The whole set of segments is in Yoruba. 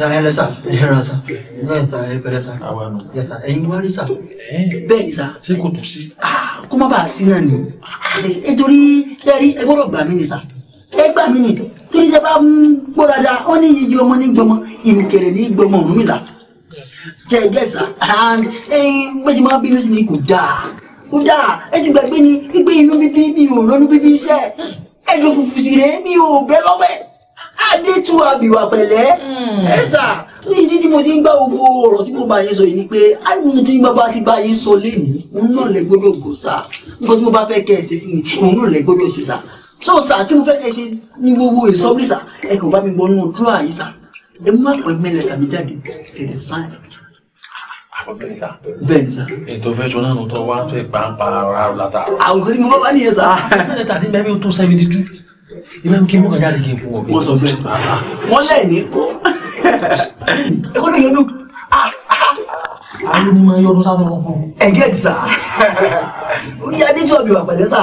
sá ẹ lẹ sá ẹ rà sá ẹ sá ẹ pẹ̀lẹ́ sá ẹ sá ẹyin wá rí sá. bẹ́ẹ̀ ni sá. ṣé kò tún sí. Ah, kó má bàa sí náà ni ẹ torí ẹ rí ẹ gbọ́dọ̀ gbà mí ni sá ẹ gbà mí ni torí ẹ bá gbọ́ dáadáa ó ní yíyí ọmọ ní gbọmọ ìmùkèrè ní gbọmọ ọ̀hún mi là jẹ jẹ sá and bẹ́ẹ̀ máa bínú sí ni kò dáa kò dáa ẹ ti gbàgbé ni gbígbé inú bíbí mi ò lọ́nu bíbí iṣẹ́ ẹ lọ fùfù sí rẹ̀ mi ò bẹ́ lọ́wẹ́ adétú àbíwá pẹ̀lẹ́ hmm. ẹ sà ìdí tí mo ti ń gbá gbogbo ọ̀rọ̀ tí mo bá yín sọ yìí ni pé àwọn tí bàbá ti bá yín sọ lénìí òun náà lè gbọ́dọ̀ gò sà nǹkan tí mo bá fẹ́ kẹ́ ẹ ṣe fún mi òun náà lè gbọ́dọ̀ ṣe sà so sà kí mo fẹ́ kẹ́ ẹ ṣe ní gbogbo ìsọ́bí sà ẹ kàn bá mi gbọ́ nínú dúró àyè sà ẹ má pẹ́ mẹ́lẹ̀ tàbí jáde kẹ̀lẹ́ sáì. bẹ́ẹ̀ni sà. ètò fẹ́ sọ náà tó wá tó ìpàǹpà ilé ń kí mú ọjà lè kí n fún ọ. wọ́n sọ fún ẹ wọ́n lẹ̀ ní kó ẹkọ ní yọnu. ayé ah, ah. ni máa ń yọdún sáà lọ́wọ́ fún. ẹ gẹ́tì sá orí adé tí wọ́n bí wà pẹ̀lẹ́ sá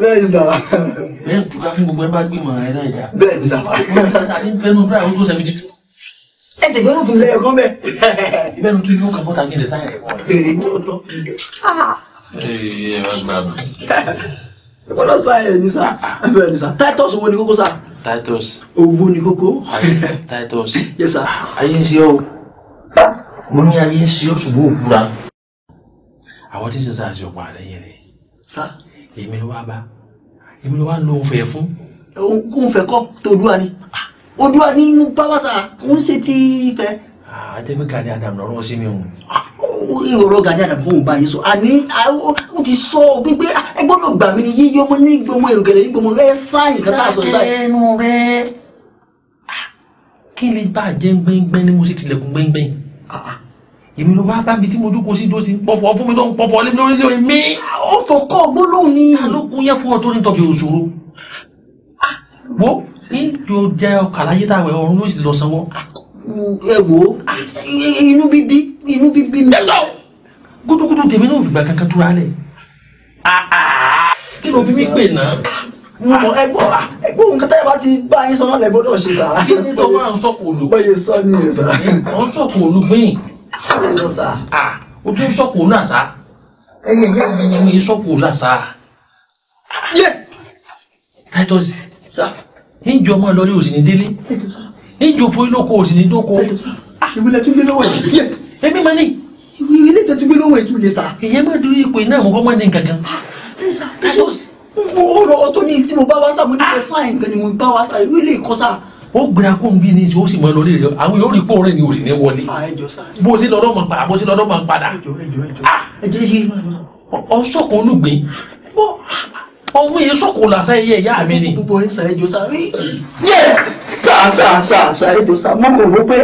bẹ́ẹ̀ sá. bẹ́ẹ̀ dùkà fún gbogbo ẹ bá gbìmọ̀ ẹ náà yá. bẹ́ẹ̀ sá. àti fẹnu bíra ó tó seventy two. ẹ tẹ̀gbẹ́ ló fún lẹ́yìn kan bẹ́ẹ̀. ìbẹ́nu kí ló kàn mọ́ta kí lè sáyẹn. ẹ gbọ́dọ̀ sa ẹ̀ ní sa bẹ́ẹ̀ ní sa titus owó ni kókó sa. titus. owó ni kókó. titus. yes sir. ayé ń ṣe ọ́ mo ní ayé ń ṣe ọ́ ṣùgbọ́n òfura àwọn tí sísá àti ọ̀pọ̀ àlẹ́yìn rẹ̀. sá. èmi ló wá bá èmi ló wá lo òun fẹ́ fún. òun fẹ́ kọ́ tó olúwa ni ah. olúwa ni inú bá wá sà ń ṣe ti ìfẹ́. Ah, àtẹ̀gbẹ́kadì àdàmú lọ́rọ́ sí mi òun ìrọ̀rọ̀ gani àdàbò ń bá yín sọ àní ó ti sọ gbígbé ah, ẹ gbọ́dọ̀ gbà mí ní yíyí ọmọ ní gbọmọ èrògẹ̀lẹ̀ ní gbọmọ ẹ sáyìn kan tá a sọ sáyìn. ẹnu rẹ ah, kí lè bàjẹ́ gbẹ́ngbẹ́ng ni mo ṣe tilẹ̀kùn gbẹ́ngbẹ́ng ah, èmi ló bá bá mi tí mo dúkọ sí dósì pọfọ fún mi tó ń pọfọ lé mi lórí lórí mi. ó fọ kọ́ gbólóhùn ni. alókun yẹn fún ọ tó ní tọkì òṣòro. wo ní yóò jẹ ọkà láyé tá a wẹ̀ ọ̀run ló sì lọ sanwó ẹ wò ó ah, inú bíbí inú bíbí mi. ẹ lọ gúdúgúdú tèmi náà fìgbà kankan túra lẹ. Ah, ah, kí ló fi mí pè náà. mo mọ ẹ̀gbọ́n ẹ̀gbọ́n nǹkan táyà bá ti bá yín sọ náà lẹ gbọ́dọ̀ ṣe sá. kí ni tó máa ń sọkò olú. bẹ́ẹ̀ sọ ni ẹ̀ sá. ọ̀ ń olú gbẹ̀yìn. o tún sọkò olú àṣà. ẹyẹ ìyá mi ni mi sọkò olú àṣà. yẹ. Titus sá. ń jọ ọmọ ìlọrí òsì ní délé ìjòfó ilóko òsì ní dóko. ìwúlẹ̀ ah! tún gbé lọ́wọ́ ẹ̀. èmi máa ní. ìwúlẹ̀ tẹ̀ tún gbé lọ́wọ́ ẹ̀ tún lè sà. ìyẹn máa dúró ipò iná àmọ́kọ́ máa ní gangan. Ah! mo rọ ọtọ ní tí mo bá wá sá mo ní bẹ ah! sáyẹn nǹkan ni mo bá wá sá ìwé lè kọ sá. ó gbéra kó n bí ní o sì mọ lórí rẹ àwọn yóò rí pò rẹ ni òrì ní wọlé. bó ṣe lọ́dọ̀ máa padà bó ṣe lọ́dọ̀ máa padà. ọ̀ṣọ́kọ̀ olùgbé ọmọ yìí sọ̀kò làṣà yẹ ìyá mi ni. gbogbo yín sàré jọ sáré. yẹ sà sà sà sàré jọ sà mo mọ̀ wípé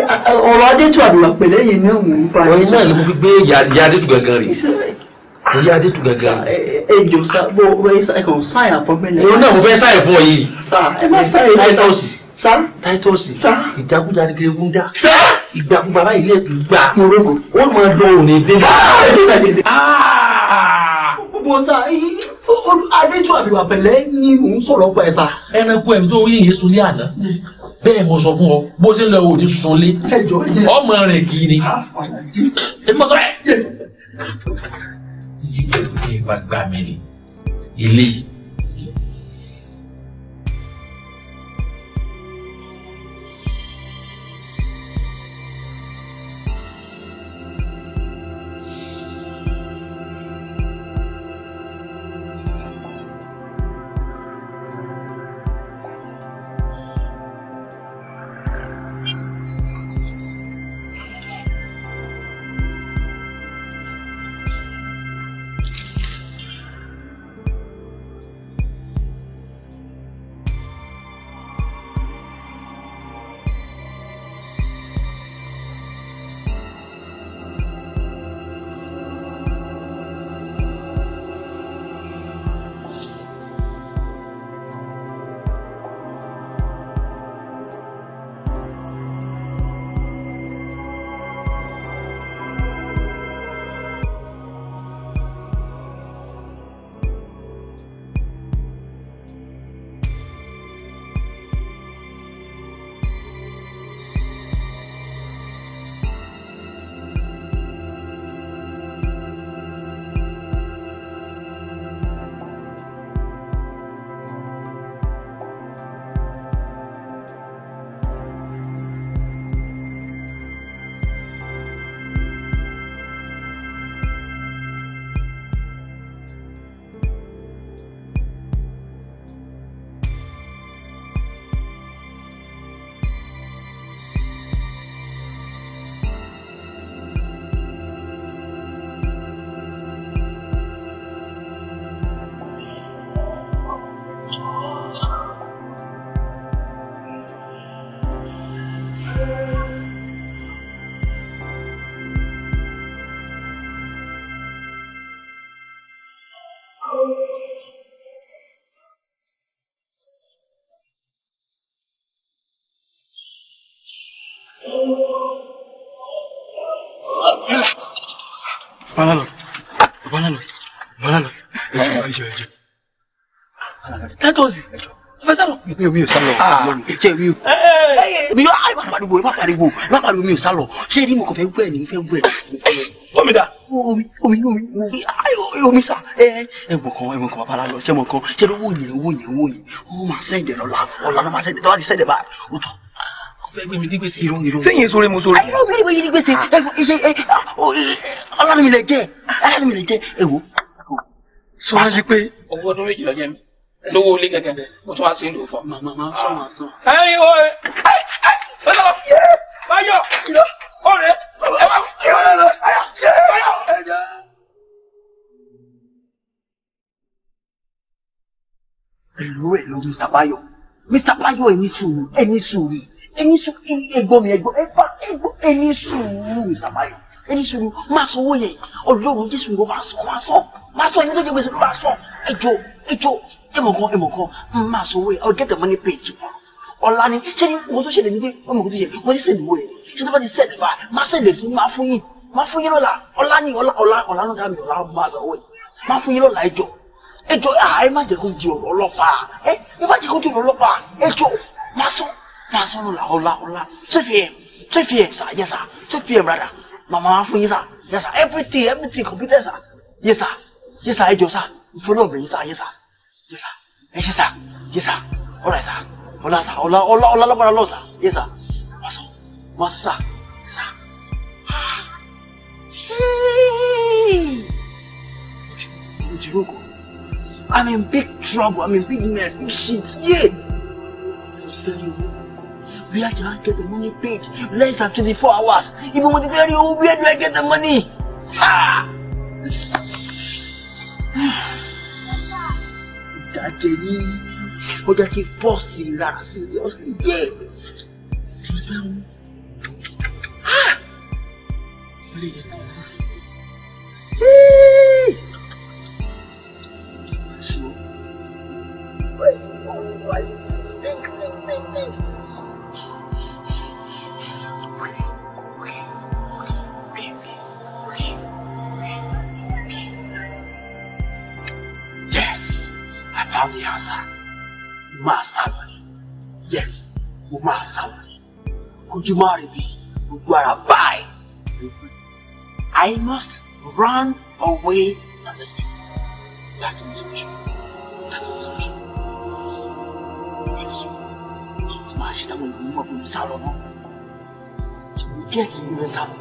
ọ̀rọ̀ adétù àdùnnà pẹ̀lẹ́ yìí náà mò bá yín. ọ̀rọ̀ náà ni mo fi gbé ìyá adétù gangan rè ìyá adétù gangan. ejò sá bó wẹ́n sá ẹ̀kọ́ sáyà fọ́ mẹ́lẹ̀. ìrún náà mo fẹ́ sáyà fún ọ yìí. sá ẹ má sáyà táítọ́ọ̀sì. sá táítọ́ọ̀sì. sá ìjákújá ni kiri gúndà. sá ìgbàkú bàbá ilé ìgbà. mo rògbò wọ́n máa lọ òní dé. Ah! Ah! gbogbo adéjú àbíwá pẹ̀lẹ́ ni mò ń sọ̀rọ̀ pa ẹ̀ sá. ẹranko ẹ̀mí tó rí èyí sunlé àná bẹ́ẹ̀ mo sọ fún ọ bó ṣe ń lọ òní sunlé ọmọ rẹ̀ kì í ni èmi ah, sọ ẹ́. ìgbà gbà mí ni eléyìí Bana lọ. Bana lọ. Bana lọ. Ẹjọ́ ẹjọ́ Fẹ́ sálọ. Mi ò mi ò sálọ. ẹ̀jẹ̀ ah. mi ò. Mi ò àyè ah, má pariwo má pariwo má pariwo mi ò sálọ. Ṣé ni mo kàn fẹ́ gbẹ̀ ni mo fẹ́ gbẹ̀? Omi da. Omi omi omi omi ah, omi sa. Ẹ mọ̀ kan ẹ mọ̀ kan bàbá lọ ṣé mọ̀ kan ṣé ló wò yẹn wò yẹn wò yẹn. Ó máa sẹ́ǹdẹ̀ lọ́la ọ̀la ló máa sẹ́ǹdẹ̀ tó ti sẹ́ǹdẹ̀ báyìí ó tọ̀ gbé mi dí gbèsè. irọ́ irọ́ sẹ́yìn èso rẹ mo sọ rẹ. irọ́ mi lè dí gbèsè ọlọ́run mi lè jẹ́ ọlọ́run mi lè jẹ́ èwo. sọ wá sí pé. owó ọdún méjì lọ jẹ mi lówó ilé gẹ́gẹ́ mo tún wá sí ìlú fún. màmá máa sọ máa sọ. ẹyin o ẹ ẹ ẹ lọ máa yọ ọ̀rẹ́ ẹ wá yọ. Hello, hello, Mr. Bayo. Mr. Bayo, ẹ ní sùúrù, ẹ ní sùúrù ẹni sùúrù ẹ̀gbọ́n mi ẹ̀gbọ́n ẹfà ẹ̀gbọ́n ẹni sùúrù ìsàmáyọ ẹni sùúrù máa sọ owó yẹ Ọlọ́run Jésù ló máa sọ máa sọ máa sọ ẹni tó jẹ gbèsè ló máa sọ ẹjọ ẹjọ ẹmọkan ẹmọkan máa sọ owó yẹ ọ get the money paid tomorrow ọ̀la ni ṣé ni mo tó ṣẹlẹ̀ ní pé ọmọ mi tó yẹ mo ti sẹ́ni owó yẹ ṣé tó bá ti sẹ́ni bá máa sẹ́ni sí máa fún yín máa fún yín lọ́la ọ̀la ni ọ̀la ọ̀la ọ̀la ló dá mi ọ̀la máa lọ owó yẹ máa fún yín lọ́la ẹjọ ẹjọ àá ẹ má jẹ kó di ọ̀rọ̀ ọlọ́pàá ẹ ẹ má jẹ kó di ọ̀rọ̀ ẹjọ máa sọ masoro la hola hola tvm tvm in big trouble. I'm in big mess. Big shit. Yeah. Where do I get the money paid? Less than 24 hours. Even with the very old, where do I get the money? Ha! Daddy, ó jẹ́ kí bọ́ọ̀sì rárá sí ọ̀sẹ̀ yé. Ha! Ó Olódùmarè bí gbogbo ara báyìí ló I must run away from this thing that's my solution that's my solution yes màá ṣe táwọn ìlú mọ̀ pé mo sá lọ́nà ṣùgbọ́n gẹ́ẹ̀tì mi sá lọ.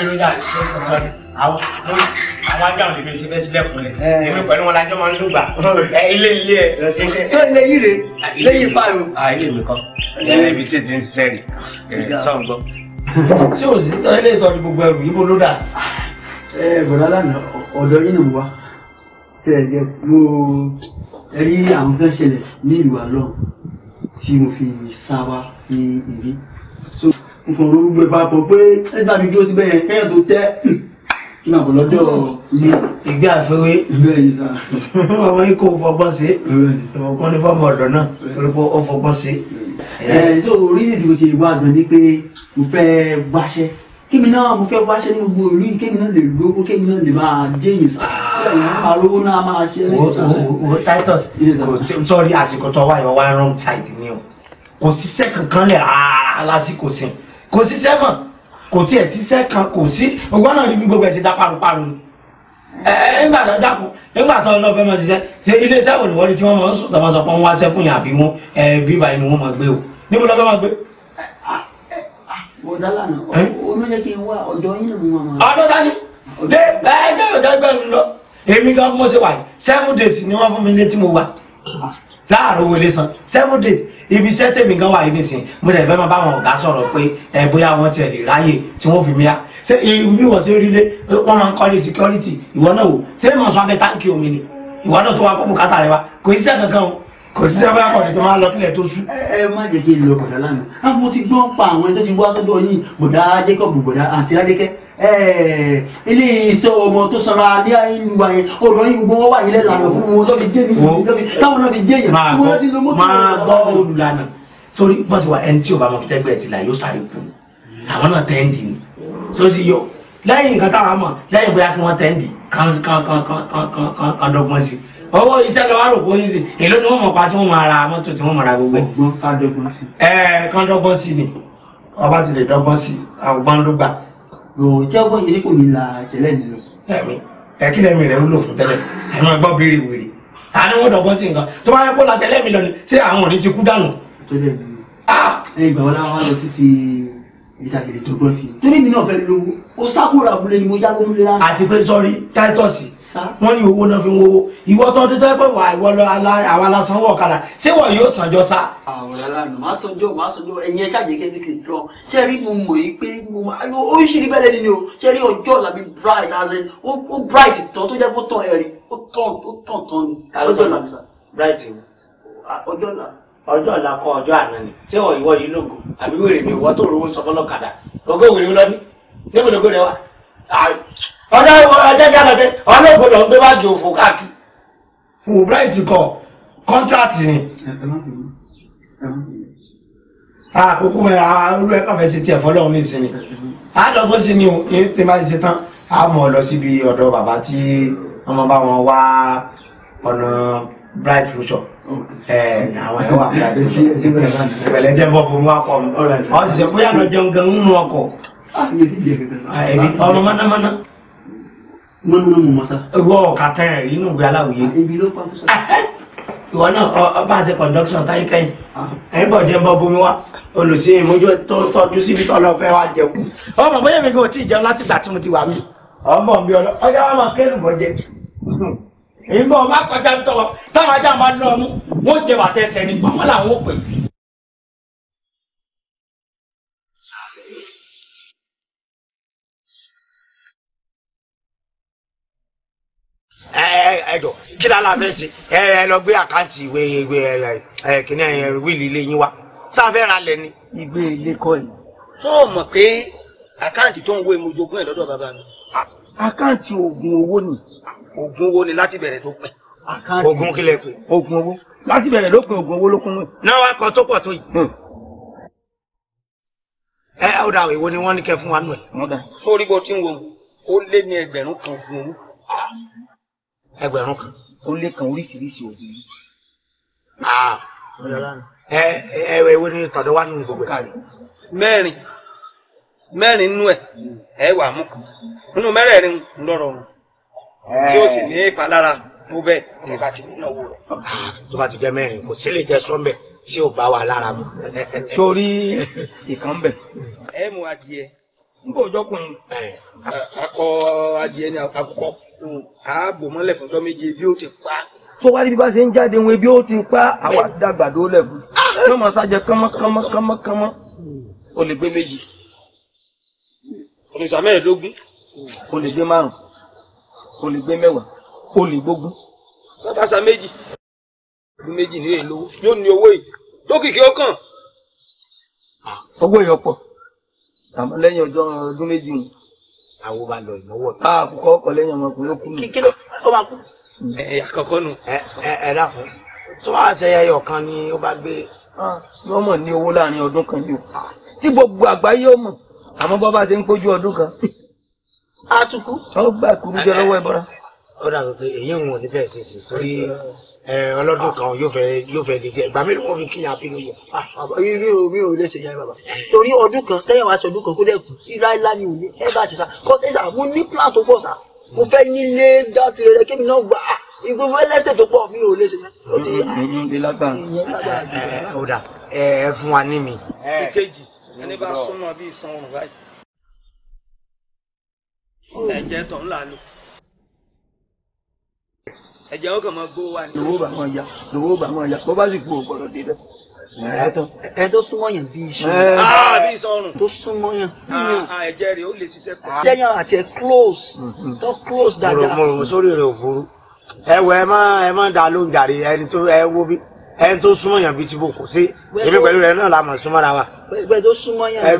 bínú jà ní sọ́ọ̀tì àwọn ajá òní fi fẹ́ sílẹ̀kùn lẹ̀ eh. èmi pẹ̀lú wọn lájọ́ máa ń lùgbà eh, ilé ilé ẹ̀ tó lè yí rè ah, lẹ́yìn báyìí. Ah, ilé mi kọ́ eh. ibi tí ti ń ṣiṣẹ́ rè sọ̀n gbọ́. tí o sì tọ́ ilé ìtọ́jú gbogbo ẹrù yìí bó ló dà. ẹ bọ̀dá lánàá ọ̀dọ̀ yín ni wá ṣe é gẹ́t mo rí àwọn tó ṣẹlẹ̀ ní ìlú àlọ́ tí mo fi sá wa sí ìlú nǹkan olórúgbẹ papọ̀ pé ẹ bá mi dúró síbẹ̀ yẹn kẹ́yìn tó tẹ́ kí náà lọ́jọ́ yìí. ìgbé àfẹ́wé ọmọ ikọ̀ fọgbọ́n sí ọmọkùn ní fọmọ ọ̀dọ́ náà olùkọ́ ọ fọgbọ́n sí. ẹ ẹ so oríṣi tí mo ṣe wá dùn ni pé mo fẹ́ wáṣẹ́ kémi náà mo fẹ́ wáṣẹ́ ní gbogbo ìlú kémi náà lè lówó kémi náà lè máa jẹ́yìn máa rówó náà máa ṣe lẹ́sìn. wo Titus sọrí àsìkò tó wáyọ̀ wá kò sí sẹ́kàn kan lẹ̀ rárá lásìkò sìn kò síṣẹ́ mọ̀ kò tiẹ̀ síṣẹ́ kan kò sí ọgbọ́n náà rí bí gbogbo ẹ̀ ti dá paruparu ni nígbà tó dákun nígbà tó lọ fẹ́ mọ ṣiṣẹ́ ṣe iléeṣẹ́ wò ni wọ́n ní tí wọ́n mọ sùn tọ́mọ sọ pé wọ́n wá ṣẹ́ fún yàn àbí wọn bíbá inú wọn mọ gbé o níbo lọ́ fẹ́ mọ gbé. mo dá lànà olóyè kí n wá ọ̀dọ́ yín lòún mọ̀ mọ́. ọdún dání lé bẹ́ẹ̀ ní ọ̀dọ́ gbẹ̀rún lọ èmi gan mo ṣe wà yìí seven days ni wọ́n fún mi létí mo wà ah. láàárọ̀ wọlé seven days ibi iṣẹ́ tèmi gan wà yìí nísìn mo tẹ̀ fẹ́ máa bá àwọn ọ̀gá sọ̀rọ̀ pé ẹ bóyá wọ́n tiẹ̀ lè ráyè tí wọ́n fi mìíràn ṣé ibi wọ́n ṣe rílé wọ́n máa ń kọ́ ní security ìwọ náà wò ṣé mọ̀ sọ́kẹ́ táǹkì omi ni ìwọ náà tó wá kó bùkátà rẹ wa kò iṣẹ́ kankan o kò sí sábà kọ̀dọ̀ tó máa lọ kílẹ̀ tó sú. ẹ má jẹ́ kí n lọ bọ̀dá lánàá a mo ti gbọ́n pa àwọn ẹni tó ti wá sọ́dọ̀ yín bọ̀dá Jacob bọ̀dá àti Adékẹ́ ilé iṣẹ́ ọmọ tó sanra ní ìlú ayé ọ̀dọ̀ yín gbogbo wọn wà nílẹ̀ lànà fún wọn lọ́bi jẹ́ mi táwọn náà fi jẹ́ yẹn wọn náà ti lo mọ́tò. máa gbọ́ olùlànà sórí bọ́sì wa ẹni tí ò bá mọ fìtẹ́ gbẹ̀ẹ́ ti là yóò sáré kú àwọn náà tẹ́ ń dì ní sórí ti yọ lẹ́yìn nǹkan táwọn mọ̀ lẹ́yìn bóyá kí wọ́n tẹ́ ń dì kán dọ́gbọ́n sí i owó iṣẹ́ lọ́wọ́ àròkó yín sí èló ni wọ́n mọ̀ pa tí wọ́n máa ra mọ́tò tí wọ́n máa ra gbogbo ẹ̀. ọgbọ́n ká dọ́gbọ́n sí. ẹ kán dọ́gbọ́n sí ni ọba ti lè dọ́gbọ́n sí ọgbọ́n ló gbà. yòò jẹ́ ọgbọ́n yìí kò ní la tẹ́lẹ̀ nílò. ẹ̀mí ẹ̀kílẹ̀mí rẹ̀ ń lò fún tẹ́lẹ̀ àmọ́ ẹgbọ́n béèrè wèrè àní wọ́n dọ́gbọ́n sí nǹkan tó bá yẹ kó la tẹ́lẹ̀ mi lọ ni ṣé àwọn òní ti kú dànù ìdàgẹ̀dẹ̀ tó gbọ́ sí torí mi náà fẹ́ lówó o sákòrò ni mo yáwó múlẹ̀ lánàá. àti pé sọrí táítọ́ọ̀sì wọ́n ní owó náà fi ń wówó ìwọ tó dé tẹ́pẹ́ wà ìwọ lọ àwa lásán wọ̀ ọ̀kadà ṣé wọ́n yóò sànjọ́ sá. àwọn aláàánú máa sọjọ́ máa sọjọ́ ẹ̀yin ẹ̀ṣá jẹ́ kékeré lọ ṣé rí mo mọ̀ yìí pé mo máa oríṣiríṣi bẹ́ẹ̀ lẹ́ni o ṣé rí ọjọ́ làbí bright as in ó bright tán tó jẹ́ kó tán ẹ̀rí ó tán tán tán ọjọ́ làbí ọjọ́ ọ̀la kọ ọjọ́ àná ni ṣé ọ ìwọ yìí lògò àbí wèrè ni ìwọ tó rówó sọ fọlọ́kadà ògó wèrè ń lọ ní níbo lògó rẹ wà. ọjọ́ ọjọ́ ìjà lọ́dẹ ọlọ́gbọ̀ lọ ń gbé báàgì òfò káàkiri. fulbright kọ kọ́ńtráàtì ni. àkókò ẹ̀ olú ẹ̀ka fẹ́ ṣe tiẹ̀ fọlọ́run ní ìsinmi. àádọ́gbọ́ sí ni o tí máa ń ṣe tán a mọ̀ lọ síbi ọ̀dọ̀ bàbá tí ọmọ bá wọn wá ọ̀nà bright future àwọn ẹwà pàdé sí ìpẹlẹ jẹ bọ fún wa kọ ọ sì bóyá lọ jẹun gan ń nu ọkọ ẹbí ọmọ mánámáná. mọ́nùmọ́nù mọ́sá. wọ́ọ̀ kàtà ẹ̀ rí nùgbẹ́ aláwùyé. ibi ló pa mọ́sá ìwọ náà ọba àṣẹ conduction táyé kẹyìn ẹyìn bọ jẹ bomi wa olùsí ìmójú tó tọjú síbi tó lọ fẹ wá jẹkù. ọmọ bóyá mi kò tí ì jẹun láti gbà tí mo ti wà mí ọmọ mi ọlọ ọjà wa máa kẹrù bọ èmi ọba kọjá ń tọwọ táwọn ajá máa lọ ọmú wọn jẹ bàtẹ ẹsẹ ní gbọmọ làwọn pè ẹjọ kí ni aláfẹ ṣe ẹ ẹ lọ gbé àkáǹtì ìwé ìwé ẹ kìnìún ẹ wíìlì ilé yín wá sáfẹ́ ra lẹ ni. ìgbé ilé kọ́ yìí. tó o mọ̀ pé àkáǹtì tó ń wo ìmọ̀jogún ẹ̀ lọ́dọ̀ bàbá mi. àkáǹtì oògùn owó ni ogun owó ni láti bẹ̀rẹ̀ tó pin ogun kílẹ̀ pé ogun owó láti bẹ̀rẹ̀ ló pin ogun owó ló kún wẹ̀. náà wá kọ tó pọ̀ tó yìí. Hmm. ẹ ẹ ọ̀dà ìwo ni wọ́n ní kẹ́ fún wa nù ẹ̀. sórí bó ti ń wo ó lé ní ẹgbẹ̀rún kan ogun owó. ẹgbẹ̀rún kan. ó lé kan oríṣiríṣi ogun yìí. Ah. ẹ ẹ ẹ ìwo ni tọ̀dọ̀ wa nù gbogbo ẹ̀. mẹ́rin mẹ́rin nú ẹ̀ ẹ wà mú kan nínú mẹ́rẹ̀ẹ̀rin ńlọrọrùn tí ó sì ní ìpalára mo bẹ tẹ bá ti nínáwó rẹ. tó bá ti jẹ mẹ́rin kò sí lè jẹ sọmbẹ tí ò bá wa lára mu. torí ìkan bẹ. ẹ mú adìẹ. n kò jọkùnrin. akọ adìẹ ni àkùkọ ààbò mọ́lẹ̀ fún ọjọ́ méje bí ó ti pa tó wá rí bí bá ṣe ń jáde wọn ebi ó ti pa àwọn àdàgbàdo lẹ́gùn ah! yóò máa ṣàjẹ kánmọ́kánmọ́kánmọ́kánmọ́ o lè gbé méjì. òrìṣà mẹ́ẹ̀ẹ́dógún. o lè gbé márùn-ún o lè gbé mẹ́wàá o lè gbógun. bàbá sa méjì ọdún méjì ní èlò yóò ní owó yìí lókìkí ó kàn. owó yìí ọ̀pọ̀ àmọ́ lẹ́yìn ọjọ́ ọdún méjì ni. àwọn bá lọ ìnáwó. a kò kọ́ lẹ́yìn ọmọkùnrin kú mi. kí ló ó máa kú. ẹ àkọ́kọ́ nù ẹ ẹ dàpọ̀ tó bá ṣe ẹyọ kan ni ó bá gbé. yóò mọ̀ ní owó láàrin ọdún kan yìí o tí gbogbo àgbáyé ó mọ̀ àmọ́ bọ́ bá ṣe ń pójú ọdún kan àtùkù. ó gbà kúrú jẹ lọ́wọ́ ẹbọra. ó dàgbà pé èyí ń wò ní fẹ́ẹ́ sì sí torí ọlọ́dún kan yóò fẹ́ yóò fẹ́ dídí ẹgbàá mélòó wọn fi kíyàn àbínú yẹ. mi ò mi ò lè ṣe ìyá bàbá torí ọdún kan tẹ́yẹ̀ wá sọdún kan kó dẹ̀ kù ìlàlá ni ò ní ẹ bá ti sá kọ́ ṣe sá mo ní plan tó pọ̀ sá mo fẹ́ nílé dátì rẹ̀ kébì náà gbà á ìgbìmọ̀ ẹlẹ́sẹ̀ tó pọ̀ mi ò lè ṣe ìyá. ọ̀dà mm, mm, mm, ẹ fún wa ní mi. ìkejì ẹni bá súnmọ́ bí ìsanwó báyìí ẹ̀jẹ̀ tó ńlá ni ẹ̀jẹ̀ ó kàn máa gbó wa ni. lówó bá máa ya lówó bá máa ya bó bá sì kú ò gbọ́dọ̀ dé bẹ́ẹ̀. ẹ tó súnmọ́ yàn bí iṣẹ́. Ah, bí sọrùn. tó súnmọ́ yàn. Ah, ah, ẹ̀jẹ̀ rẹ̀ ó lè ṣiṣẹ́ pẹ̀lú. ẹ̀jẹ̀ yàn àti ẹ̀ close mm-hmm. tó close dáadáa. mo rò mo sórí rẹ̀ ò ẹ wọ ẹ má ẹ má da ló ẹni tó ẹ wo bí ẹni tó súnmọ́ yàn bíi tìbò kò sí èmi pẹ̀lú rẹ̀ náà la mọ̀ súnmọ́ra wa. ẹgbẹ́ tó súnmọ́ yàn. ẹ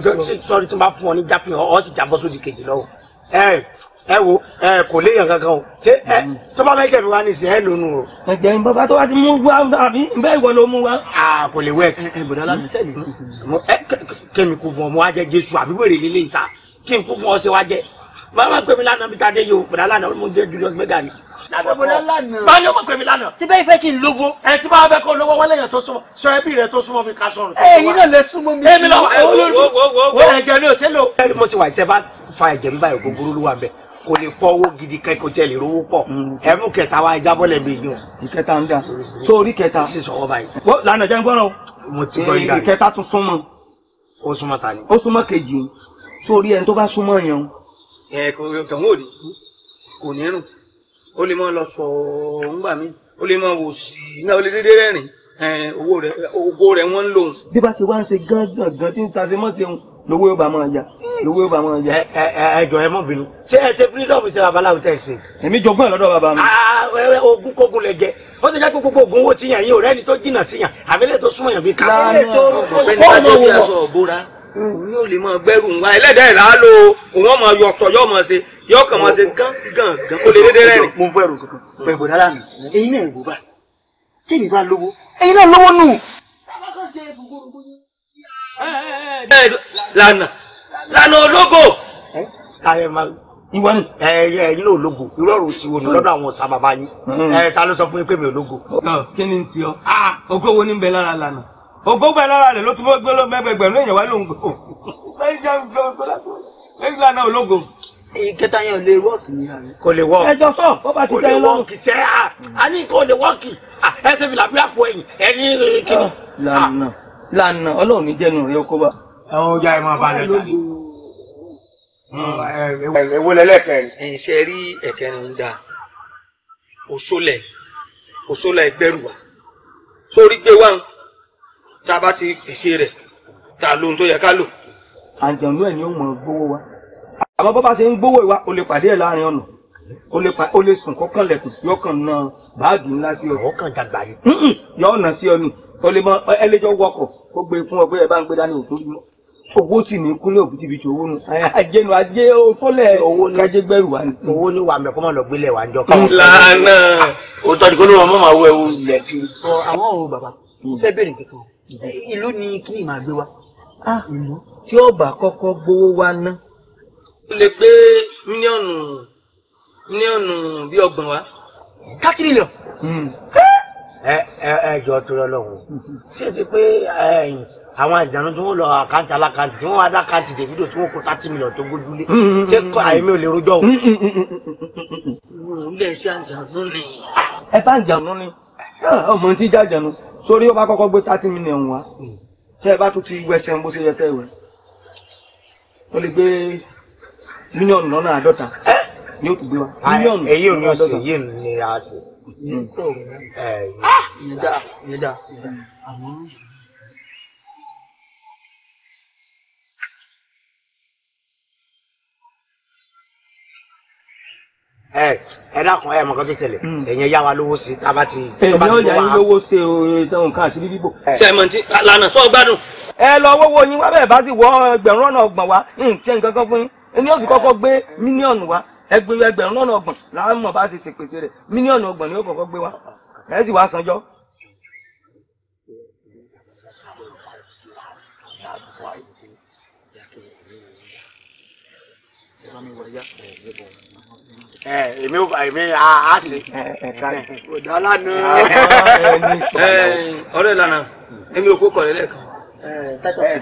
sọ́ọ́rí tó bá fún ọ ní jápé ọ sì jábọ́ sódì kejì lọ́wọ́ ẹ ẹ wo ẹ kò léèyàn kankan o ṣé ẹ mm. tó bá mẹ́kẹ́ mi wá ní ìsìn ẹ lónú o. ẹgbẹ́ mi bàbá tó wá ti mú wá àbí bẹ́ẹ̀ ìwọ ló mú wá. a kò lè wẹ. ẹ bọ̀dá láti sẹ́yìn. kẹ́mi kú fún ọmọ wa jẹ́ jésù àbí wèrè lílé ìsà kí n kú fún ọ ṣe wá jẹ́ bàbá pé mi lánàá mi ta dé yìí o bọ̀dá lánàá mo jẹ́ Julius Mega ni lábẹ́bọ̀lá lánàá. báyọ̀ ló mọ̀ pé mi lánàá. síbẹ̀ ìfẹ́ kí n lówó. ẹ tí báwa bẹ kó lówó wọlé yẹn tó súnmọ́ sọ ẹbí rẹ tó súnmọ́ mi ká sọ̀rọ̀. ẹ̀yin náà lè súnmọ́ mi. èmi lọ wà ó lórí. wo wo wo ẹ̀jẹ̀ ni ò ṣe lò. mo sì wà tẹ́ bá fa ẹ̀jẹ̀ nígbà yòókù burú ló wà bẹ́ẹ̀ kò lè pọ̀ owó gidi kẹ́kọ̀ọ́ tẹ̀lé rówó pọ̀ ẹ̀mú kẹta wa jábọ́lẹ̀ mi yìí o. ìkẹta ń dà tó orí kẹta. sísọ ọba yìí. lànà jẹ́ ń gbọ́dọ̀ o. mo ti gbọ́ ìdá ìkẹta tún súnmọ́. ó súnmọ́ ta ni. ó súnmọ́ kejì o sórí ẹni tó bá súnmọ́ yẹn o. ẹ kò tọ̀hún ò ní kò ní rùn ó lè máa lọ sọ ńgbà mi ó lè máa wò sí i náà ó lè dédé rẹ́rìn-ín owó rẹ̀ wọ́n ń lò. bí bá ti wá ń ṣe gángan tí ń ṣàfimọ́ ṣeun lówó yóò bá máa jà lówó yóò bá máa jà. ẹ ẹ ẹ jọ ẹ mọ bínú ṣé ẹ ṣe freedom ṣe babaláwo tẹ ẹ ṣe. èmi jogún ẹ lọ́dọ̀ bàbá mi. aa ah, ah, ogun kogun lè jẹ ó ti jẹ́ pé gbogbo ogun owó ti yàn yín ọ̀rẹ́ ni tó jìnnà sí yàn àbílẹ̀ tó súnmọ́ yàn bí ká. ọ̀rẹ́ tó bí aṣọ òbóra hmm. yóò kàn máa ṣe gán kó lè dédé rẹ̀. mo fẹ́ ro kankan bẹ́ẹ̀ bọ̀dá lánàá ẹ̀yin náà wò bá tẹ̀yìn bá lówó ẹ̀yin náà lówó nù. bàbá kan jẹ gbogbo gbogbo yẹn lànà lànà ológo. ìwọ ni. ẹyin náà ológo irú ọ̀rọ̀ òsì wo ni lọ́dọ̀ àwọn ọ̀sà bàbá yín mm-hmm. ta ló sọ fún yín pé mi ológo. kí ni n sí ọ ah! ògo wo ni ń bẹ lára lànà ògo bẹ lára rẹ ló ti fọ́ gbé lọ́gbẹ̀gbẹ̀rún èèyàn wá lóhùn gbò. sẹ́yìn jẹ́ ògo lànà ológo ìkẹta yẹn ò lè wọ́ọ̀kì ní àná. kò lè wọ́ọ̀kì. ẹjọ sọ bó bá ti tẹ ẹ lọ. kò lè wọ́ọ̀kì sẹ́ à á ní kò lè wọ́ọ̀kì ẹsẹ̀ fìlà bí àpò ẹ̀yìn ẹ̀yìn kìnnì. lànà lànà ọlọ́run ní jẹ́nu rẹ̀ kó bá ẹ̀wọ̀n ọjà ẹ̀ máa balẹ̀ jáde. èwo lẹ́lẹ́kẹ̀rin. ẹ̀yin ṣe rí ẹ̀kẹrin ń da òṣòlẹ̀ òṣòlẹ̀ ẹgbẹ́rùwà sórí gbé wá tá a bá ti pèsè rẹ̀ tá a lóhun tó yẹ ká lò. àjọ̀nú ẹ̀ ni ó mọ̀ gbówó wa àmọ́ bọ́ bá ṣe ń gbówó ìwà o lè pàdé ẹ̀ láàrin ọ̀nà o lè sùn kọ́kàn lẹ̀kùn yọkàn náà báàgì ńlá sí ọ. ọkàn jàgbá yìí. yọ ọ̀nà sí ọ nù o lè mọ ẹlẹ́jọ́ wọkọ̀ kó gbé fún ọ ẹ bá ń gbé dání òtún owó sì ní kúnlẹ̀ òbítíbitì owó nu àjẹnu àjẹ òtọ́lẹ̀ kájẹ gbẹrù wa ni. owó ní wàmẹ kó má lọ gbélé wa jọ. lànà o ni kó ló mọ̀ máa wọ ẹ̀wù ilẹ̀ kí. àwọn ọ̀rọ̀ bàbá fẹ́ hmm. bèrè kankan ìlú ni kí ni màá gbé wa. Ah, ìlú tí ọba kọ́kọ́ gbowó wa ná. ó lè gbé mílíọ̀nù mílíọ̀nù bí ọgbọ̀n wa. thirty million. Hmm. ẹ ẹ ẹ jọ tó lọ lọ́wọ́ ṣé ṣe pé ẹ̀yìn àwọn àjànú tí wọn lọ àkáǹtì alákáǹtì tí wọn wá dákáǹtì Davido tí wọn kó thirty million tó gbójúlé mm, mm, ṣé mm, àìmí ò lè rojọ́ o. ilé iṣẹ́ àjànú ni. ẹ bá àjànú ni ah, ọmọ tí ìjà àjànú sórí ó bá kọ́kọ́ gbé thirty million wá tẹ́ ẹ bá tún ti wẹsẹ̀ bó ṣe yẹ tẹ́ ẹ wẹ̀ ó lè gbé mílíọ̀nù lọ́nà àádọ́ta ni ó tún gbé wa mílíọ̀nù lọ́nà àádọ́ta. èyí ò ní ẹ ya ẹ mọ̀kàn tó ṣẹlẹ̀ hmm. ẹ̀yẹn wa lówó sí tá a ti. èmi ò yà yín lówó ṣe ohun kan àti bíbò. mọ̀ lànà sọ gbádùn. ẹ lọ wọ́wọ́ yín wá bẹ́ẹ̀ bá sì wọ ẹgbẹ̀rún ọgbọ̀n wa nke nǹkan kan fún yín ni ó fi kọ́kọ́ gbé mílíọ̀nù wa ẹgbẹ̀rún ọ̀nà ọgbọ̀n làwọn bá ṣe rẹ̀ mílíọ̀nù ọgbọ̀n ni wa èmi ò èmi á sí. ọ̀dà lánà. Ah, ọ̀rẹ́ lánà èmi ò kó kọ̀ọ̀lẹ́ lẹ́ẹ̀kan.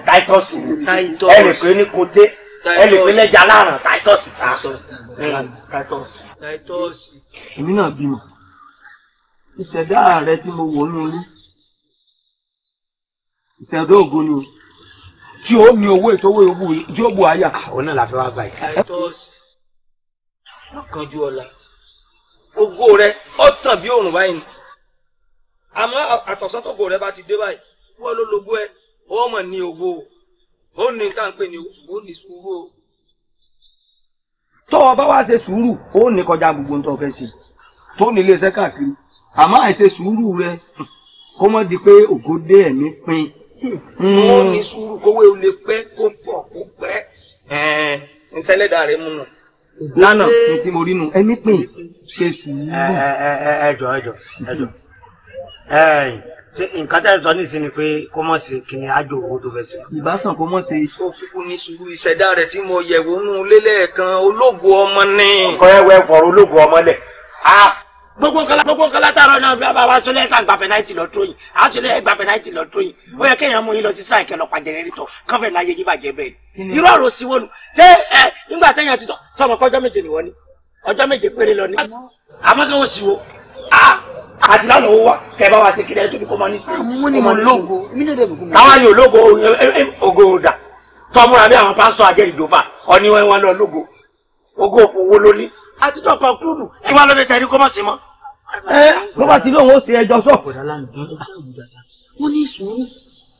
Titus Titus ẹnì pé ní kò dé ẹnì pé lẹ́jà láàrán Titus sá. Titus Titus. èmi náà bímọ ìṣẹ̀dá rẹ tí mo wò nínú ilé ìṣẹ̀dá ògo ni tí ó ní owó ìtọ́wé ìdí ògbò àyà. àwọn náà la fẹ́ wá gbà yìí. Titus wọn kanjú ọ̀la ògo rẹ ó tàn bí òrùn báyìí ni àmọ́ àtọ̀sán tó go rẹ bá ti dé báyìí wọ́n ló logó ẹ ó mọ̀ ní ògo ó ní nǹkan ń pè ní ògo ó ní sùúrù o. tọ́ ọ bá wá ṣe sùúrù ó ní kọjá gbogbo ń tọ́ fẹ́ ṣe tó ní iléeṣẹ́ káàkiri àmọ́ àìṣe sùúrù rẹ kó mọ́ di pé ògo dé ẹ̀mí pin. Hmm. ó ní sùúrù kówé o lè pẹ́ kó pọ̀ kó pẹ́ ẹ̀ẹ́n ntẹ́lẹ́dà rẹ mú nù lánà ní tí mo rí nu ẹni pè ṣe sùúrù. ẹjọ ẹjọ ẹjọ nǹkan tẹ́ ẹ sọ nísìnyí ni pé kó mọ̀ sí kí ni ajo owó tó fẹ́ sí. ìbásàn kó mọ̀ sí. ó kúkú ní sùúrù ìṣẹ̀dá rẹ̀ tí mo yẹ̀wò nù lélẹ̀ kan ológo ọmọ ni. ọkọ ẹwẹ fọrọ ológo ọmọ lẹ gbogbo nkala gbogbo nkala tààrọ náà bí a bá wa sọlẹ ẹsà gba pẹnáìtì lọ tó yìn a sọlẹ gba pẹnáìtì lọ tó yìn ó yẹ kéèyàn mú yín lọ sí sáìkẹ lọ pa jẹnẹrétọ kọfẹ láyé yí bàjẹ́ bẹ́ẹ̀ irú ọ̀rọ̀ sí wọnú ṣé ẹ nígbà téèyàn ti sọ sọmọ kọjọ́ méje nìwọ ni ọjọ́ méje péré lọ ni àmọ́ kí wọn sì wo àti lánàá wa kẹ bá wa ti kiri ẹ tóbi kó máa ní sùn ah, káwa yóò lógo ògo dà tọmúra bí àwọn pásítọ àjẹrìndòfà ọ ní wọn lọ lógo ògo òfowó lóní àtijọ́ kan kúrúdù ẹ wá lọ́dẹ tẹ̀rí kọ́mọ̀sí mọ́ ẹ eh, ló bá ti lóun ó ṣe ẹjọ́ sọ. wọ́n ní sùúrù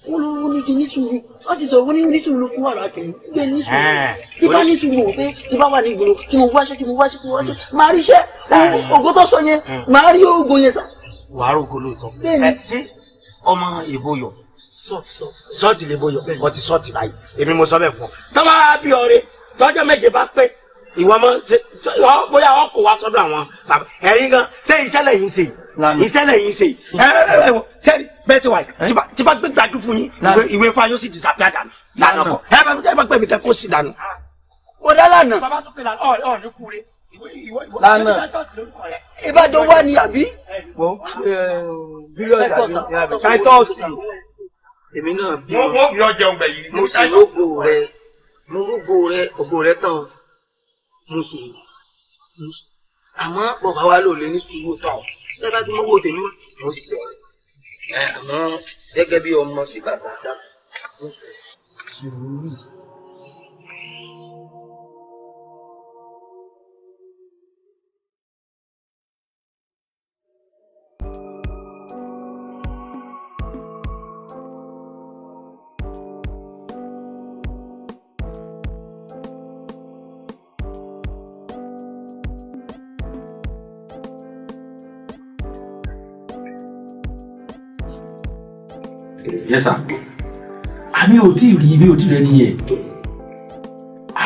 wọ́n ló wọ́n ní kí ní sùúrù wọ́n ti sọ wọ́n ní sùúrù fún wàrà kìíní gbé ní sùúrù eh. tí bá ní sùúrù wò pé tí bá wà ní ìgboro tí mo wáṣẹ́ tí mo wáṣẹ́ tí mo wáṣẹ́ máa rí iṣẹ́ eh. ògo tó sọ yẹn máa hmm. rí oògùn yẹn sá. wàá rògo lóòótọ́ ẹ ṣé ọmọ ìbòyọ̀ sọ́ọ̀tì lè bòyọ̀ kọ́ ti báyìí èmi mo sọ bẹ́ẹ̀ fún ọ tọ́ bá bí ọ̀rẹ́ tọ́jọ́ méje bá pé ìwọ mọ bóyá ọkọ wa sọ́dọ̀ àwọn bàbá ẹ̀yin gan ṣé ìṣẹ̀lẹ̀ yìí ń ṣe ìṣẹ̀lẹ̀ yìí ń ṣe sẹni bẹ́ẹ̀ ṣe wà yìí tí bá gbé gbajú fún yín ìwé fún ayé ó sì ti sàpé àdánù lànà kọ ẹ bá ẹ bá gbẹmí kẹ kó sì dànù. mo dá lànà. bàbá tó pè lànà ọ ọ ní kúre lánàá ìbàdàn wà ní àbí. bílíọ̀nù àbí èmi náà bí mo fi ọjà ọgbà yìí mo sì lógo rẹ mo lógo rẹ ògo rẹ tán mùsùlùmí àmọ́ bọ̀bá wa lò lè ní sùúrù tọ̀ bẹ́ẹ̀ bá ti mọ́wó tèmi mọ́ mo sì sẹ́ àmọ́ gẹ́gẹ́ bí ọmọ sí bàbá dá mùsùlùmí. yes sir àmì ò tí ì rí ibi ò tí ì rẹ nìyẹn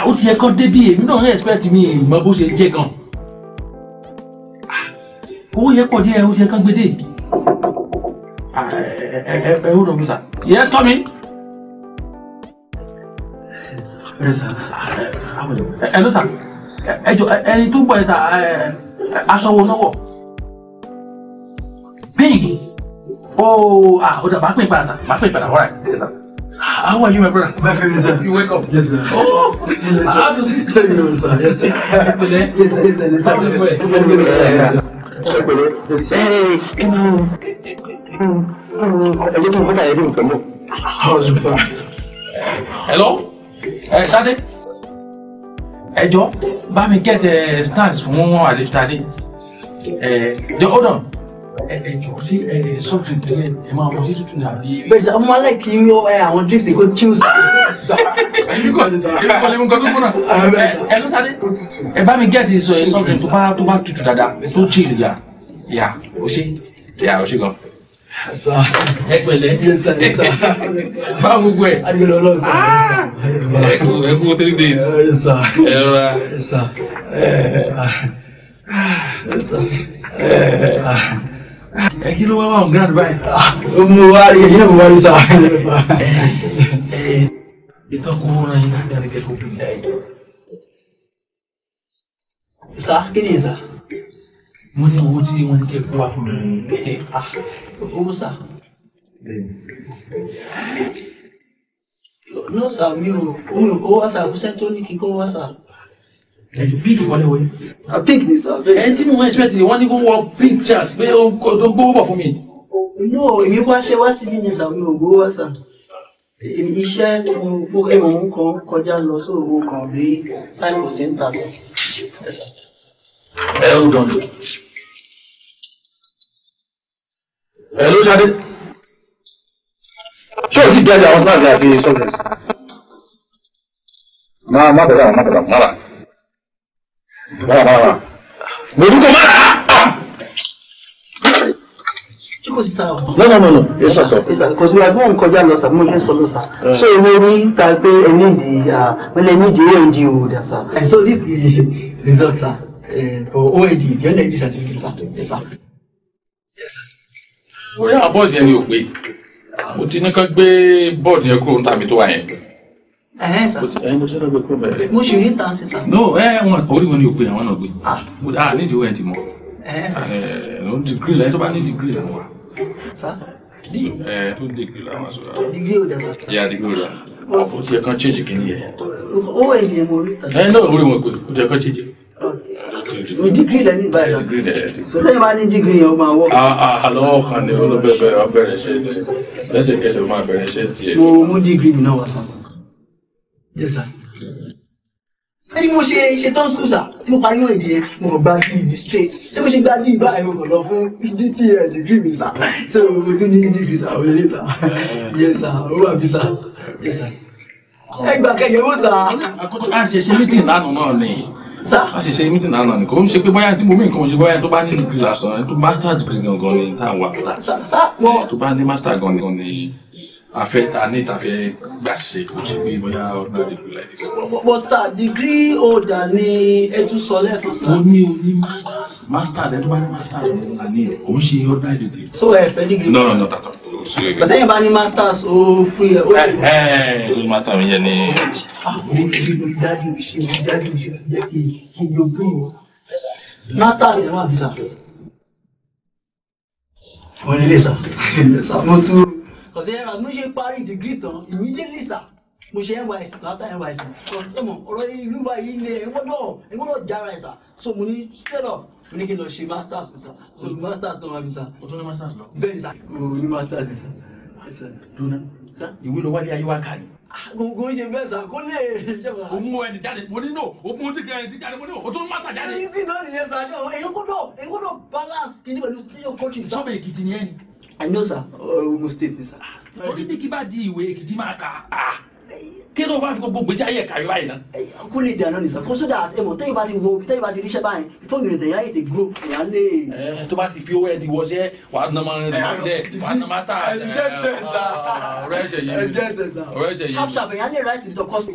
ó ti yẹ kán débi èmi náà expect mi ìmọ̀ bó ṣe jẹ́ gan owó yẹ pọ̀ díẹ̀ ó ti yẹ kán gbédè ẹ ó rọ̀ sà yes come in. ẹ ló sà ẹ jọ ẹni tó ń bọ̀ ẹ sà aṣọ wo náà wọ̀. Oh, ah, hold on, back me brother. back me brother. All right, yes, sir. How are you, my brother? My friend, sir. You wake up. Yes, sir. Oh, yes, sir. sir. yes, sir. Yes, sir. Yes, sir. Yes, sir. Yes, sir. Yes, sir. Yes, sir. Yes, Yes, sir. sir. Hello? Ẹ Ṣadé? Ẹ jọ̀ọ́, bá mi get stands fún àlejò Ṣadé. Ẹ jọ̀ọ́ hold on ẹ̀ẹ́dẹ̀kọ̀tì ẹ̀ẹ́ sọ́ọ̀tì tẹ́lẹ̀ ẹ̀ máa mọ sí tuntun ní àbí. bẹ́ẹ̀ sọ ma láì kí n yọ àwọn drinks kò chill sa. ìkọlẹ̀ mu gọ́dún kúnà ẹ̀ ló sáré ẹ̀ bá mi gẹ́ẹ̀tì sọ ẹ̀ sọ́ọ̀tì tó bá tó bá tutù dáadáa tó chill yà yà ó ṣe yà ó ṣe gan. sa ẹ pẹ̀lẹ́ báwo gbogbo ẹ. adigunlọ lọ sa ah! ẹ kú ẹ kú three days ẹ rọra ẹ sa ẹ sa ẹ sa ẹ eh, kí ló wá wà on ground báyìí. mo wá rí ẹyin náà mo wá rí sáà. ìtọ́kùn ọ̀ràn yìí náà dára gẹ́gẹ́ bí. sá kí ni sá. mo ní owó tí wọ́n ń kẹ́ kó wá fún mi. Eh, owó sá. náà sá mi ò owó wá sá kó sẹ́ńtọ́ ní kíkọ́ wá sá ẹ̀lú pink wọlé wọlé. pink ni sọ bẹ́ẹ̀. ẹni tí mo expect wọ́n ní kó wọ pink chat pé ó ń gbówó bọ̀ fún mi. inú èmi wá ṣe wá síbí ni sàmì ògbó wá sà iṣẹ́ mo ẹ̀mọ̀ ń kọ́ kọjá lọ sí òwò kan rí cyprus ti ń ta sọ. ẹ ó dán lò. ẹ ló ṣadé ṣé o ti di ọjà àwọn snacks àti sọ́ọ̀tì. má má bẹ̀rẹ̀ àwọn má bẹ̀rẹ̀ àwọn má bẹ̀rẹ̀ bára bára mo dúkọ má rà á. No, no, no, no. Yes, sir. Yes, sir. Because we are going kọjá lọ sir. Mo fẹ́ sọ lọ sir. So ìwé rí ta pé ẹni di wọ́n lè ní di OAD o da sir. And so this is the result sir uh, for OAD the OAD certificate sir. Yes, sir. Yes, sir. Bóyá bọ́ọ̀sì yẹn ni ò pé. Mo ti ní ká gbé bọ́ọ̀dù yẹn kúrò níta mi tó mo ṣì rí tàn sí sá. no ẹ wọn orí wọn ni òpin àwọn náà gbé ah nídìí owó ẹ ti mọ ló ń dìgírì lẹ́yìn tó bá ní dìgírì làwọn wa. sá ẹ tó dìgírì làwọn sọ. dìgírì ò dà sá. yà dìgírì ò dà àpò tí ẹ kàn change kìíní yẹ. owó ènìyàn mo rí tàn ẹ náà orí gbé o tí ẹ kàn change. mi dìgírì ní ìbáyà sọtẹ yẹn bá ní dìgírì yẹn o máa wọ. Ah, ah, àlọ́ kan ni olóbẹ̀bẹ̀ abẹ́rẹ́ ṣe lẹ́sẹ̀kẹsẹ̀ máa bẹ̀rẹ̀ ṣe tiẹ̀. mo mú dìgírì mi náà wá sáà yes sir. ẹni mo ṣe ṣe tán sùn sà tí mo parí òyìnbí yẹn mo kàn gba bíi ní straight ṣé mo ṣe gba bíi báyìí mo kàn lọ fún dpl eh, degree mi sà ṣé o mo tún ní degree sà o yẹ sà yes sir o wà bí sà yes sir. ẹ gbà kẹyẹwò sà. a ṣe ṣe mítìn lánàá náà ni a ṣe ṣe mítìn lánàá ni kò ń ṣe pé bóyá tí mo mí nǹkan mo ṣe bóyá tó bá ní degree lásán tó master degree gangan ni táwọn wà. tó bá ní master gangan ni afẹ́ ta ní ìtafẹ́ gbàṣẹ kò ordinary people like this. but sir degree holder ni ẹ tún sọ lẹ́ẹ̀kan sir. mo ní o ní masters masters ẹ tó bá ní masters ọ̀hún la ní ẹ̀ kò ń ṣe ordinary degree. so ẹ fẹ́ degree. no no no tata o sì rẹ. bàtẹ́yìn bá ní masters o fún yẹ. ẹ ẹ ẹ master mi yẹ ni. masters yẹn wà bí sà. wọ́n ní ilé sà. mo tún cause ẹ mo ṣe parí degree tán immediately sir mo ṣe nysc tó after nysc cause ọmọ ọ̀rọ̀ ìlú wa yìí lé ẹ gbọ́dọ̀ ẹ gbọ́dọ̀ jára ẹ sir so mo ní straight up mo ní kí n lọ ṣe masters mi sir so masters náà wà mí sir. o tún ní masters lọ. bẹ́ẹ̀ni sir mo ní masters mi sir. sir duna sir ìwé ló wálé ayé wa kà ah, ní gbogbo oúnjẹ bẹ́ẹ̀ sà kó lè ṣẹ̀wá. o mú ẹni jáde mo ní no o mú ti kẹ ẹni jáde mo ní o tún má sà jáde. èyí sì náà nìyẹn sà ni èyí gbọ́dọ̀ èyí gbọ́dọ̀ balance kìíní pẹ̀lú coaching sà. sọ́bẹ̀ èkìtì ni ẹni àyàn sà Ogun State ni sà. òkìtì kí bá di ìwé èkìtì máa kà á ah. kí ló bá fi gbogbo gbèsè ayé ẹ̀ka rí báyìí náà. Eh, kó lè dànù ní sàn kó sódà ẹmọ tẹyìn bá ti wo tẹyìn bá ti ríṣẹ́ báyìí fún ìrìn tẹyìn ayé ti gbó ẹyà lè. ẹ eh, tó bá ti fi owó ẹ di wọṣẹ wà á nàmọ rẹ lẹ wà á nàmọ sáà eh, ẹ jẹ tẹsán ọ̀rẹ́ ẹsẹ yìí ọ̀rẹ́ ẹsẹ yìí. ṣàpṣàpẹ̀ yẹn lè ra ẹ̀sìn tó kọ́ sí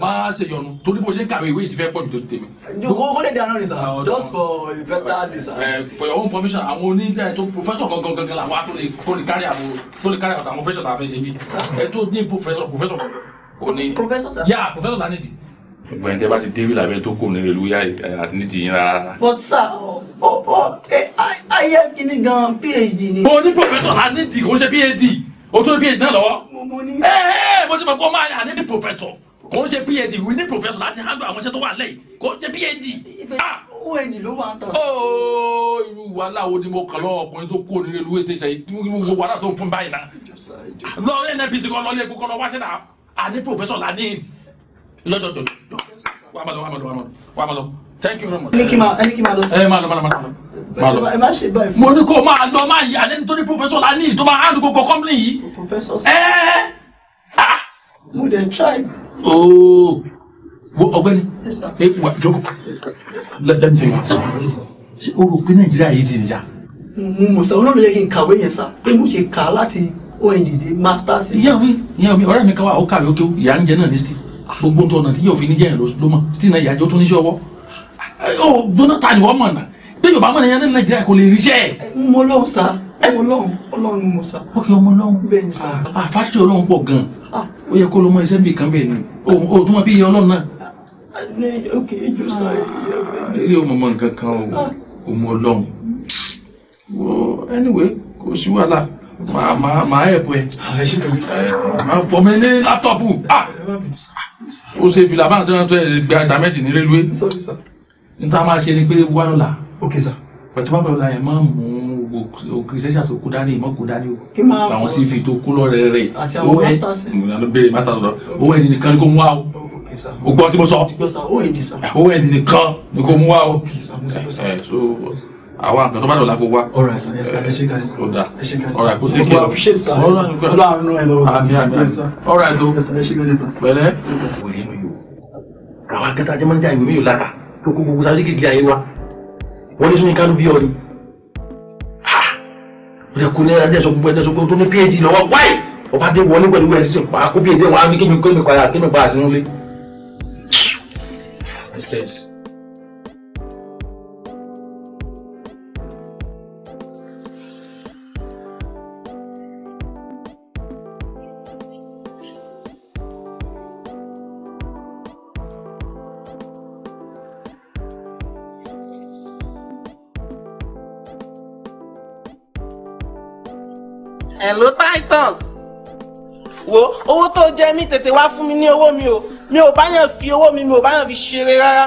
má ṣe yọnu torí bó ṣe ń kàwé ìwé ìtìfẹ́ pọ̀jù tó ti tèmi. kókó lè dáná ni sir just for better uh, ni uh, for your own permission àwọn onílẹ̀ eh, tó professor gangan gangan làwọn tó lè kárí àwọn tó lè kárí àwọn professor tàbí ṣe bí ẹ tó ní professor professor kan kò ní. professor sir. yà professor tani di. ìgbà yẹn tí a bá ti dé wíìlà bẹ́ẹ̀ tó kò ní reluya àti ní tìyín rárá. but sir o o ayé kìíní gan phd ni. o ní professor tani di kò ń ṣe phd o phd náà lọ́wọ́ ẹ ẹ mo ti mọ̀ kó máa yà ní professor kò ń ṣe phd we need professor láti handle àwọn iṣẹ́ tó wà lẹ́yìn kò ń ṣe phd. Ah! on ló wà á tọ̀. ooo irú wàhálà wo ni mo kàn lọ́wọ́ ọkùnrin tó kó nílé railway station yìí wo wàhálà tó ń fún báyìí náà. lọ nnpc kọ lọlé epo kọ lọ wáṣẹ náà a ní professor la ní lọ́jọ́jọ́ wàá má lọ wàá má lọ wàá má lọ thank you very much. ẹnìkí máa ẹnìkí máa lọ. ẹ máa lọ máa lọ máa lọ máa lọ. ẹ má ṣe báyìí. mo ní kó máa lọ máa yí alẹ́ nítorí pòfẹ́sọ̀ la ní ìtumọ̀ hàn gbogbo kọ́mpìnì yìí. pòfẹ́sọ̀ sọ. ẹ ah. mo dey try. ooo oh! wo ọ̀gbẹ́ni. ẹ wà jókòó lẹ́nu fi wá. o rò pé nàìjíríà yìí sì ń yá. Mm-hmm, mo sọ olóòlù yẹ kí n kàwé yẹn sá pé mo ṣe kà láti OND masters. ìyá mi ìyá mi ọ̀rẹ́ mi káwá ó kàwé ó kéwú ìyá ń jẹ náà ní sti gbogbo ntọ́nà tí yóò fi ní jẹ́yìn ló mọ̀ sti náà ìyá jọ tún níṣẹ́ ọwọ́ o gbóná ta ni wọ́n mọ̀ náà pé yorùbá mọ̀ nìyẹn ní nàìjíríà kò lè ríṣẹ́. mo lọ́hùn sá mo lọ́hùn ọlọ́run mo sá. ok ọmọ lọ́hùn bẹ́ẹ̀ ni sá. a ah, ah, fásitì ọlọ́run pọ̀ gan-an ah. ó yẹ kó ló mọ iṣẹ́ bíi kan bẹ́ẹ̀ ni o tún mọ bí iye ọlọ́run náà. ok ẹjọ sá ilé o mọ̀mọ́ nǹkan kan o o mọ ọlọ́run wo anyway kò sí wàhálà màá màá màá ẹ̀ pọ̀ ẹ̀ màá fọ mi ní láptọ̀pù o ṣe fìlà bá àtúntò ẹ̀ gbé àtàmẹ́tì ní rélùwé níta máa ṣe ni pé wá lọ́la. ok sir. pẹ̀tù bàbá ọ̀la yẹn máa mú òkìrìsẹ́sà tó kú dání ìmọ̀ kú dání o àwọn sì fi tó kú lọ́rẹ̀ rẹ̀ àti àwọn masters béèrè masters lọ owó ẹ̀dì nìkan ni kò mú wá o Ok, o gbọ́ tí mo sọ owó ẹ̀dì nìkan ni kò mú wá o àwọn àgbẹ̀ tó bá dọ̀la kó wá. ọ̀rọ̀ ẹ̀sán ẹ̀sán ẹ̀ṣẹ̀ kárí sá. ọ̀dà ọ̀rọ̀ àkótó kí ọ. ọ̀rọ̀ àrùn ẹ̀ lọ́wọ́ sá. àmì àmì ọ̀rọ̀ àìtó. pẹ̀lẹ́. àwa kẹta jẹ́ mọ́níjà ìwé mi yóò láta tó kó gbogbo sáré kékeré ayé wa wọ́n ní sóyún kánú bí ọ ni ọ̀dẹ̀ kò ní ẹ̀rọ ẹ̀sọ́ gbogbo ẹ̀dẹ̀ sọ́gbọ́n tó ní phd lọ́wọ́ wáyé ọba dé wọlé pẹ̀lú ẹ̀ sì pa kó bí èdè wọn á ní kémi hello titans wo owó tó jẹ mí tètè wá fún mi ní owó mi o mi ò bá yàn fi owó mi mi ò bá yàn fi ṣeré rárá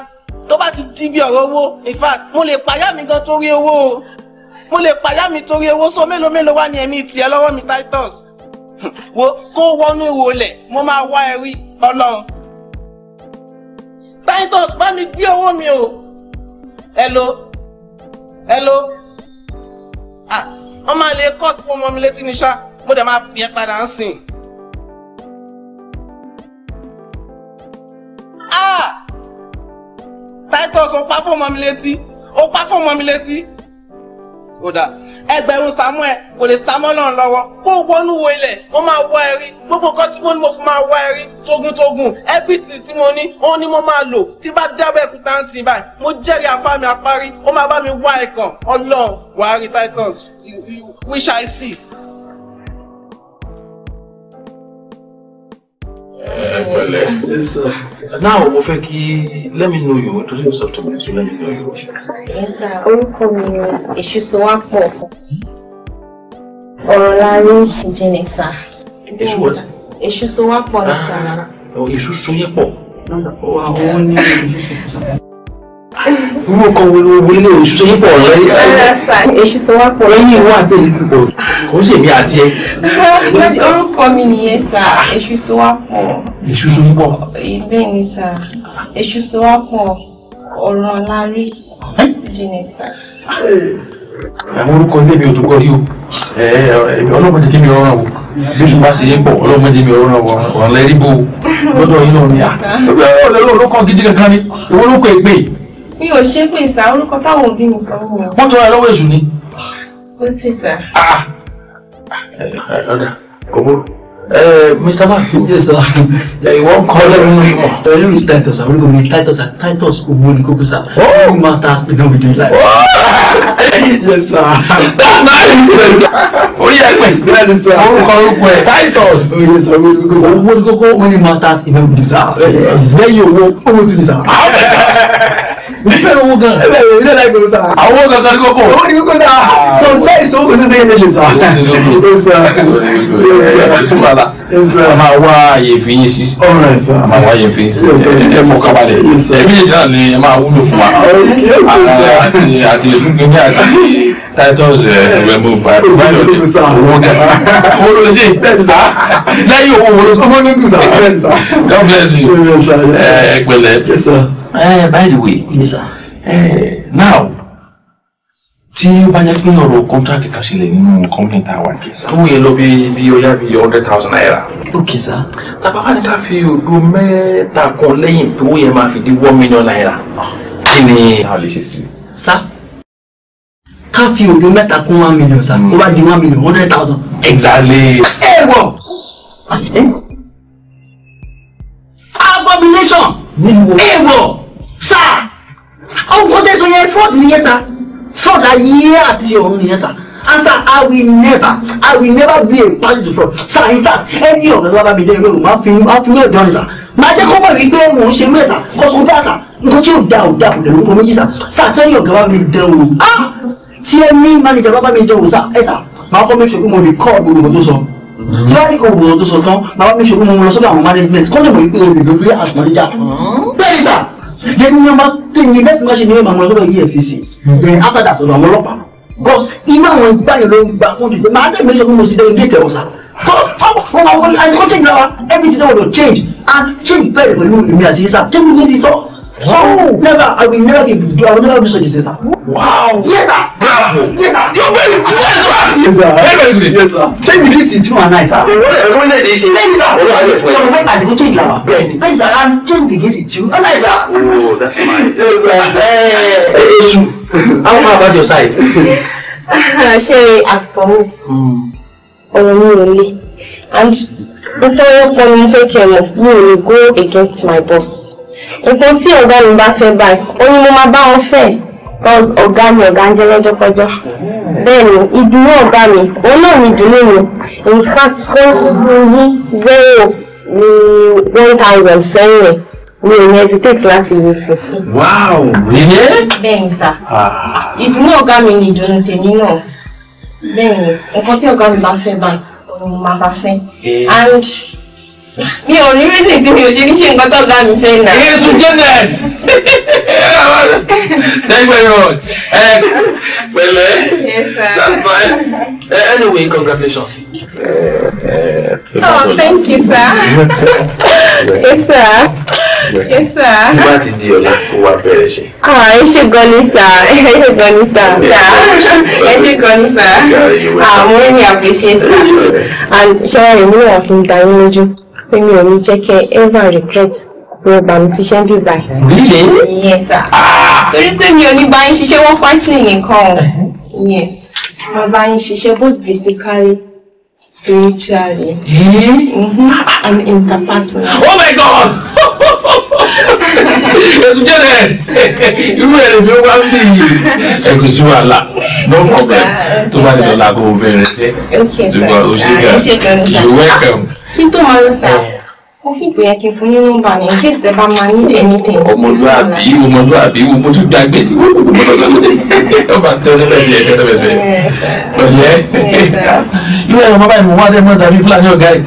tó bá ti di bí ọ̀rọ̀ owó in fact mo lè payá mi gan torí owó o mo lè payá mi torí owó so mélòó mélòó wá ní ẹ̀mí tiẹ̀ lọ́wọ́ mi Titans. wo kó wọnú ihò lẹ̀ mo máa wá ẹ rí ọlọ́run Titans. bá mi gbé owó mi o hello hello wọ́n máa lè kọ́ fún ọmọ mi létí ní ṣá mo dẹ̀ máa pè padà ń sìn. Ah! Titus ó pa fún ọmọ mi létí ó pa fún ọmọ létí kódà ẹgbẹ̀rún samuel kò lè samuel náà lọ́wọ́ kó wọnú wo ilẹ̀ mo máa wá ẹrí gbogbo nǹkan tí mo ní mo fi máa wá ẹrí togun everything tí mo ní òun ni mo máa lò tí bá dábẹ́ ẹ̀kúta ń sìn báyìí mo jẹ́rìí afá apárí ó máa bá mi wá ẹ̀kàn ọlọ́run wàá rí titus we shall see. ẹ pẹ̀lẹ́. now mo fẹ́ kí let me know you introduce yourself to me so let me know you. orúkọ mi ni Èṣùṣọwápọ̀ Ọ̀rọ̀lárí ìjìnlẹ̀ sá. Èṣù what? Èṣùṣọwápọ̀ ni ah, sá. Oh, Èṣùṣọyẹ́pọ̀. Mm. Oh, òun ni mo kàn wo wo ilé yípo ọ̀rẹ́ èṣù wá pọ̀ lẹ́yìn ìwọ àti èṣù pọ̀ kò sì èmi àti ẹ. orúkọ mi nìyẹn sà èṣù wá pọ̀. èṣù sọ pọ̀. bẹ́ẹ̀ ni sà èṣù wá pọ̀ ọ̀ràn lárí jìnnà sà. àwọn orúkọ ilé mi ò tún rí o ọlọ́mọ kí mi ọ̀ràn o bí ṣùgbọ́n sì yé pọ̀ mi ọ̀ràn ọ̀ràn lẹ́rí bò lọ́dọ̀ mi ò ṣe pé ìsà orúkọ táwọn òbí mi sọ fún mi. wọ́n tọrọ ẹ lọ́wọ́ èṣù ni. ó ti sà. ọ̀dà kò bó mr man. yes sir. ìwọ ń kọ́ ọjọ́ nínú ìmọ̀. your name is titus àwọn olùkọ́ mi titus and titus owó ni kókó sá. oh matters the way we dey life. Oh! yes sir. that man yes sir. orí ẹ pè bẹ́ẹ̀ ni sir. orúkọ orúkọ ẹ titus. oh yes sir owó ni kókó sá. owó ni kókó only matters in way we dey sá. lẹ́yìn owó owó tún ni sá ní bẹ̀rẹ̀ owó gan. ẹ bẹ̀rẹ̀ ilé láì gbèsè. àwọn owó gangan ni kókó. owó ni kókó sa tó ń tẹ́ ìṣòwò kò sí ní ilé ṣe sa. máa wá àyè fi yín sí. máa wá àyè fi yín sí. ẹ fọ kábàlẹ̀. ẹ̀mí yìí náà ni ẹ máa wúlò fún wa. Oh, àti ìsúnkìní àti titles removed by provided owó dẹ owó ló ṣe lẹ́yìn owó owó ló tó. owó ló tó sá. God bless you. Eh, ẹ pẹ̀lẹ́ ẹ eh, by the way ẹ eh, now tí ó bá jẹ́ pé ọ̀rọ̀ kọ́ńtrátì kan ṣẹlẹ̀ nínú kọ́ńpìnì tá a wà kí sá. owó yẹn lọ bí bí ọyá bí hundred thousand naira. ok sá. tàbá wà ní ká fi òdo mẹ́ta kan lẹ́yìn tó owó yẹn máa fi di one million naira. kí ni a lè ṣe sí. sá ká fi òdo mẹ́ta kún one million sá kó hmm. bá di one million one hundred thousand. exactly. ẹ wọ. Hmm. abomination. ẹ wọ ọgbọ́n tẹ̀sán yẹn fraud nìyẹn sá fraud ayé àti ọ̀run nìyẹn sá and sir i will never i will never be a party to fraud sir in fact any ọ̀gá tó bá bá mi lẹ́yìn lóru máa fi máa fi sir. dán ni sá máa jẹ́ kó mọ̀ wípé mò ń ṣe wíwẹ̀ sá kọ́sọ́ dá sá nǹkan tí yóò dá ò dá tell, lè lóko méjì sá sá tẹ́lẹ̀ ọ̀gá bá mi dán o tí ẹ ní manager bá bá mi dán o sá ẹ sá máa kọ́ make sure pé mo lè kọ́ gbogbo nǹkan tó sọ tí wàá ní kò gbogbo nǹkan tó sọ tán máa bá make sure pé mo lọ sọ́dọ̀ àwọn management kọ́ lè mọ̀ wípé olùdókòwò as manager mm-hmm. bẹ́ẹ̀ ni sá then number ten the next match ni màmá lọ́dọ̀ EFCC then after that ọ̀dọ̀ àwọn ọlọ́pàá cause inú àwọn ìgbàyàn ló ń gba fún mi màá dẹ̀ méjì fún mi sí dẹ́yìn gate ọ̀sà cause ọmọ àwọn àìsàn change everything don change and change bẹ̀rẹ̀ pẹ̀lú èmi àti isa change mi ti sọ. So never, I will never be. I will never be such a sister. Wow. Yes, sir. Bravo. Yes, sir. You're very good. Yes, sir. Very yes, good. Yes, sir. Ṣé ibi tí tí wọn náà sá? Ẹ̀rọ ilé ni ṣe. Lẹ́yìn náà, olú ayé fún ẹ. Olùkọ́ àṣìkò tó ìlà wa. Bẹ́ẹ̀ni. Bẹ́ẹ̀ni sọ, I'm change the gate to you. Ọ̀nà ìsà. Oh, that's nice. Yes, sir. Esu, how far about your side? Ṣé as for me? Ọ̀rọ̀ mi ò le. And nítorí ọ̀pọ̀ ni mo fẹ́ kẹ́ mọ̀, mi ò lè go against my boss nǹkan tí ọ̀gá mi bá fẹ́ báyìí ó ní mo máa bá wọn fẹ́ cause ọ̀gá mi ọ̀gá ń jẹ́ lọ́jọ́kọjọ́ bẹ́ẹ̀ ni ìdùnnú ọ̀gá mi òun náà ni ìdùnnú mi in fact fún yí zero ní one thousand sẹ́yìn ẹ̀ mi ò ní hesitate láti yí sí. wow really? bẹ́ẹ̀ ni sà ah. ìdùnnú ọ̀gá mi ni ìdùnnú tèmi náà bẹ́ẹ̀ ni nǹkan tí ọ̀gá mi bá fẹ́ báyìí òun mo máa bá fẹ́ eh. and mi ò rí reason tí mi ò ṣe ní ṣe nǹkan tó bá mi fẹ́ nà. Jésù Janet thank you very much eh, ẹ that's nice uh, eh, anyway congratulations. Eh, oh thank you sir yes sir yes sir. nígbà tí di ọ̀la kó wá bẹ̀rẹ̀ ṣe. Ah, ẹ ṣe gan ni sir ẹ ṣe gan ni sir ẹ ṣe gan ni sir àwọn ah, ènìyàn appreciate sir and ṣọlá rẹ̀ níwọ̀n fi ń ta yín lójú pé mi ò jẹ́ kẹ́ ever regret pé ó bá mi ṣiṣẹ́ bí báyìí. really? yes sir. Ah! torí pé mi ò ní bá yín ṣiṣẹ́ wọ́n fásilì nìkan o yes mo bá yín ṣiṣẹ́ both physically spiritually eh? mm-hmm. and interpersonally. oh my god. Jésù Janet irú ẹ̀rẹ̀ mi wá ń bì yìí no problem tó bá dìbò làbò bẹ̀rẹ̀ dé ṣùgbọ́n o ṣe ah, gan you welcome. kí n tó máa lọ sáà mo fi ìpè yẹn kí n fún yín nọ́mbà ní in case tẹ́ bá máa ní anything. ọmọlúwàbí ọmọlúwàbí mo tún gbàgbé tí wọ́n kò gbọ́dọ̀ tó lóde ọba tó ní bẹ́ẹ̀ díẹ̀ tẹ́lẹ̀ bẹ́ẹ̀ ọ̀yẹ́ ilé ẹ̀rọ bàbá ìmọ̀ wá sẹ́fún ọ̀dà bíi fúlàní ọ̀gá ẹ̀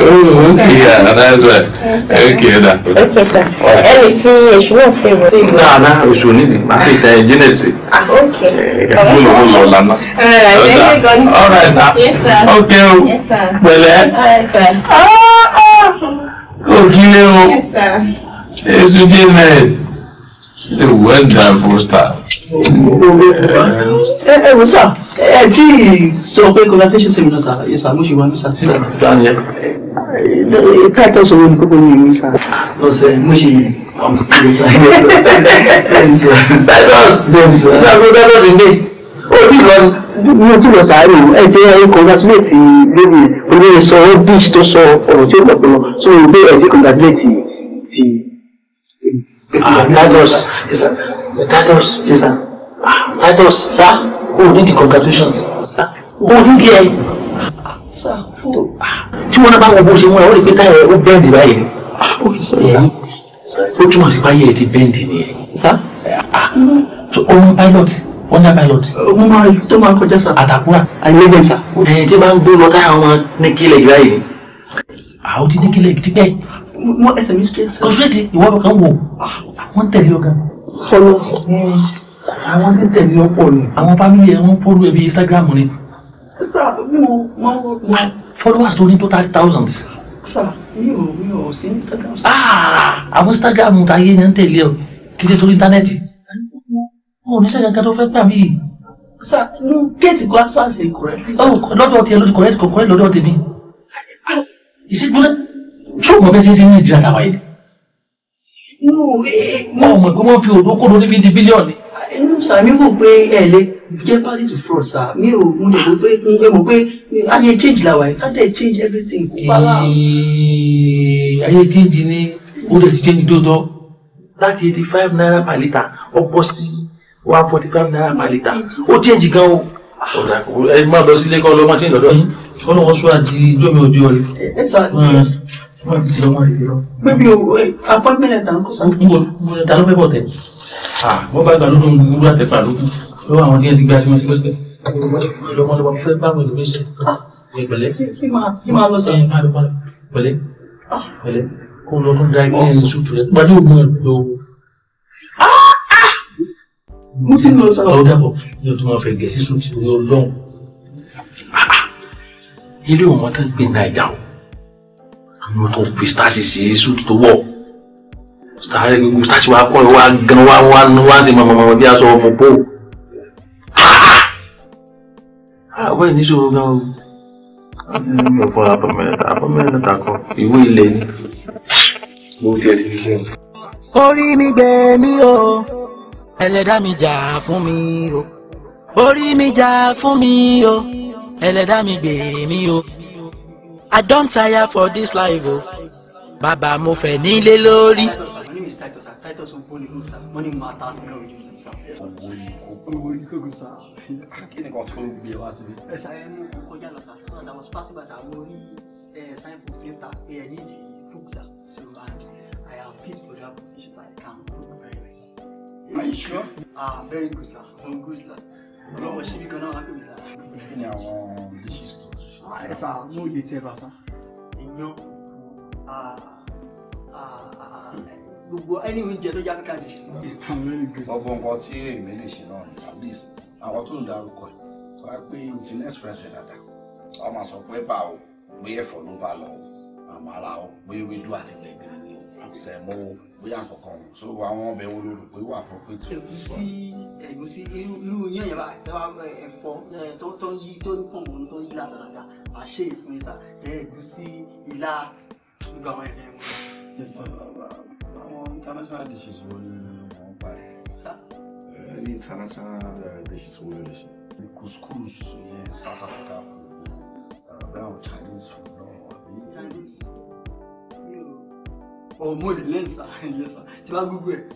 oh, okay yeah that's right okay ọ̀dà. ẹ lè fi èṣù náà sí ìwé. náà náà èṣù onídìí máa fi ìtàn ẹ̀jẹ̀ náà sí. Ah, okay. Yeah, okay. All right, then All right, now. Yes, sir. Okay. Yes, sir. Pẹ̀lẹ́. All right, sir. Ah, ah. Kò kílé o. Yes, sir. Èsù dé mẹ́rẹ̀. Ṣé wẹ́n dà bọ́stà? Ẹ ẹ wò sá, ẹ tí sọ pé conversation seminar sá, yẹ sá, mo ṣe wá ní sá. Ṣé ìdáni ẹ? Táìtọ̀ sọ̀rọ̀ ní kókó ní ìlú sá. Lọ́sẹ̀ mo ṣe yẹn. I'm serious. Friends, brothers, friends. Brothers in need. O ti lọ mo ti lọ sáré o ẹ ti ẹ congratulate lórí olórí sọ ó beach tó sọ ọ̀rọ̀ tí ó pọ̀ pẹ̀lú so o gbé ẹ ti congratulate ti. Tatus Tatus sisa Tatus sa o ní di congratulations o ní di ẹ sa tí wọn bá wọ bó ṣe múra ó lè pé táyà ó bẹ́ẹ̀ dì báyìí. Ah, ó túmọ̀ sí páyé ẹ̀ ti bẹ́ǹdì nìyẹn. sá. ọmọ pilot wọ́n ní pilot. mo máa rí tó máa kọjá sá. àtàkùrà. àìlẹ́jẹ̀ sá. ẹ tí bá ń gbé lọ táyà wọn ní kílẹ̀ ìlà yìí. àwọn ti ní kílẹ̀ tipẹ́. mo ẹsẹ̀ mi straight sá. kọ́sírẹ́tì ìwọ kan wò wọ́n tẹ̀lé ọ̀gá. fọlọ. àwọn tí tẹ̀lé ọ̀pọ̀ ni. àwọn fámìlì ẹ̀ wọ́n fọ́lù ẹbí Instagram ni. sá mo máa wọ. followers tó ní two thousand sà mi ò mi ò sí instagram. Ah! àwọn instagram ta yé ni ń tẹ̀lé ọ kí ṣe torí íńtánẹ́ẹ̀tì o ní sẹ́yìn kan tó fẹ́ gbà mí yìí. sà ní géètì kan sà ṣe correct. ọ lọ́dọ̀ tiẹ̀ ló ti correct kò correct lọ́dọ̀ tèmi. ìṣègùn ṣùgbọ́n bẹ́ẹ̀ ṣe ń ṣe ní ìdílé àtàwáyé. Eh, eh, ọmọ ìgbọ́n fi òdòkó lórí fi di bílíọ̀nù ẹnu sà mí mọ̀ pé ẹ lè jẹ́ party to fraud sà mí ò mo lè mọ̀ pé ẹ mọ̀ pé ayé change la wà yìí ká tẹ̀ change everything kò balance. ayé change ni ó lè ti change dòdò láti eighty five naira per litre ó sí one forty five naira per litre ó change gan o ẹ má lọ sílé kọ́ lọ́mọ tí lọ́dọ̀ yín kọ́ lọ́wọ́ sọ àti lómi òdi ọ̀rẹ́. ẹ sà mọ̀ ní ìdílọ́mọ rẹ̀ lọ. pé mi ò apọ́nmẹ́lẹ̀ ń kọ́ sà. mo ní ta ló fẹ́ bọ̀ tẹ̀ wọ́n bá gbà lórí ohun gbogbo àtẹ́pà lókù lọ́wọ́ àwọn díẹ̀ ti gbé àti mọ́sí pẹ́pẹ́ lọ́mọlọ́mọ fẹ́ bá wọn lómi ṣe pẹ̀lẹ́ kí máa lọ sí pẹ̀lẹ́ ah. pẹ̀lẹ́ kó lọ kó dáa ilé ẹni sùtù rẹ pàdé ògùn ẹ̀ lọ. Ah, ah. mo ti lọ sọ̀rọ̀. ọ̀dà bọ̀ ní o tún máa fẹ́ gẹ̀ẹ́sì sùtù ní ọlọ́run ilé òun tán gbé nàìjà o àmọ́ tó fi stasi sí sùtù tó wọ̀ mùsítàṣì wa kọ́ wa gan wa wa wa ṣe mọ̀mọ̀mọ̀ bí aṣọ ọmọ pò. àwọn ènìyàn ṣòro gan o. mo fọ apọ̀mẹ́rẹ́ apọ̀mẹ́rẹ́ náà kọ ìwé ilẹ̀ ni mo jẹ tẹlifíṣàn. orí mi gbé mi o ẹlẹ́dàá mi jà fún mi o orí mi jà fún mi o ẹlẹ́dàá mi gbé mi o I don tire for this life o bàbá mo fẹ́ nílé lórí. Titus Ogboligbo sir, money matters no religion sir. Ogboligbo sir. Kí ni kan tó ń gbé wá síbi? Ẹ sá ẹni kọjá lọ sá, so as was passing by sá, mo rí sign for center pé ẹ need cook sir, so and I am fit for that position sir, I can cook very well sir. Are you sure? Ah, very good sir, I'm good sir. Ọlọ́wọ́ ṣe bí gan-an wákò mi sá. Kí ni àwọn dishes tó ṣe? Ah, ẹ sá, mo yẹ tẹ́ bá sá. Iyán, fún, ah, ah, gbogbo ẹni oúnjẹ tó yá ní káàdì ṣe sí. gbogbo nǹkan tí èmi lè ṣe náà ni at least àwọn tó ń darúkọ yìí wá pé o ti ní express dáadáa wọ́n máa sọ pé bá o bóyá ẹ̀fọ́ ló bá lọ àmàlà o bóyá ewédú àti gbẹ̀gbẹ̀ ni o sẹ̀mó o bóyá nǹkankan o so àwọn ọbẹ̀ wo ló pé wà profit. ẹ̀gúsí ẹ̀gúsí irú yẹn yẹn bá ẹ̀fọ́ tó ń yí tó ń pọ̀ mọ́ tó ń yí làdàdà àṣẹ ìfúnni sá ẹ̀gúsí ìlà gbogbo àwọn ẹ̀fẹ́ wọn international dishes wo ni wọ́n ń parí. international dishes wo lè ṣe. couscous ìyẹn South Africa food ah, àbáwọ̀ Chinese food náà Chinese Oh, more the lens yes sir tí bá google ẹ.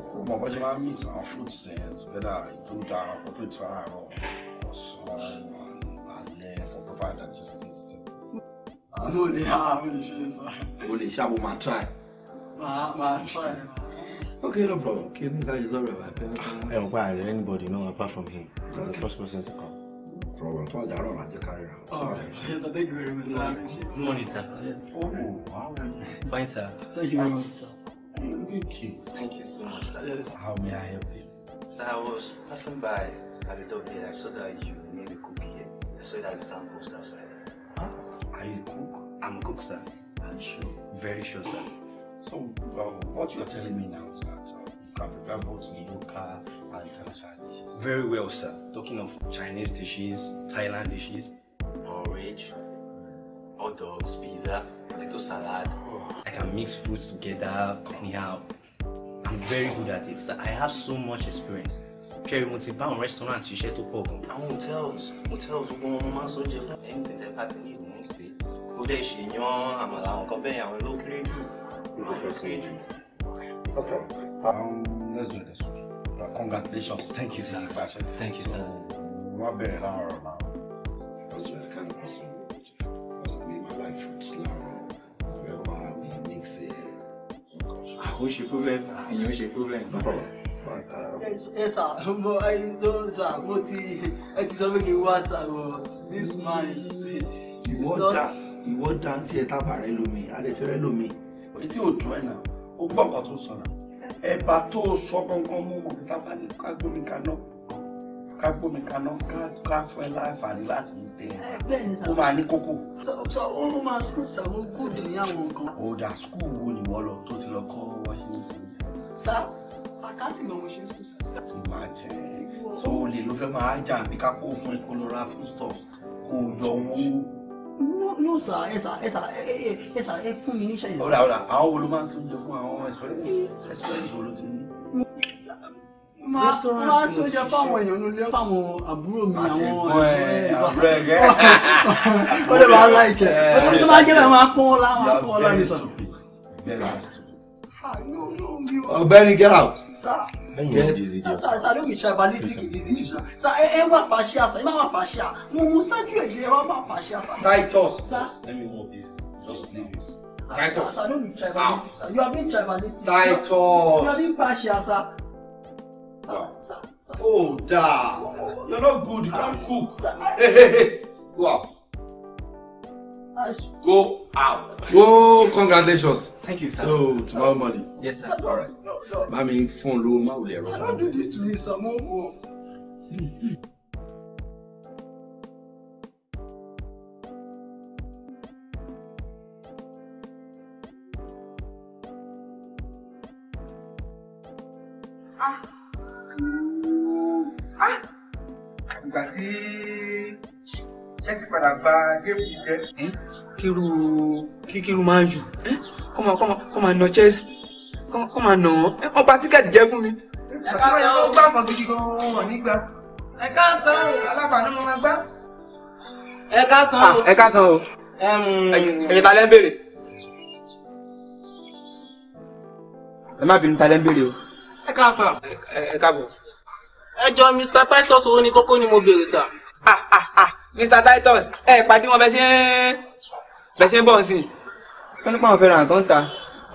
fún ọmọ bọ́jú máa ń mix our food sense whether tó dára that tó tó ara rọ ọ̀sán alẹ́ for proper digestion system. àná ah, ò lè ha ah, try máa ah, Okay, no problem. Okay, that is all right. Ẹ mọ̀ pé àìrẹ́ anybody know apart from him. Okay. The first person to call. Problem. Tó àjà rọrùn àjẹ kárí ra. All oh, right. Yes, Thank you very much, sir. I appreciate it. Good morning, sir. Yes. Oh, wow. Fine, sir. Thank you very much, sir. Thank you. Thank you so much, sir. Yes. How may I help you? Sir, I was passing by at the door here. I saw that you made a cook here. I saw that you stand post outside. Huh? Are you a cook? I'm a cook, sir. I'm sure. Very sure, sir. So what you are telling me now is that uh, you can prepare both local and international dishes. Very well, sir. Talking of Chinese dishes, Thailand dishes, porridge, hot dogs, pizza, potato salad. Oh. I can mix foods together anyhow. I'm very good at it, sir. I have so much experience. Very mo ti restaurants àwọn restaurant tó pọ̀ gan. hotels hotels we go on ń sọ jẹ fún ẹni tí tẹ́ bá ti ní ìdùnnú sí. Kó dẹ̀ ṣèyàn àmàlà àwọn kan bẹ́ẹ̀ àwọn ló the person. Okay. Um, let's do this one. Well, uh, congratulations. Thank you, sir. Thank you, sir. What better Laura now? Because we're the kind of person we want to. Because I mean, my life roots Laura. Wherever I mean, mix it. I wish you problem, sir. You wish you problem. No problem. ẹ um, sà mo ẹ ló sà mo ti ẹ ti sọ pé kí n wá sà but this man is. ìwọ dá ìwọ dá tí ẹ tábà rẹ lómi adẹ tí rẹ lómi etí ò dùn ẹ̀ o ó gbọ́ nǹkan tó sọ náà ẹ̀bà tó sọ gangan mú mọ̀ níta bá ní ká gbómi kaná ká gbómi kaná ká fún ẹ láǹfààní láti tẹ ẹ̀bà ó máa ní kókó. sọ ó máa skul sàmú gúdù ní àwọn kan. ọ̀dà skul wo ni wọ́n lọ tó ti lọ kọ́ washington sí. sá àkáàtì náà mo ṣe skul sá. ìmọ̀ àjẹ́ so olè ló fẹ́ máa jà bí ká kó fún ẹ kó lọ ra foodstuff kó no no sir ẹ sà ẹ sà ẹ sà ẹ fún mi ní ṣẹ́yìn. ọ̀rẹ́ ọ̀rẹ́ àwọn wo ló máa ń sóúnjẹ fún àwọn experience experience wo ló ti ní. máa sóúnjẹ fáwọn èèyàn ló lé fáwọn àbúrò mi àwọn ẹ̀ ẹ̀ eh, ó lè máa láìkẹ́ ó lè máa jẹ́ bẹ́ẹ̀ máa pọ́n ọ́lá máa pọ́n ọ́lá ah, mi sọ̀rọ̀. ọ̀gbẹ́ni get out sir. Get, sir, sir, sir, I don't be tribalistic in this issue, sir. Sir, ẹ wá pàṣẹ àṣà, ẹ má wá pàṣẹ à. Mo mú ṣáájú ẹ̀jẹ̀ ẹ wá má pàṣẹ Titus, sir. Let me move this. Just leave it. Ah, Titus. Sir, I don't be tribalistic, sir. You are being tribalistic. Titus. You are being pàṣẹ àṣà. Sir, sir, sir. Oh, da. You're not good. You can't ah. cook. Hey, hey, hey. Go out. Go. Wow! Whoa, oh, congratulations. Thank you, sir. So, tomorrow morning. Yes, sir. All right. No, no. Mami, phone low, ma will error. Don't do this to me, sir. Mo, mo. Ah. Ah. Ìgbà tí Chelsea padà gba géèmù yìí jẹ́. Eh? kíru kíkíru máa ń yù kọ́ máa kọ́ máa nà chelsea kọ́ máa tíkẹ́ẹ̀tì jẹ́ fún mi. ẹ ká sọ ọ́ gbá nǹkan gidi gan wọn nígbà. ẹ ká sọ ọ́ alápàánú mo máa gbá. ẹ ká sọ ọ́. Ah, ẹ ká sọ ọ́. ẹ̀yin ta lẹ́ ń béèrè. ẹ má bínú ta lẹ́ ń béèrè o. ẹ ká sọ. ẹ káàbọ̀. ẹ jọ Mr. Titus owó ni kókó ni mo béèrè sà. ah ah ah Mr. Titus ẹ pàdé wọn bẹ ṣe é bẹ̀sẹ̀ bọ̀ ń sìn. wọ́n ní pé àwọn fẹ́ ra nǹkan ta.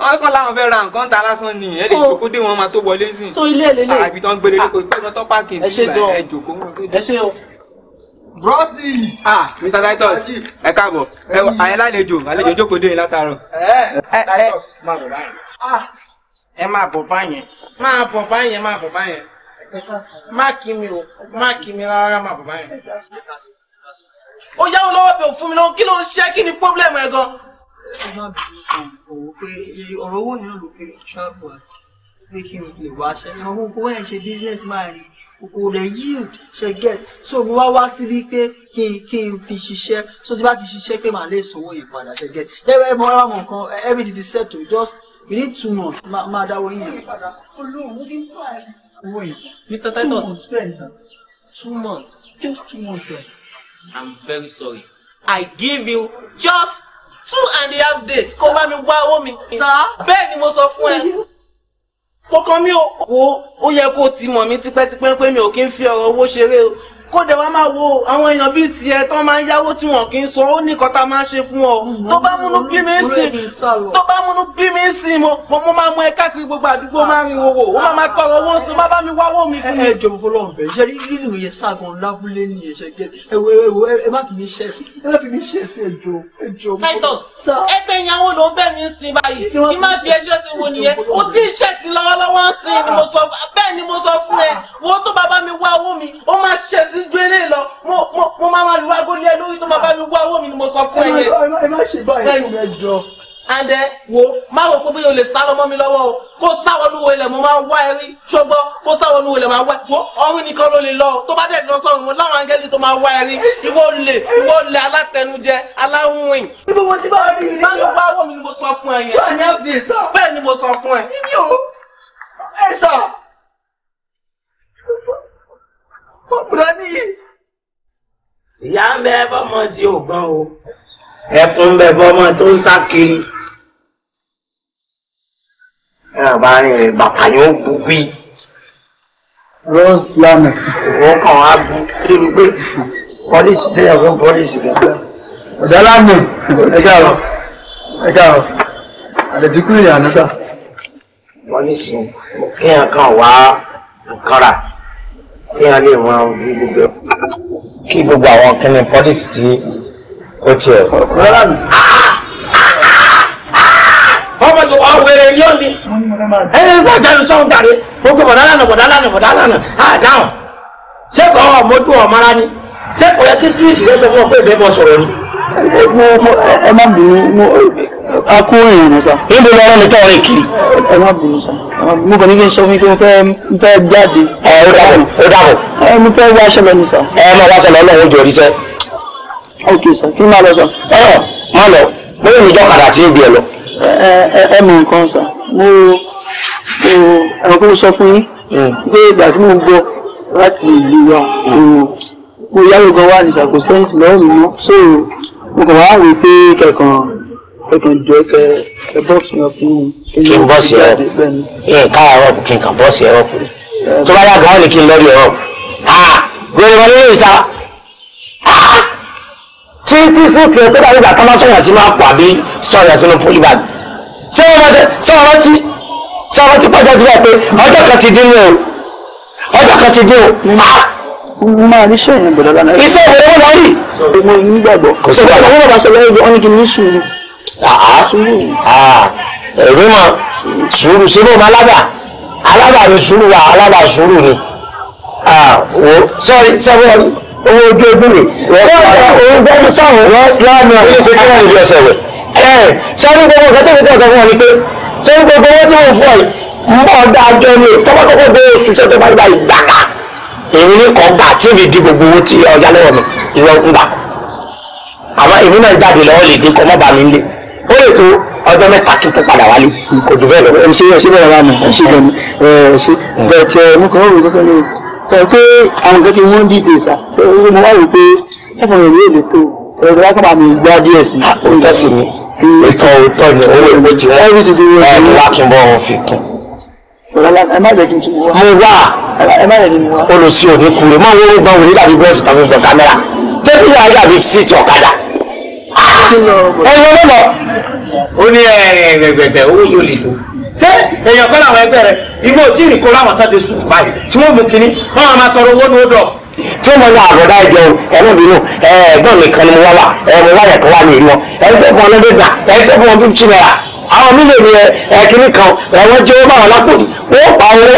wọ́n kàn láwọn fẹ́ ra nǹkan ta lásán ni ẹ̀ lè jókòó dé wọn máa tó wọlé sìn. so ilé lélẹ̀ àbí tó ń gbére lóko ìpẹ́ kan tó páàkì ní ẹ̀ jókòó. ẹ ṣe o. brosdi. ah Mr Titus ẹ káàbọ̀ àyẹn lálejò àlejò jókòó dé látàárọ̀. Titus máa bọ̀ báyẹn. ẹ máa bọ̀ báyẹn máa bọ̀ báyẹn máa bọ̀ báyẹn má kí mi o má kí mi rárá má bọ̀ báyẹn ó yáwó lọ́wọ́ bẹ̀ fún mi lọ́wọ́ kí ló ń ṣe kí ni pọ́blẹ́mù ẹ̀ gan. ẹ má bẹ̀rẹ̀ ọ̀wọ́ pé ọ̀rọ̀ owó náà ló pe travel as pé kí n lè wá ṣe àwọn owó ẹ̀ ṣe business máa rí kò rẹ̀ yield ṣe get so mo wá wá síbi pé kí n kí n fi ṣiṣẹ́ so tí bá ti ṣiṣẹ́ pé màá lè sanwó yẹn padà ṣe get ẹ mọ ara mọ nǹkan everything ti settle just we need two months máa dáwọ́ yìí. Mr. Titus two months just two months i'm very sorry i give you just two and a half days kó bá mi wá owó mi. sá bẹ́ẹ̀ ni mo sọ fún ẹ. kọ̀ọ̀kan mi ò wo ó yẹ kó o ti mọ̀ mí tipẹ́tipẹ́ pé mi ò kí ń fi ọ̀rọ̀ owó ṣeré o kó dẹ̀ wá máa wo àwọn èèyàn bíi tiẹ̀ tó máa ń yáwó tí wọn kì í san ó ní kọ́ta máa ṣe fún ọ mm-hmm. tó bá múnú bí mi sìn tó bá múnú bí mi sìn mo mo máa mú ẹ káàkiri gbogbo àdúgbò máa rin owó ó máa máa tọrọ owó sí má bá mi wáwó mi fún mi. ẹ jọ̀bọ̀ fọlọ́ ọ̀bẹ ṣe rí rí ìwòye sáàgùn lábúlé ní ẹ̀ṣẹ̀ gẹ̀ ẹ̀wọ̀ ẹ̀wọ̀ ẹ má fi mi ṣẹ̀ sí ẹ má fi mi ṣẹ̀ sí ẹ̀jọ̀ ẹ̀jọ̀. Titus ẹgbẹ́ ìyàwó ló ń bẹ̀ mí sìn báyìí kí má fi ẹṣẹ́ sí wo nìyẹn ó ti ṣẹ̀ sí lọ́wọ́lọ́wọ́ sí ni ah. mo sọ bẹ́ẹ̀ ni mo sọ fún ẹ ah. wo tó bàbá mi wá owó mi ó má ṣẹ̀ sí sí ju eléyìí lọ mo máa lu aago lórí tó máa bá mi wá owó mi ni mo sọ fún ẹ yẹn. ẹ má ṣe báyìí fún mi jọ. wo má wò pé bóyá o lè sá lọ mọ́ mi lọ́wọ́ o kó sáwọ́ nu wọlé mo máa wá ẹrí ṣọgbọ́ kó sáwọ́ nu wọlé máa wá wo ọ̀run nìkan ló lè lọ tó bá dẹ̀ lọ sọ̀rọ̀ mo láwọn angẹ́lì tó máa wá ẹrí ìwọ lè ìwọ lè alátẹnujẹ aláwìn. ibo wọn ti bá a rí i. bá mi wá owó mi ni mo sọ fún ẹ yẹn. bẹ́ẹ̀ ni mo sọ fún ẹ ọ̀bùrọ̀ ní. ìyá ń bẹ fọmọ tí ò gbọ́n o ẹkún ń bẹ fọmọ tó ń sá kiri. ẹ ò bá rìn rìn bàtà yóò bu bí. rose lana. òun kàn wá bu lórí pé pọ́lísì tẹ́lẹ̀ fún pọ́lísì gẹ́gẹ́. ọ̀dọ́ lánàá ẹ káàárọ̀ ẹ káàárọ̀ àdètí kúrò yàrá náà sà. pọ́lísì kan wá nǹkan kí a lè máa rí gbogbo ẹ̀. kí gbogbo àwọn kẹ́ni pọ́lísì tí ó tiẹ̀. rárá mi. ọmọ tó wà wẹrẹ ní òní. ẹ ẹ bá jáde sọ́hún tàrí gbogbo bọ̀dá lánà bọ̀dá lánà bọ̀dá lánà á dáhùn. sẹ́kọ̀ọ́ ọmọ ojú ọmọ ara ni sẹ́kọ̀ọ́ yẹ kí spirit rẹ tó fún ọ pé ìbẹ́ bọ́ sọ̀rọ̀ ni mo mo ẹ má bínú mo a kó èèyàn ní sá. níbo ni ọlọ́run tọ́ ọ̀rẹ́ kiri. ẹ má bínú sá mo kàn ní kí n sọ fún yín pé mo fẹ́ mo fẹ́ jáde. ẹ ó dàbọ̀ ó dàbọ̀. ẹ mo fẹ́ wá aṣọ lọ ní sá. ẹ má wá aṣọ lọ ọlọ́run jọ oríṣẹ́. ok sá kí n má lọ sá. ẹ ọ má lọ bóyá mi jọkàdà tí ń bí ẹ lọ. ẹ ẹ ẹ mọ nǹkan sá mo mo ẹ̀rọ kó sọ fún yín hmm. pé ìgbà tí mo gbọ́ láti ìlú wa kò hmm. yáwó gan wà ní sá kò sẹ́yìn tì lọ́wọ́ mi mọ́ sóòrò mo kàn wá wí pé kẹ̀kan kẹ̀kan jọ kẹ kẹ box mi ọ̀pọ̀ mi. kí n bọ́ọ̀sì ẹ̀rọ ẹ̀ ká ẹ̀rọ kí n kàn bọ́ọ̀sì ẹ̀rọ kù ni tó bá yàgò wọn ni kí n lọ́ọ̀rì ẹ̀rọ kù. gbèrè wọn nílé ìsá títí sí tiẹ̀ tó dàbí ìgbà kan máa sọ̀rọ̀ sí máa pọ̀ àbí sọ̀rọ̀ sínú polybag ṣé wọ́n ṣe rántí ṣé wọ́n rántí pọ́jọ́ ti rẹ̀ pé ọjọ́ kan ti dín ní o ọjọ́ kan ti dín o mo máa rí sẹ́yìn bọ̀dọ̀ lánà. iṣẹ́ ìbẹ̀rẹ̀ wọn lọ́rí. mo ní gbàgbọ́. kò sí gbàgbọ́. owó bàbá sọ̀rọ̀ ẹ̀jọ̀ ọ́nìkì ní sùúrù. ẹ̀rí mọ sùúrù sínú ọmọ alábà alábà ni sùúrù wa alábà sùúrù ni. sọ́ọ̀rì sẹ́wọ́n owó ojú ojú rẹ̀. òun gbọ́dọ̀ sáwọn. wọ́n sílámù ọ̀hún ṣe kí wọ́n ìlú ọ̀sẹ̀ rẹ̀. sọ́ọ̀rì gbogbo nǹkan tẹ̀lé kan sọ fún wọn ni pé sọ́ọ̀rì gbogbo owó tí mo fọ yìí mọ́ ọ̀dà àjọ ni tọ́wọ́ kọ́kọ́ gbé oṣù bá gbà yìí èmi ní kan gbà tí èmi di gbogbo owó tí ọjà lọ́wọ́ mi ìwọ ń gbà àmọ́ èmi náà jáde lọ́wọ́ lè dín kọ́ mọ́ bá mi lé ó lè tó ọjọ́ mẹ́ta kí n tó padà wálé kò jù bẹ́ẹ̀ lọ. ẹ ṣe ẹ ṣe bẹ́ẹ̀ bá mi ẹ ṣe bẹ́ẹ̀ ẹ ṣe bẹ́ẹ̀ tẹ mo kàn wọ́n wò kọ́kọ́ lórí ẹ pé àwọn nǹkan ti wọ́n these days ah mo wá rò pé ẹ̀fọn rẹ̀ yóò lè tó ẹ̀rọ wá kábàá mi gbá díẹ̀ sí. Ah, òótọ́ sì ni ìtọ́ òótọ́ ni owó ìwé ti wọ́n ẹ̀ wá kí n bọ́ wọn fi kún. ẹ má jẹ́ kí n tún wọ́n. mo wà olùsí òní kúrè máa ń wọ́n gbọ́n wòlé dàbí bọ́ọ̀sì tàbí bọ̀ kámẹ́rà tẹ́bí náà dàbí síìtì ọ̀kadà ẹ̀yin olóòlò. ó ní ẹ̀ẹ́dẹ̀gbẹ̀dẹ̀ owó yóò lè tó ṣé èèyàn kọ́ làwọn ẹgbẹ́ rẹ igbó tí ì kó láwọn tó de sùkúù báyìí tí wọ́n mú kínní wọ́n máa tọrọ owó ní ó dọ̀ tí ó mọ ní àbọ̀dá ẹ̀jọ̀ ẹ̀mọ́bìnú ẹ̀gbọ́n mi kan ni mo wá wà ẹ̀mọ wáyà kan wà ní ìlú wọn ẹ̀jọ̀ fún wọn lọ́dẹ̀ gbà ẹ̀jọ̀ fún wọn fífi náírà àwọn mílíọ̀nù ẹ̀kíní kan ẹ̀wọ́n jẹ́ owó báwọn lápò ní wọ́n pa owó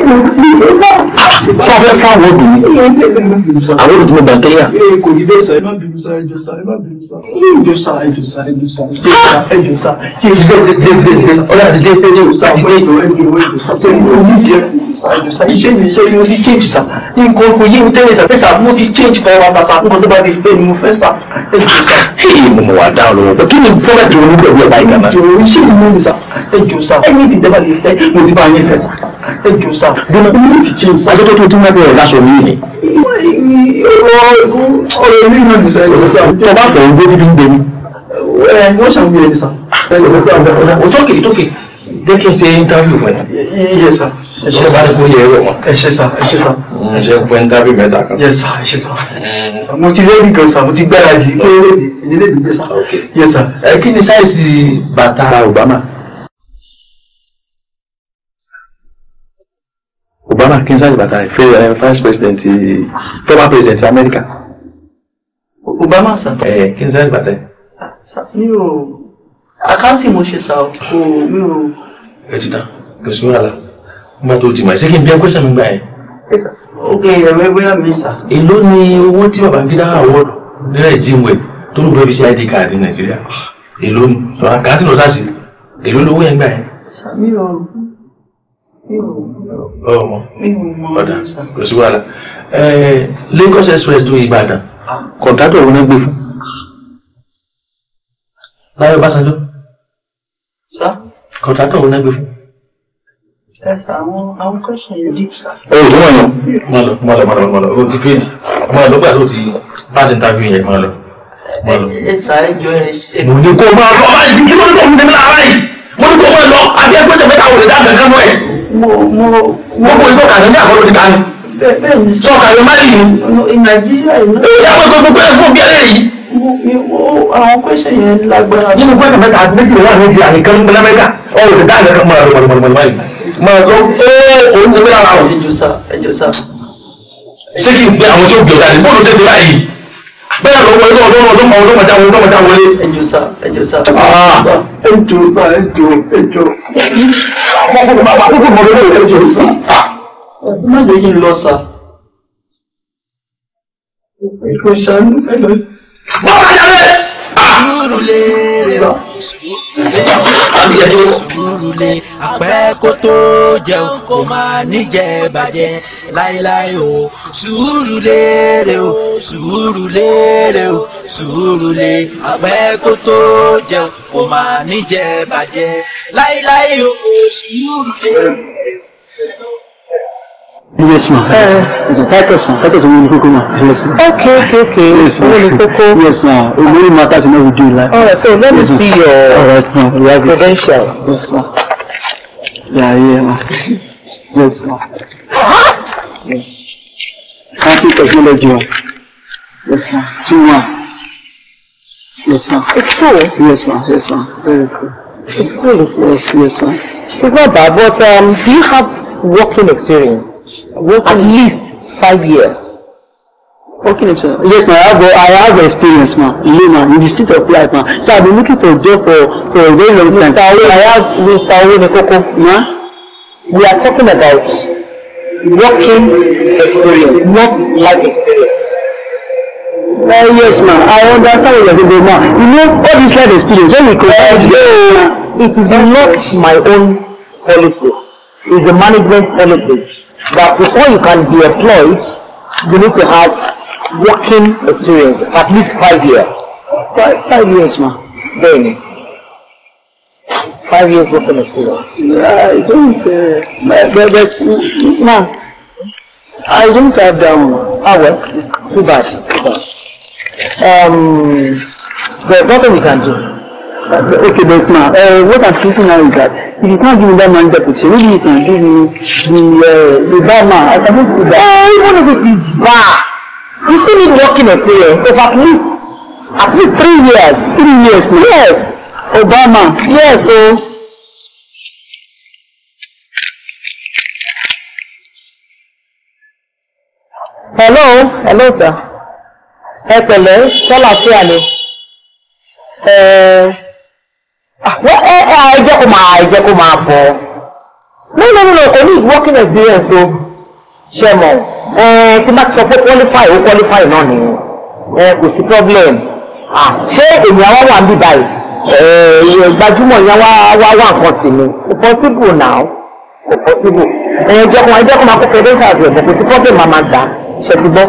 sọ fẹ́ fún àwọn obìnrin àwọn obìnrin tí mo gbà kẹ́yà. kò yí bẹ́ẹ̀ sá ẹ má bínú sá ẹjọ sá ẹ má bínú sá ẹjọ sá ẹjọ sá ẹjọ sá ẹjọ sá ẹjọ sá ẹjọ sá ọ̀rẹ́ àdìdé pé ní òsà ọ̀pọ̀ ẹjọ ẹjọ ẹjọ sá tó ní omi ìdí ẹ̀fọ́ ẹjọ sá iṣẹ́ mi iṣẹ́ mi ó ti change sá nǹkan kò yé mi tẹ́lẹ̀ sá pé sá mo ti change kọ́ wa ta sá nǹkan tó bá ti pé ni mo fẹ́ sá ẹjọ sá. mo mọ̀ wá dá ọ lọ́wọ́ kí ni fọ́nrán jòrò ní pẹ̀lú ẹ̀ báyìí kan náà. jòrò iṣẹ́ mi ní ìsà ẹjọ sá ẹni tí dẹ́gbà lè fẹ́ mo ti bá yẹn fẹ́ sá ẹ jù sá. bọ́lá mi ti ṣe sá. ajọ́ tó tó tún wá bẹ̀rẹ̀ láṣọ mi ni. ọ̀rọ̀ mi náà nìṣẹ́ ẹ̀jọ̀ sá. tó bá fẹ́ gbé fífi ń gbé mi. ẹ wọ́n ṣàwọn yẹn sá. ẹ̀jọ̀ sá ọ̀dà. òtókè òtókè dẹ́tún ṣe íńtábíù fún ẹ. iye sá. ẹ ṣe sá ẹ kó yẹ ẹ wọ̀ wọn. ẹ ṣe sá ẹ ṣe sá. ẹ ṣe fún íńtábíù mẹ́ta kan. yẹ sá ẹ ṣe sá. Mm. mo ti rẹ́ nìkan sá mo ti gbáradì pé ẹ̀yẹ́dẹ́gbẹ̀ẹ́ sá. yẹ sá. ẹ kí ni sáìsì bàtà Obama. Obama kí n sáàjì bàtà ìfẹ́ eh, vice presidente, eh, former presidente da América. Obama sà. ẹ eh, kí n sáàjì bàtà. mi ò àkáǹtì mo o meu. mi ò. ẹ ti dá kò sí wàhálà nígbà tó ti mọ̀ ẹ́ ṣé kí n bí ẹ kó sẹ́mi gbà ẹ́. ok ẹ̀rọ ẹgbẹ́ yà mí sà. èló ni owó tí Babangida award nílẹ̀ é tó ló gbé bí sí id card Nàìjíríà ah, èló ni àkáǹtì lọ sáà sí èló lówó yẹn gbà ẹ́. sàmì ọmọ oh, ọ̀dà kò sí wàhálà eh, Lagos Express tó Ìbàdàn kọ̀ǹtátọ̀ òun náà gbé fún Láyọ̀ Básanjọ́ kọ̀ǹtátọ̀ òun náà gbé fún. Ẹ sà àwọn àwọn kọ́ṣẹ́ yẹn dìbò sà. Ẹ ò tó wọ̀nyí o. Má lọ má lọ má lọ má lọ o ti fi má lọ gbà tó ti pass interview yẹn má lọ. Ẹ sà ẹ jọ ẹ ṣe. Mo ní kó o máa lọ báyìí kí ló ń tọ́ fún mi lára báyìí. Mo ní kó o máa lọ àbí ẹgbẹ́ mo mo. gbogbo ìgbọ́ kàní ní àkọ́lù ti kàní. bẹ́ẹ̀ ni sọ kàní má yìí. nàìjíríà yìí. èyí àwọn gbogbo ẹ̀ fún gẹ́rẹ́ yìí. àwọn kwẹ́sẹ̀ yẹn lágbára. nínú kwẹ́sẹ̀ mẹ́ta àti méjì lọ́wọ́ àti méjì àníkan ní amẹ́ríkà ọ̀rọ̀ ìdá àgbẹ̀kan mọ́ àrùn mọ̀lẹ́mọ̀lẹ́mọ̀ yìí. mọ̀ ọ́ òun ti gbé ara wọn. ẹjọ́ sá ẹjọ́ sá. ṣé kí n gbé àwọn tó gbé ọ̀dà ní bóòlù ṣe ti báyìí bẹ́ẹ̀ lọ́wọ́ inú ọdún ọdún ọdún mọ̀já ọdún mọ̀já wọlé. ẹjọ sá ẹjọ sá ẹjọ sá ẹjọ ẹjọ ẹjọ. fọfọ bàbá fífi mọ̀ lórí ẹjọ sá. má jẹ́ kí n lọ sá. ẹjọ sá ẹjọ. wọ́n bá yà lẹ́yìn sùúrù lérè o. sùúrù lé àpẹ́ kó tó jẹun kó máa níjẹ bàjẹ́ láéláé o. sùúrù lérè o sùúrù lérè o sùúrù lé àpẹ́ kó tó jẹun kó máa níjẹ bàjẹ́ láéláé o. sùúrù lérè o. Eh. Yes, ma. yes, ma'am. Titus, ma. Titus, we will cook, Yes, ma'am. Okay, okay, okay. Yes, ma. We Yes, ma. It really matters in how we do life. All right, so let yes, me see your All right, ma'am. We have credentials. It. Yes, ma. Yeah, yeah, ma. yes, ma. Yes. Counting technology, ma'am. Yes, ma. Two, ma'am. Yes, ma. It's cool. Yes, ma. Yes, ma. Very cool. It's cool. Yes, yes, ma. It's not bad, but um, do you have working experience. Working At least five years. Working experience. Yes, ma. I have I have experience, ma. You know, ma, in the state of life, ma. So I've been looking for a job for for a very long time. Mr. Awe, I have Mr. Awe Nekoko. Ma. We are talking about working experience, not life experience. Well, yes, ma'am. I understand what you're doing, ma'am. You know, all this life experience, when we compare it, it is not my own policy is a management policy that before you can be employed, you need to have working experience of at least five years. Five, five years, ma. Then, five years working experience. Yeah, I don't, uh, but, but, ma, I don't have that one. Ah, well, too bad. Too bad. Um, there's nothing we can do. Okay, but now, uh, what I'm thinking now is that if you can't give me that money, manager position, maybe you can give me the uh, the barman. I can move to that. Uh, even if it is bar, you still need working experience eh? of at least at least three years. Three years now. Yes. Obama. Yes, so. hello hello sir ẹ eh, pẹ̀lẹ́ Shall I ni ẹ. Uh, eh, Ah, ẹ jẹ́ kó máa ẹ jẹ́ kó máa bọ̀ lọ́nà nínú ọkọ̀ ní working experience o ṣe mọ̀ tí bá ti sọ pé qualify ó qualify náà nìyẹn kò sí problem ah, ṣé èmi àwa wà níbí báyìí gbajúmọ̀ ìyá wa wá nǹkan tì mí possible now possible ẹ jẹ́ kó máa ẹ jẹ́ kó máa kó credentials rẹ̀ bọ̀ kò sí problem máa máa gbà ṣe ti gbọ́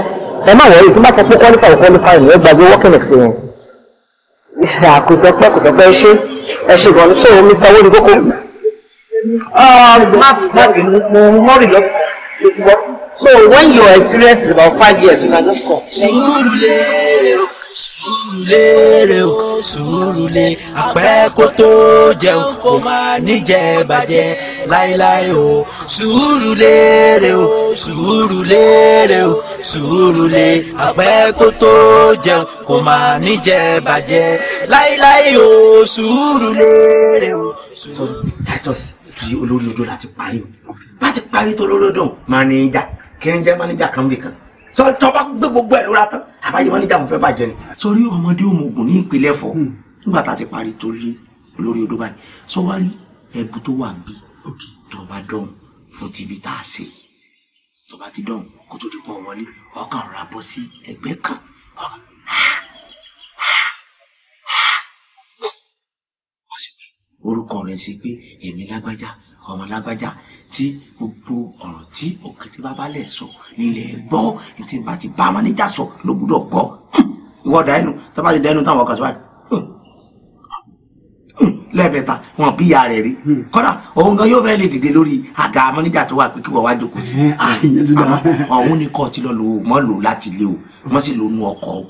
ẹ má wọ̀ọ́rì tí bá sọ pé qualify ó qualify nìyẹn gbàgbé working experience kò tọ́ pẹ́ kò tọ́ pẹ́ ṣe ẹ ṣe gan so mi sanwó ní kókó. so when your experience is about five years you can just come sùúrù lérè o sùúrù lé àpẹ́ kó tó jẹun kó má níjẹ bàjẹ́ láéláé o sùúrù lérè o sùúrù lérè o sùúrù lé àpẹ́ kó tó jẹun kó má níjẹ bàjẹ́ láéláé o sùúrù lérè o. dátọ̀ fi olórí odò láti parí o láti parí tó lórí odò máníjà kí ni jẹ́ máníjà kan bì kan sọrí tí wọn bá gbé gbogbo ẹ lóra tán àbáyé wọn níjà wọn fẹ́ bàjẹ́ ni. sọrí ọmọdé òmùgùn ní ìpínlẹ̀ fọ hmm. nígbà tá a ti parí torí olórí odò báyìí sọwárí ẹbù tó wà bí tọba dọ̀hún fún tìbí tá a ṣe yìí tọba ti dọ̀hún kó tó di pọ̀ wọlé ọkàn rà bọ́ sí ẹgbẹ́ kan orúkọ rẹ̀ sí pé èmi lágbájá ọmọ lágbájá tí gbogbo ọ̀rọ̀ tí òkété bábálẹ̀ sọ nílẹ̀ gbọ́ ètò ìbá ti bá mánéjà sọ ló gbúdọ̀ gbọ́ ìwọ dàínú tó bá ti dàínú táwọn ọkọ̀ sọ báyìí lẹ́ẹ̀mẹ́ta wọn bí ìyá rẹ̀ rí hmm. kọ́dà òun gan yóò fẹ́ lè dìde lórí àga mánéjà tó wà pé kí wọ́n wá jókòó sí i àmọ́ ọ̀hún ni kò ti lọ lò ó mọ́ lò láti lé o mọ́ sì lò ó nu ọkọ̀ o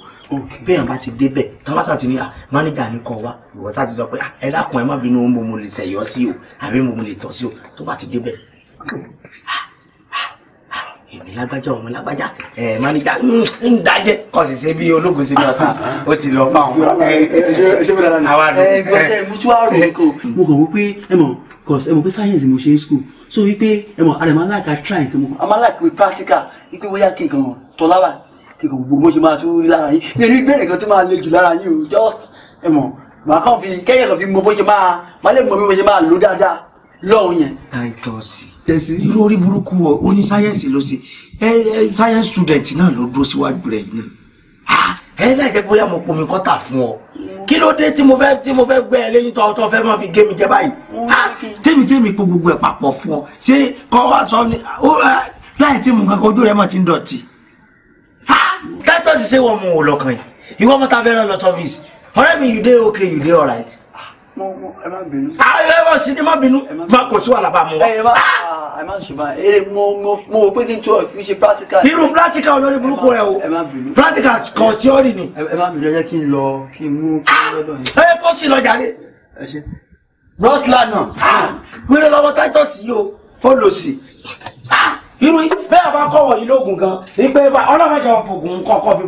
bẹ́ẹ̀ bá ti débẹ̀ káwáṣà ti ní à ah, mánéjà ní kan wá ìwọ́sà ti sọ pé ah, ẹ dákun ẹ má bínú mo mo lè sẹ̀yọ́ sí o àbí mo mo lè tọ̀ sí o tó bá ti débẹ̀ èmi lágbájá ọmọ lágbájá ẹ mánéjà hmm, ń dájẹ kò sì ṣe bí ológun ṣe bí ọsàn ó ti lọ bá wọn. ẹ ẹ ṣé bí dáadáa ni. àwa dùn ẹ gbọ́dọ̀ ẹ mú tí wàá rò ó kò. mo kàn wọ́n pé ẹ mọ̀ cause ẹ mọ̀ pé sáyẹ̀nsì mo ṣe é school so wípé ẹ mọ̀ àrẹ̀mọ́ alága try nǹkan mọ̀. àmọ́ alága pé practical wípé bóyá kí n kàn tọ́lá wà kí gbogbo mo ṣe máa tún rí lára yín ní ẹni bẹ́ẹ̀rẹ̀ kan tó máa le jù lára yín o just ẹ mọ̀ màá kàn fi kẹ́yìn kan fi mọ bó ṣe máa máa lè mọ bí mo ṣe máa lò dáadáa lọ́hùn yẹn. táìtọ́sì tẹ̀sí. irú orí burúkú oní sáyẹ́ǹsì ló ṣe ẹ ẹ sáyẹ́ǹsì student náà ló dúró síwájú rẹ̀ yìí ẹ láìjẹ́ bóyá mo pomi kọ́tà fún ọ kí ló dé tí mo fẹ́ tí mo fẹ́ gbé ẹ lẹ́yìn tó ọtọ́ fẹ́ máa fi gé mi jẹ báyìí tèmi tèmi kó gbogbo ẹ̀ papọ̀ fún ọ ṣé kọ́ wá sọ ni láì tí mo kankan ojú rẹ̀ máa ti ń dọ̀tí tátọ́sì ṣé wọ́n mú You want yìí ìwọ́n mọ́ta fẹ́ràn of this. ọ̀rẹ́ mi you dey okay you dey alright ah, ẹ má sinmi ah, má bínú má kò sí wàhálà bá mu wa. Eh, ẹ má ah! ẹ má ṣe báyìí ee eh, mo mo mo pé kí n tó fi ṣe practical. irú practical olórí burúkú rẹ o practical kan eh, tíọ́rì ni. ẹ má bínú ẹ jẹ́ kí n lọ kí n mú kí n lọ́dọ̀ yẹn. ẹ kó sí lọ jáde. roslan náà wíwọ́n lọ́wọ́ titus yìí o ó lò sí irú bẹ́ẹ̀ bá kọ̀wọ̀ yìí lóògùn gan wípé ọlọ́mọdé ọ̀fọ̀gùn kọ̀ọ̀kan fi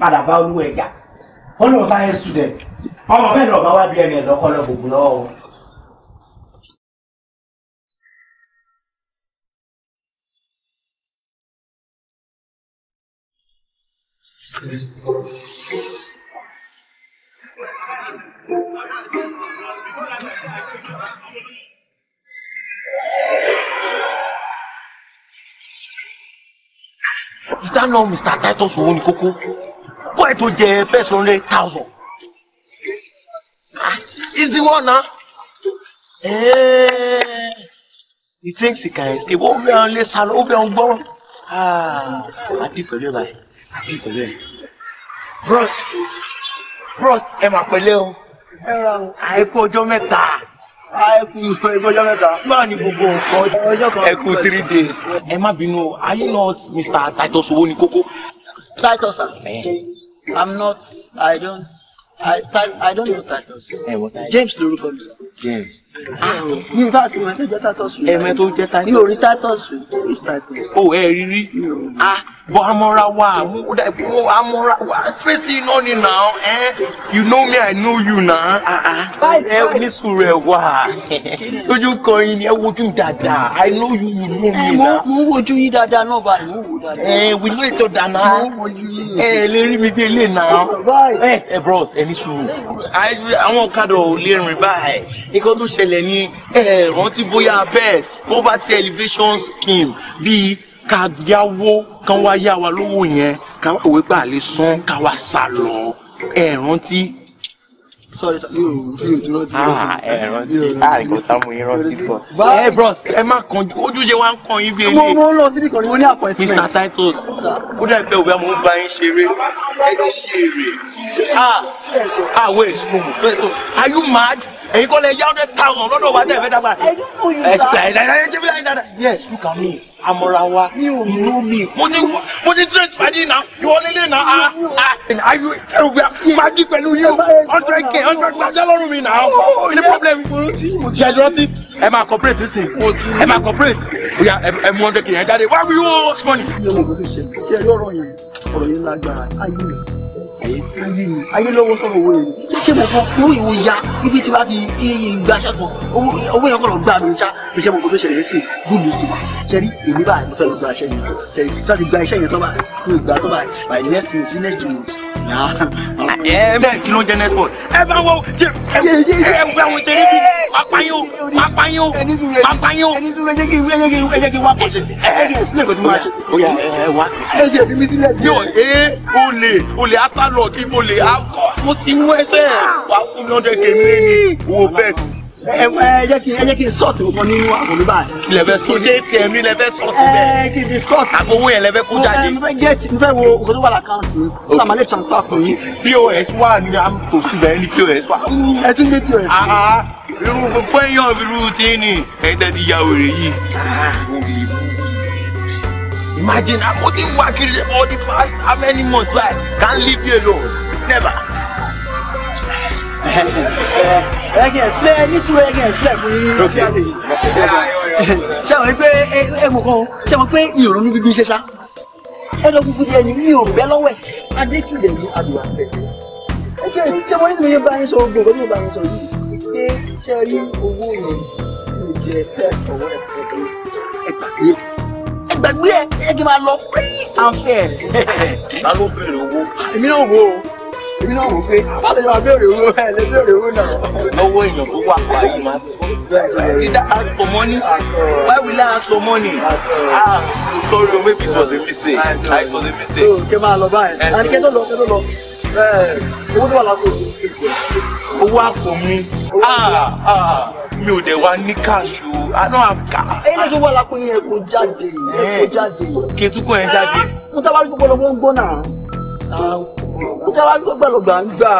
padà bá olúwa ẹ̀jà olùwọ̀ sáyẹn student ọmọ bẹ́ẹ̀ lọ́ọ́ bá wá bí ẹni ẹ̀ lọ́kọ́ lọ́ gbogbo lọ́wọ́. Thank you. is that not Mr. Titus Owónikókó boy tó jẹ first hundred thousand ah is the one na. Eh, he thinks he can escape ó bẹ́ẹ̀ ń lé sálọ ó bẹ́ẹ̀ ń gbọ́ àdí ah, pẹ̀lú ẹ̀ báyìí àdí pẹ̀lú ẹ̀. bros bros ẹ mà pẹ̀lẹ́ o ẹ ra o àìkú ọjọ́ mẹ́ta ẹkú ọjọ́ three days. ẹ má bínú are you not Mr. Titus owó ní kókó. Titus sir eh. i'm not i don't i, I don't know eh, Titus James lorúkọ mi sir. James ní bá a ti mọ ẹgbẹ́ jẹ́ tátọ́sù. ẹ̀mẹ́ tó jẹ́ tátọ́sù. mi ò rí tátọ́sù rí tátọ́sù. o ẹ rí rí bọ amọ́ra wa amọ́ra wa fèsì iná ni nà ọ́ you know me I know you nà á ẹ ní sùúrù ẹ wà lójú kan yìí ni ẹ wojú dada? I know you you know me nà. mo ń wojú yìí dáadáa náà báyìí mo ń wò dáadáa. ẹ wí ló ètò dáná ẹ lè rí mi bí ilé nà ẹ bros ẹ ní sùúrù àwọn ọ̀kadà ò lè rìn báyìí nǹkan tó ṣe ṣẹlẹ̀ ní ẹ̀rọ tí bóyá bẹ́ẹ̀s poverty elevation scheme bíi ká yáwó kán wá yá wa lówó yẹn ká wá ìwé gbà lè san ká wá sá lọ ẹ̀rọ tí. sọrí sọrí yóò yóò tún rántí. ẹ̀rọ tí rántí ah, ah, ẹ bros má kàn ojúṣe wa ń kàn yín bí ẹni. mo mo lọ síbi kan ní mo ní àpò ẹsẹ. Mr. Titus ó dà pé òwe àwọn bá yín ṣeré ẹ ti ṣe èrè. ah ah wait are you mad èyí kọ́ lẹ yá hundred thousand lọ́dọ̀ wa dẹ̀ fẹ́ dàgbà. yes look at me I'm amọ̀ra wa inú mi mo ti mo ah, ah. you tún ìpàdé now? ìwọlélẹ̀ náà a a ayo you? bíi máa jí pẹ̀lú you. hundred k hundred thousand lọ́rùn mi náà oh, oh, ní problem. jẹjọrọ ti ẹ máa cooperate sí ẹ máa cooperate oya ẹ mú hundred k yẹn jáde wá wíwọ́ small. ṣé ọ̀rọ̀ yẹn ọ̀rọ̀ yẹn lágbára ayé mi ayé lọ́wọ́ sọ̀rọ̀ owó yẹn ṣé mo fọ owó ìwò ya ibi tí bá fi gba aṣọ kan owó yẹn kọ̀ lọ gbà ṣá mi ṣe mo kò tó ṣẹlẹ̀ sí good news wa ṣẹ́rí èmi báyìí mo lọ gba iṣẹ́ yẹn ṣẹ́rí tí wọ́n ti gba iṣẹ́ yẹn tó bá mi ò tó bá by next month sí next month. bẹ́ẹ̀ kí ló ń jẹ next month ẹ bá wọ ẹ ẹ wọ ṣe níbi pápáyó pápáyó pápáyó. ẹni tún ẹjẹ kí ẹjẹ kí wá pọ̀ ṣe sí ẹ ẹ sílẹ̀ kò tún máa ṣe. ó yá ẹ wá. ẹ ṣe ẹbí mi sílẹ̀. yóò ẹ olè olè asa landlord kí mo lè akọ mo ti mú ẹsẹ̀ wá fún mi hundred k mi lẹ́ni wo best. ẹ ẹ jẹ́ kí ẹ jẹ́ kí n sọ́ọ̀tì nǹkan nínú àpò mi báyìí. kí lẹ fẹ́ sọ ṣé tiẹ̀ mi lẹ fẹ́ sọ́ọ̀tì bẹ́ẹ̀. ẹ kí n ti sọ́ọ̀tì. àgbowó yẹn lẹ fẹ́ kó jáde. mo fẹ́ gẹ́ẹ̀tì mo fẹ́ wo nǹkan tó mi sọ ma transfer fún yín. pos wà ní à kò fi bẹ́ẹ̀ ní pos wà. ẹ tún gbé pos. Ah, ah, imagine i'm not in work for the past how many months why can't leave you alone never. ẹ kí n explain ní sùúrù ẹ kí n explain fún yín ní ọjọ́ àlè yìí. ṣé àwọn pé ẹ mọ̀ kan ṣé àwọn pé mi ò ronú bíbí ṣe ṣá ẹ lọ kúkú díẹ̀ ni mi ò bẹ́ lọ́wọ́ ẹ̀ adétúndẹ̀ ní àdùrà pẹ̀lú. ẹ kí ṣé mo ní mi yóò bá yín sọ ogun ògbó mi ò bá yín sọ yìí ìsìnkú ṣe rí owó yẹn mi ò jẹ test ọwọ́ ẹ̀ pẹ̀lú ẹ̀ pàdé gbàgbé ẹ ẹ kí n máa lọ free fair. ta ló béèrè owó. èmi náà wò ó èmi náà wò ó pé báwo ni wàá béèrè owó ẹ lè béèrè owó náà. lọ́wọ́ èèyàn tó wà pa yìí máa fi dá ask for money why will I ask for money sorry o oh, maybe it was a mistake i was a mistake. so kí n máa lọ báyìí àti kí lọ kí lọ owó tó wà lápò. owó àpò mi. Ah, ah. mi ò dẹ̀ wá ní cash o i don't have cash. eléyìí tó wà lápò yẹn kò jáde kò eh, jáde. kí n tún kó yẹn jáde. Ah, mo tẹ́ wá ní gbogbo lọ́wọ́ ń gbóná. mo tẹ́ wá ní gbogbo lọ́gbà ń gbà.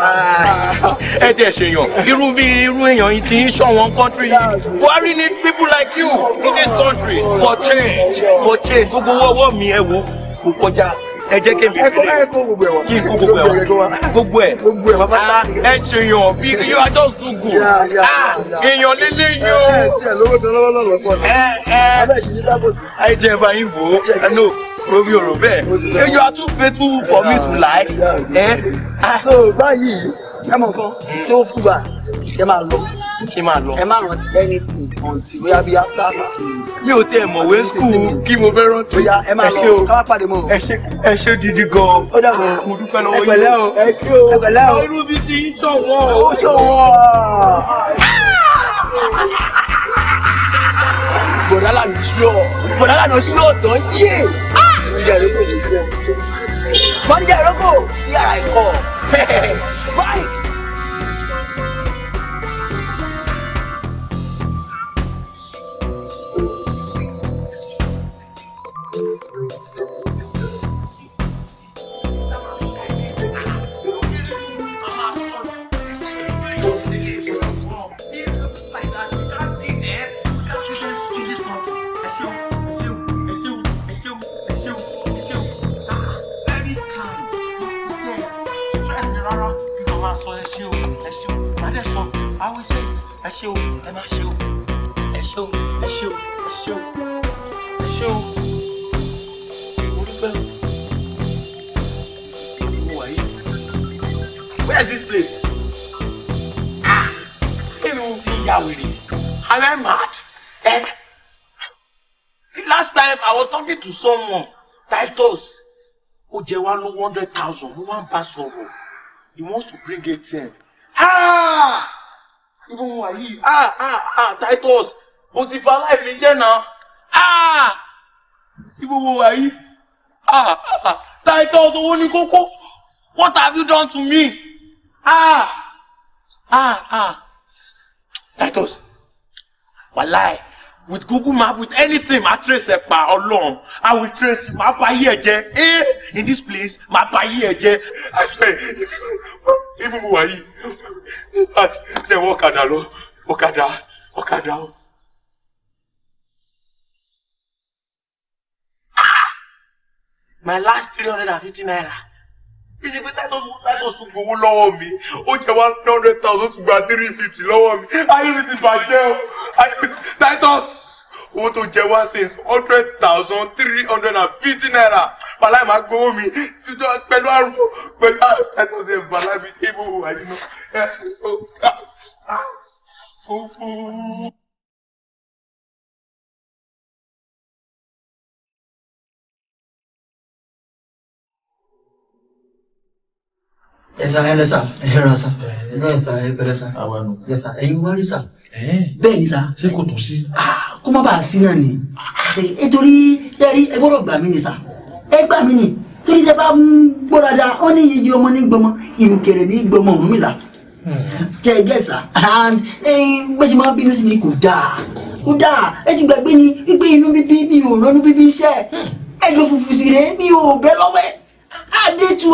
ẹ jẹ́ ṣèyàn irú bí irú èèyàn yìí ti ń ṣọ̀wọ́n country yìí buhari needs people like you in this country for change for change gbogbo owó ọwọ́ mi ẹ wo kò kọjá ẹ jẹ́ kí mi bèrè kí n kó gbogbo ẹ̀ wá gbogbo ẹ̀ ah, ẹ ṣèyàn bí you are just too good ah, èèyàn líle yìí o. ẹ tiẹ̀ lówó gan lọ́wọ́ lọ́wọ́ pọ̀ ẹ jẹ́ báyìí wò ó no romi ò rò bẹ́ẹ̀ you are too faithful for me to lie. Eh, ah. so báyìí ẹ mọ̀ nǹkan tó kú bá ẹ máa lọ kí n máa lọ. ẹ má rántí anything until bóyá bí after thirty minutes. mi ò tiẹ̀ mọ̀wé skul kí mo fẹ́ rántí. bóyá ẹ máa lọ ká pàdé mọ́. ẹ ṣe ẹ ṣe gidi gan. ó dàbọ̀ mo dúpẹ́ lọ́wọ́ yìí. ẹ pẹ̀lẹ́ o ẹ ṣe o ẹ pẹ̀lẹ́ o. irú mi ti ń ṣọ̀wọ́. ó ṣọ̀wọ́. bọ̀dá lànà ṣíọ̀ bọ̀dá lànà ṣíọ̀ tán yé. mọ́níjà ìrókò yàrá ìkọ̀ báyìí. ẹ ṣé o ẹ má ṣé o ẹ ṣé o ẹ ṣé o ẹ where is this place ah kí ni mo fi ya wèrè am I mad eh the last time I was talking to someone Titus ó they want ló one hundred thousand mo wá ń he wants to bring ATM ah ibo wa yi ah ah ah Titus mo ti fa life mi jẹ́ náà ah ibo wa yi yìí ah ah Titus owó ní kókó what have you done to me ah ah ah Titus wàláì with google map with anything ma trace ẹ pa Ọlọ́run i will trace ma ba yí ẹ eh in this place ma ba yí ẹ i swear ibi mo wà yìí in fact ní ẹ̀wọ̀n ọ̀kadà lọ ọ̀kadà my last three hundred and fifty naira ìṣe pé táyọ̀ táyọ̀ tún gbowó lọ́wọ́ mi ó jẹ́ one hundred thousand ó tún gba three fifty lọ́wọ́ mi ayé mi ti bàjẹ́ o ayé mi ti Titus. owó tó jẹ wá sí hundred thousand three hundred and fifty naira bàlá ìmá gbowó mi pẹ̀lú àrùn pẹ̀lú àtẹ̀tọ̀ ṣe bàlá mi tí mo wà nínú. ẹ sá ẹ sá ẹ sá ẹ sá ẹ sá ẹ bẹ́ẹ̀ ni sa. ṣé kò tún sí. kó má bàa sí náà ni nítorí ẹrí ẹ gbọ́dọ̀ gbà mí ni sa ẹ gbà mí ni torí tẹ bá ń gbọ́ dáadáa wọ́n ní iye ọmọ ní gbọmọ ìrùkẹ̀rẹ̀ ní gbọmọ ọ̀hún mi là hmm. tẹ ẹ gẹ̀ẹ́sà and bẹ́ẹ̀ ṣe máa bínú sí ni kò dáa kò dáa ẹ ti gbàgbé ni wípé inú bíbí mi ò rọ́nú bíbí iṣẹ́ hmm. ẹ lọ fùfù sí rẹ mi ò bẹ́ lọ́wẹ́ adétú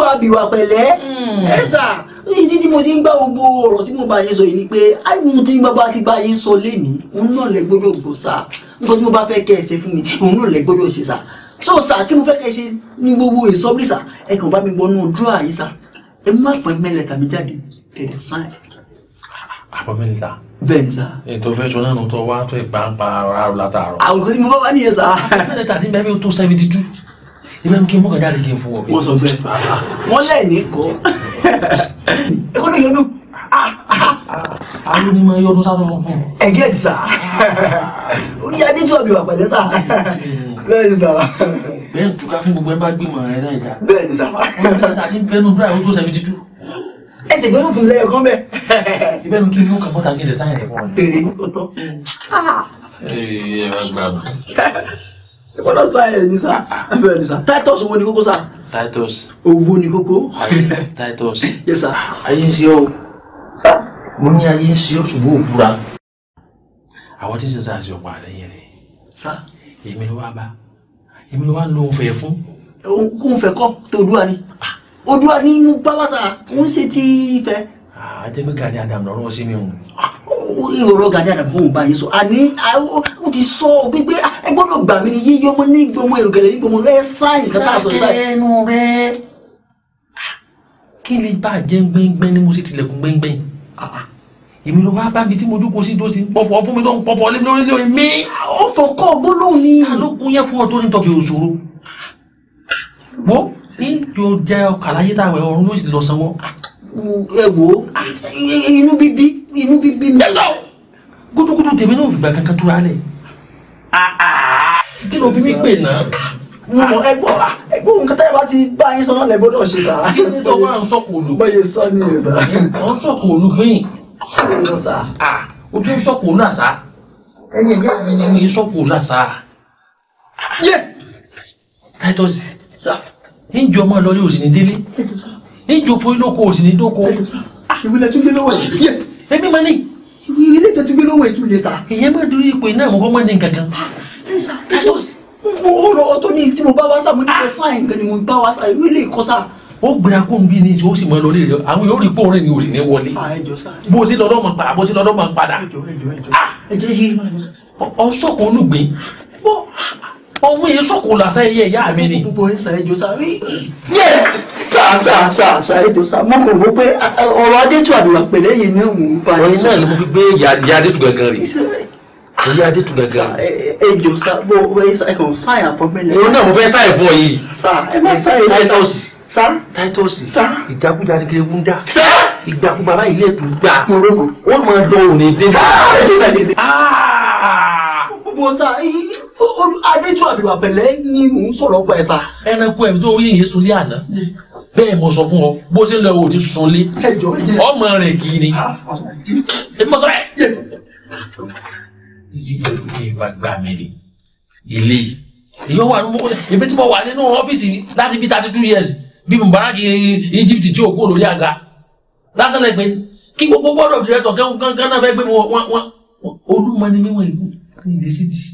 pẹ̀lẹ́ hmm. ẹ sà ìdí tí mo ti ń gbá gbogbo ọ̀rọ̀ tí mo bá yín sọ yìí ni pé àìmọ̀ tí bàbá ti bá yín sọ lénìí òun náà lẹ gbọ́dọ̀ gbò sá nǹkan tí mo bá fẹ́ kẹ́ ẹ ṣe fún mi òun náà lẹ gbọ́dọ̀ ṣe sá so sá kí mo fẹ́ kẹ́ ẹ ṣe ní gbogbo ìsọ́bìrì sá ẹ kàn bá mi gbọ́nú ọdún àyè sá ẹ má pẹ́ mẹ́lẹ̀ tàbí jáde tẹ̀lé sáà àbọ̀mẹ́lẹ́ta. bẹ́ẹ̀ni sá. ètò fẹsọ náà tó wá tó ìpàǹpà rárá látàárọ̀. àwọn tí mo bá wà nìyẹn sá. àbọ̀mẹ́lẹ́ta ti bẹ́ẹ̀ bí o tó seventy two. ìbẹ́ mi kí n mọ̀kànjá rẹ̀ kí n fún ẹ̀kọ́ ní yọnu àwọn ni mo yọnu sáfún fún. ẹ̀gẹ́ ti sà orí adé tí wàá bí wà pẹ̀lẹ́ sà bẹ́ẹ̀ ni sà. bẹ́ẹ̀ ni tuka fún gbogbo ẹ bá gbìmọ̀ ẹ náà ìjà. bẹ́ẹ̀ ni sà. ọ̀rẹ́ ta ti bẹnu dúrà ó tó sẹ́mi títú. ẹ ti gbẹ́nu fún lẹ́yìn kan bẹ́ẹ̀. ìbẹ́nu kí inú kàkọ́ta kí lè sáyẹn rẹ̀ fún ọ. èrè ó tọ́. ẹ ẹ gbà mí ìkọ́dọ̀ sá ẹ̀ ní sá ẹ̀fẹ̀ ní sá titus owó ni kókó sá. titus. owó ni kókó. titus. yes sir. ayé ń ṣe ọ́ sá. mo ní ayé ń ṣe ọ́ ṣùgbọ́n òfura. àwọn tí sísá àti ọ̀pá àlẹ́yìn rẹ̀ sá èmi ló wá bá èmi ló wá lo òfẹ́ fún. òun fẹ́ kọ́ tó Odùa ni ah. Odùa ni inú bá wá sá òun ṣe ti Ifẹ̀. àjẹmíkà ah, ni Adam lọ́rùn sí mi hùn. Ah ìrọ̀rọ̀ gàdí àdàbọ̀n bá yín sọ àní ó ti sọ gbígbé ah, ẹ gbọ́dọ̀ gbà mí yíyí ọmọ ní gbọmọ èrògẹ̀lẹ̀ ní gbọmọ rẹ sáì nǹkan tá a sọ sáì. ẹnu rẹ kí lè bá jẹ gbẹngbẹng ni mo ṣe tilẹ̀kùn gbẹngbẹng ah, ah. èmi ló wá bá mi tí mo dúkọ sí tó sì ń pọfọ fún mi tó ń pọfọ lé mi lórí lórí mi. ó fọkọ gbólóhùn ni. alókun yẹn fún ọ tó ní tọkì òṣòro. wo ìjọ jẹ ọkàlàyé tá a wẹ ọrùn ló lọ sanwó. ẹ wo inú bíbí inú bíbí mi. hello gudugudu tèmi náà fìgbà kankan tura lẹ. Ah, ah. kí ló fi mí pè náà. mo mọ ẹgbọ́ ah, ẹgbọ́ nǹkan tẹ́ ẹ bá ti bá yín sọ náà lẹ gbọ́dọ̀ ṣe sá. kí ni tọ́ wá ń sọ̀kò olù. bẹ́ẹ̀ sọ ni yẹn sá. ọ̀ ń sọ̀kò olù gbìn. ọ̀hún sá. o tún sọ̀kò olù àṣà. ẹyin ìyá mi ni mi sọ̀kò olù àṣà. yé Titus sá ń jọ ọmọ ìlọrí òsì ní délé ń jọ fún ilé oko òsì ní dóko. ìwé lẹ́tún dé lọ́wọ́ yìí èmi mọ ní. ilé ìtẹ̀tù gbé lówó ètò ilé sa. ìyẹn máa dúró ipò iná àmọ́ kọ́mọ́ ní kankan. Ah, mo rọ ọtọ ní tí mo bá wá sá mo ní ah! kọ sáà nǹkan ni mo bá wá sá ìwé lè kọ sá. ó gbéra kó n bí ní sí ó sì mọ lórí rẹ àwọn yóò rí pé òórùn ni òrì ní wọlé. Ah, bó o sí lọ́dọ̀ máa padà bó o sí lọ́dọ̀ máa padà. ọ̀ṣọ́kọ̀ olùgbé ọmọ yẹn sọ̀kò làṣà ẹ̀yẹ ìyá mi ni. gbogbo ẹ̀ sàrẹ́jọ sáré sáà sáà sáà sáà ètò sáà mo kò wó pé ọ̀rọ̀ adétù àdùnnà pẹ̀lẹ́ yìí ní òun bá yẹn. oyin náà ni mo fi gbé ìyá adétù gangan rè oyin adétù gangan. èjò sá bó ẹ kò sáyà pọ́npẹ́ lẹ́yìn. òun náà mo fẹ́ sáyà fún ọ yìí. sá ẹ má sáyà táítọ́sì. sá táítọ́sì. sá ìdákújà ni kiri wúndà. sá ìgbàkúgbà báyìí lè tún gbà. mo rò ó. ó máa dán òun ní dé. Ah, ah! bó sá adétú àbíwá pẹ̀lẹ́ ni mò ń sọ̀rọ̀ ọgbà ẹ̀sà. ẹranko ẹ̀mí tó yé yéé sunlé àná bẹ́ẹ̀ mo sọ fún ọ bó ṣe ń lọ òde sunlé ọmọ rẹ̀ kiri ah, mo sọ bẹ́ẹ̀. yíyọ ilé ìyọ wà nínú ibi tí mo wà nínú ọ́fíìsì láti bí thirty two years bí Mubarak Egypt tí o kú olórí àga lásán lẹ́gbẹ̀ẹ́ kí gbogbo board of director kẹ́hún kankan náà fẹ́ gbé wọn olúmọ ni mímọ ìlú kí ni ìdí sí di.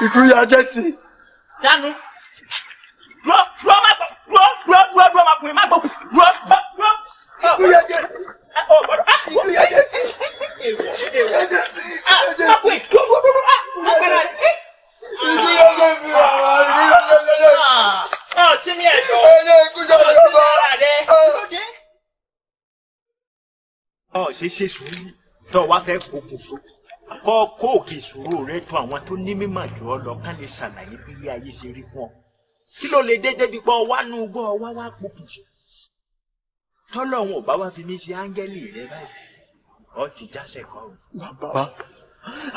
ikú ya jẹ́ sí. dànù dúró dúró má gbọ́ dúró dúró dúró dúró má kùnrin má gbọ́ dúró dúró. ikú ya jẹ́ sí. ikú ya jẹ́ sí. ikú ya jẹ́ sí. ọkùnrin dúró dúró dúró má gbẹ́rẹ́ rẹ̀. ikú ya jẹ́ sí. ọ̀ sí mi ẹ̀dọ́. ẹ̀yẹ ikú jẹ́ oh, ah. oh, ṣe ṣe sùúrù tó o wá fẹ́ kókò sókò kọ́ kóòkì ìṣòro rẹ tó àwọn tó ní mímọ̀ jù ọ lọ kán lè ṣàlàyé bí ilé ayé ṣe rí fún ọ kí ló lè dé débi pé ọwá nu gbọ́ ọwá wá pokùnso tọ́lọ́hún ò bá wá fi mí ṣe áńgẹ́lì rẹ báyìí ọ ti jáṣẹ̀ kọ́ ọ. bàbá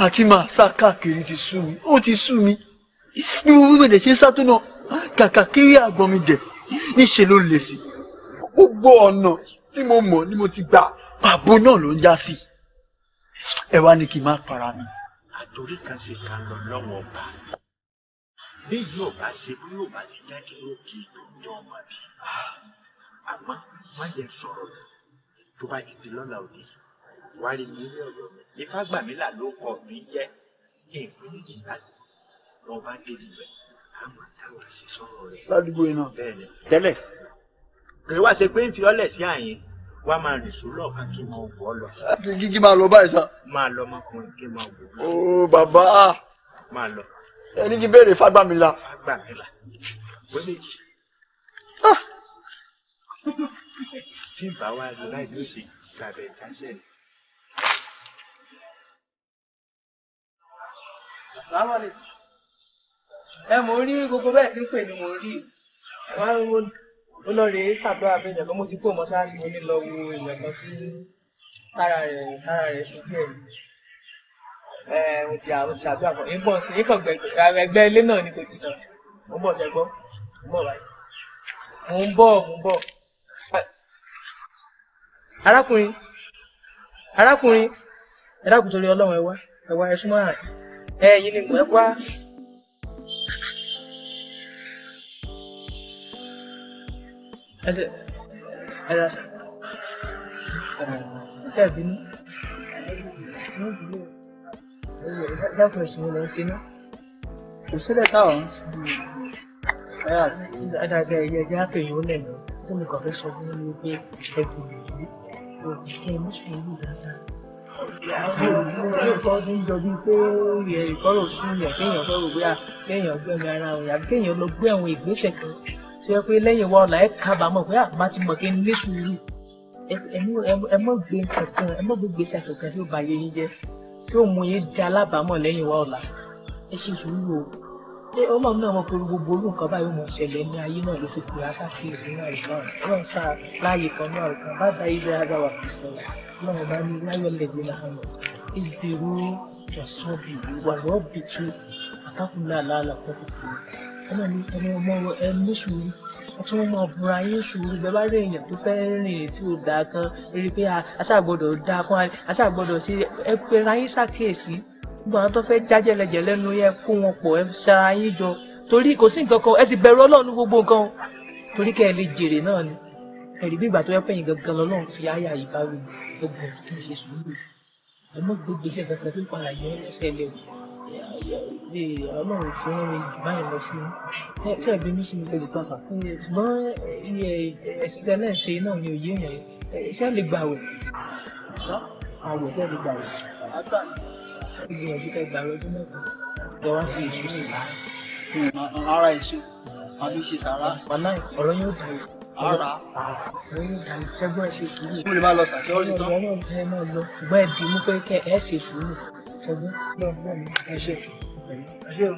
àti màá sá káàkiri ti sú mi ó ti sú mi bí mo mímọ̀dé ṣe sá náà kàkà kiri àgbọn mi dẹ̀ níṣẹ́ ló lè sí gbogbo ọ̀nà tí mo mọ̀ ni mo ti gbà pàbó náà ló ń já sí i ẹ wá ní kí n má para mi àtòrí kan ṣe kan lọ lọ́wọ́ ọba léyìí ọba ṣe bí yóò bá lè jáde lókè ìgbọ̀njọ́ ọmọ bí àmọ́ má yẹ sọ̀rọ̀ jù tó bá ti di lọ́la òde wá rí mi rí ọ̀rọ̀ mi ifá gbà mí là ló kọ̀ mí jẹ́ èèpẹ̀ méjìlá lọ́ọ́ bá dé ibẹ̀ àmọ́ táwọn àṣìṣọ́rọ̀ rẹ̀. ládùúgbò iná bẹ́ẹ̀ ni tẹ́lẹ̀ kì í wá ṣe pé ń fi ọ́lẹ̀ sí àyín wá máa rìn sólọ kan kí n máa wọ ọ lọ. kíkí máa lọ báyìí sá. máa lọ ọmọkùnrin kí n máa wọ ọ. ooo oh, bàbá. máa lọ. ẹni kí béèrè fágbàmìlà. fágbàmìlà wẹ́lẹ́jì. Ah! tí n bá wá rí láì ló ṣe tàbí ìtaṣẹ́ ni. sàmọ́lẹ̀ ẹ mọ̀ gbogbo bẹ́ẹ̀ tí ń pè ní mo rí ẹ máa ń wọ́n ó ṣàdúrà bẹ́ẹ̀ dẹ̀ kó mo ti kó mọ́ṣáláṣí mo lọ wo èèyàn kan tí tára rẹ̀ tára rẹ̀ ṣojú ẹ̀ ẹ mo ti àwọn ṣàdúrà kan ń bọ̀ sí ikọ̀ gbẹ̀gbẹ̀ ẹgbẹ́ ilé náà ni kò jìnnà mo bọ̀ ṣẹ́gbọ́ mo bọ̀ báyìí mo ń bọ̀ mo ń bọ̀ arákùnrin arákùnrin ẹ dákun torí ọlọ́run ẹ wá ẹ wá ẹ súnmọ́ ààrẹ ẹ yìí ni mo ẹ wá. ẹsẹ ẹ rà sá ẹ fẹ́ bínú dákun ẹ̀sùn wo lọ sí iná kò sílẹ̀ táwọn adájọ́ ẹ̀yẹ ẹ̀jẹ̀ àfẹ̀yìn ó lẹ̀ lọ tí mo kàn fẹ́ sọ fún mi pé ẹ̀bùn yìí òògùn kẹ́ ara òun àbí kéèyàn lọ gbé ìgbésẹ̀ kan tí wọ́n pé lẹ́yìn wa ọ̀la ẹ̀ kábàámọ̀ pé àbá ah, ti mọ̀ kí n ní sùúrù ẹ mọ̀ gbé kankan ẹ mọ̀ gbé kankan tí ó ba yẹ yín jẹ́ tí ó mú yín da alábàámọ̀ lẹ́yìn wa ọ̀la ẹ ṣe sùúrù o pé ọmọ mi náà mọ̀ pé gbogbo olú nǹkan báyìí mọ ìṣẹ̀lẹ̀ ní ayé náà ló fi pè á sákìyèsí náà ìkan náà ń fa láàyè kan ní láyọ̀ lẹ́sẹ̀ náà mọ̀ ìsbìrú ìwàsọ́bì ìwà lọ́ọ̀bì ẹni ọmọ ẹ ní sùúrù tí wọ́n máa bura yín sùúrù ìgbẹ́ bá rí èèyàn tó fẹ́ rìn tí ò dáa kan rí pé aṣáàgbọ́dọ̀ dáa kan aṣáàgbọ́dọ̀ ṣe ẹ pé ra yín ṣàkíyèsí gbogbo àwọn tó fẹ́ já jẹlẹjẹ lẹ́nu yẹ kó wọn pọ̀ ẹ ṣara yín jọ torí kò sí nǹkan kan ẹ sì bẹ̀rù ọlọ́run gbogbo nǹkan torí kẹ́ ẹ lè jèrè náà ni ẹ̀rí bí ìgbà tó yẹ pé yín gangan lọ́lọ́run fi àyà yìí bá wù ẹgbọ̀n kí ẹ ṣe sùúrù ẹ mọ̀ gbogbo ìṣẹ́ kankan tó ń padà yẹ ẹsẹ̀ lẹ́wọ̀n ọlọ́run fi ń rin jù báyìí lọ sí tí ẹ̀bí mi sì ń fẹ́ dùtọ́ sà ṣùgbọ́n ẹ̀sìn tẹ́lẹ̀ ń ṣe náà ni òye èèyàn iṣẹ́ lè gbà wẹ̀ àwẹ̀ tẹ́ lè gbà wẹ̀ ìgbìyànjú tẹ́ gbà wẹ̀ ọdún mẹ́ta lọ wá fi èṣù sí sà. Hmm, ara èṣù àbí ṣe sàrà. wàhálà ọ̀rọ̀ yóò dùn ara ṣẹ́gbọ́n ẹ̀ ṣe sùúrù. mo lè máa lọ sàkíọ́rì tán. ọ̀rọ̀ náà ẹ máa lọ ṣùgbọ́n ẹ dì í mú pé kẹ́ ẹ ṣe sùúrù ṣẹ́gun náà náà ní ẹ ṣe ẹ ṣe o.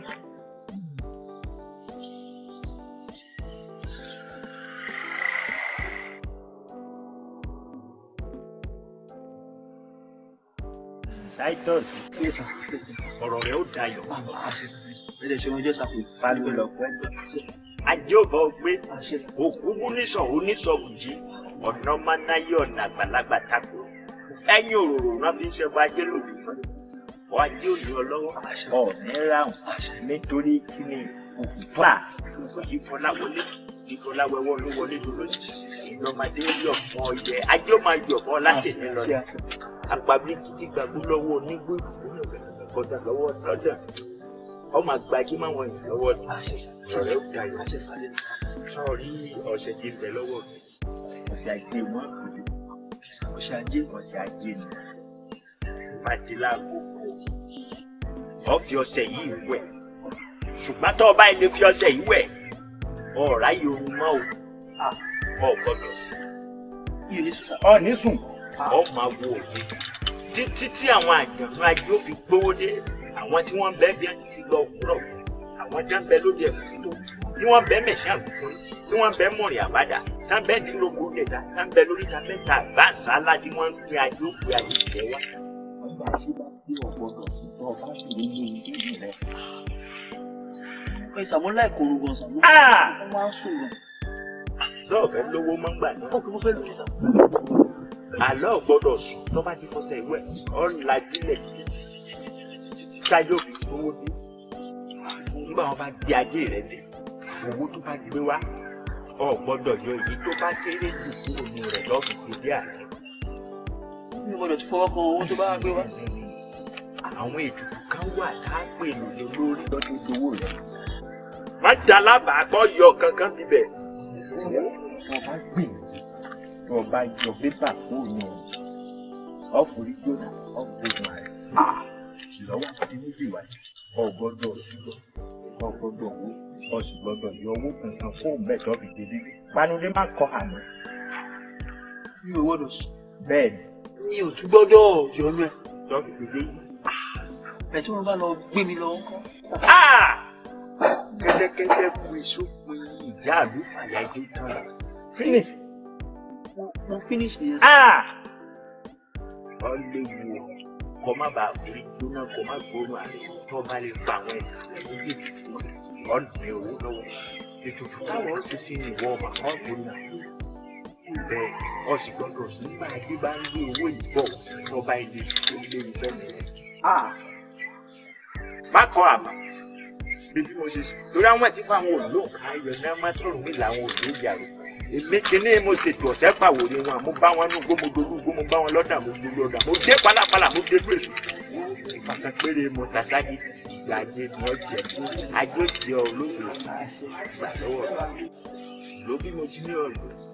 Titus. ọ̀rọ̀ rẹ̀ ó dayọ̀. Ah, ah, ẹ̀jẹ̀ ṣe wọn jẹ́ sàkó. pálọ̀ lọ́pọ̀ ajé ọba ọgbẹ́ ah, òkúkú nísọ̀ onísọ̀gùjì ọ̀nà mánáyé ọ̀nà àgbàlagbà tako ẹ̀yìn òróró náà fi ń ṣẹ́gun ajé lòdì fún ọkọ̀ ajé òní ọlọ́wọ́ ọ̀ní ráhùn nítorí kí ni òkùpá òfòyí fọláwọlé ìfọláwẹwọ ló wọlé ló lọ sí ìlọmọdé yọmọ yẹ ajé ó máa yọmọ látẹ̀lé lọ ni àpàbí títí gbàgbó lọ́wọ́ onígbó ìgbóná lọ́wọ́ lọ́dọ̀ ọmọ àgbàjì máa wọ̀nyí lọ́wọ́ ni ọ̀rẹ́ òkè ayọ̀ sọ̀rí bẹ lọ́wọ́ mi ọ̀sẹ̀ ajé wọn ọ̀sẹ̀ ajé ọ̀sẹ̀ ajé ni pàdé láàbò ọ fi ọṣẹ yìí wẹ̀ ṣùgbọ́n tó o bá ilé fi ọṣẹ yìí wẹ̀ ọ̀rá yìí oorun mọ́ o ọ gbọ́dọ̀ sí i ní sùn ọ ní sùn ọ máa wo òye títí tí àwọn àjọ̀nú ajé ó fi gbówó dé àwọn tí wọ́n ń bẹ́ bí ẹ ti fi lọ òwúrọ̀ àwọn tí wọ́n ń bẹ lóde ẹ̀fọ́ tó tí wọ́n ń bẹ mẹ̀sí àgùkùn tí wọ́n bẹ mọ̀rìn àbádà tí bẹ dínlógún lẹ́ta tí wọ́n ń bẹ lóríta àgbà sálá tí wọ́n ń pín ajé ó pín ajé ọba ah! àlọ́ gbọ́dọ̀ sùn tó bá ti kọsẹ̀ ìwẹ̀ ọ̀làjílẹ̀ títí owó dé. nígbà wọn bá gbé ajé rẹ dé owó tó bá gbé wá ọ̀ yọ èyí tó bá kéré jù kúrò ní rẹ̀ lọ́sùn tó dé àná mi gbọ́dọ̀ ti fọwọ́ kan owó tó bá gbé wá. àwọn ètùtù kan wà tá a pè lórí lọ́jọ́ ìdówó rẹ̀. má da gbọ́ yọ kankan bíbẹ̀. ọba gbè ọba yọ bébà kó yàn ọkùnrin gbóná ọgbọgbọn rẹ lọ́wọ́ àti méjì wáyé ọgbọ́dọ̀ ṣùgbọ́ ọgbọ́dọ̀ owó ọṣùgbọ́dọ̀ yọ owó kankan fóun bẹ́ẹ̀ tó fi débi panulé má kọ àná. mi ò wọ́dọ̀ sùn. bẹ́ẹ̀ mi ò gbọ́dọ̀ yọnu ẹ. ẹ tí wọn bá lọ gbé mi lọ ńkọ́. Ah! kẹ́tẹ́kẹ́tẹ́ bu èso pé ìyá mi fàyà dé tán. finish. mo finish yẹn sọ. wo kọ má bàa fi gbóná kọ má gbóná àlè tó bá lè bá àwọn ẹ̀ka ẹ̀yìn bíbí ọ̀nà owó lọ́wọ́ ètùtù táwọn ṣe sí ìwọ ọmọ àwọn ọ̀gbọ́n bẹ́ẹ̀ ọ̀sìn gbọ́dọ̀ sùn nígbà tí bá ń gbé owó yìí bọ̀ lọ́ba ilé ilé ìfẹ́ mi. Ah! má kọ bíbí mo ṣe sùn torí àwọn àti fún àwọn olóòkà ayọ̀ náà má mi làwọn òdò yàrá èmi kìíní mo ṣètò ọ̀sẹ̀ pàwòrán wọn mo bá wọn nú gbọmọ dolú gbọmọ bá wọn lọ́dà mo dolú ọ̀dà mo dé pálapàla mo dé lóṣù ìfàkà péré mo ta sáyé gbàdé mo jẹ ajó jẹ olóògbé gbà lọ́wọ́ lóbi mo ti ní ọ̀rọ̀.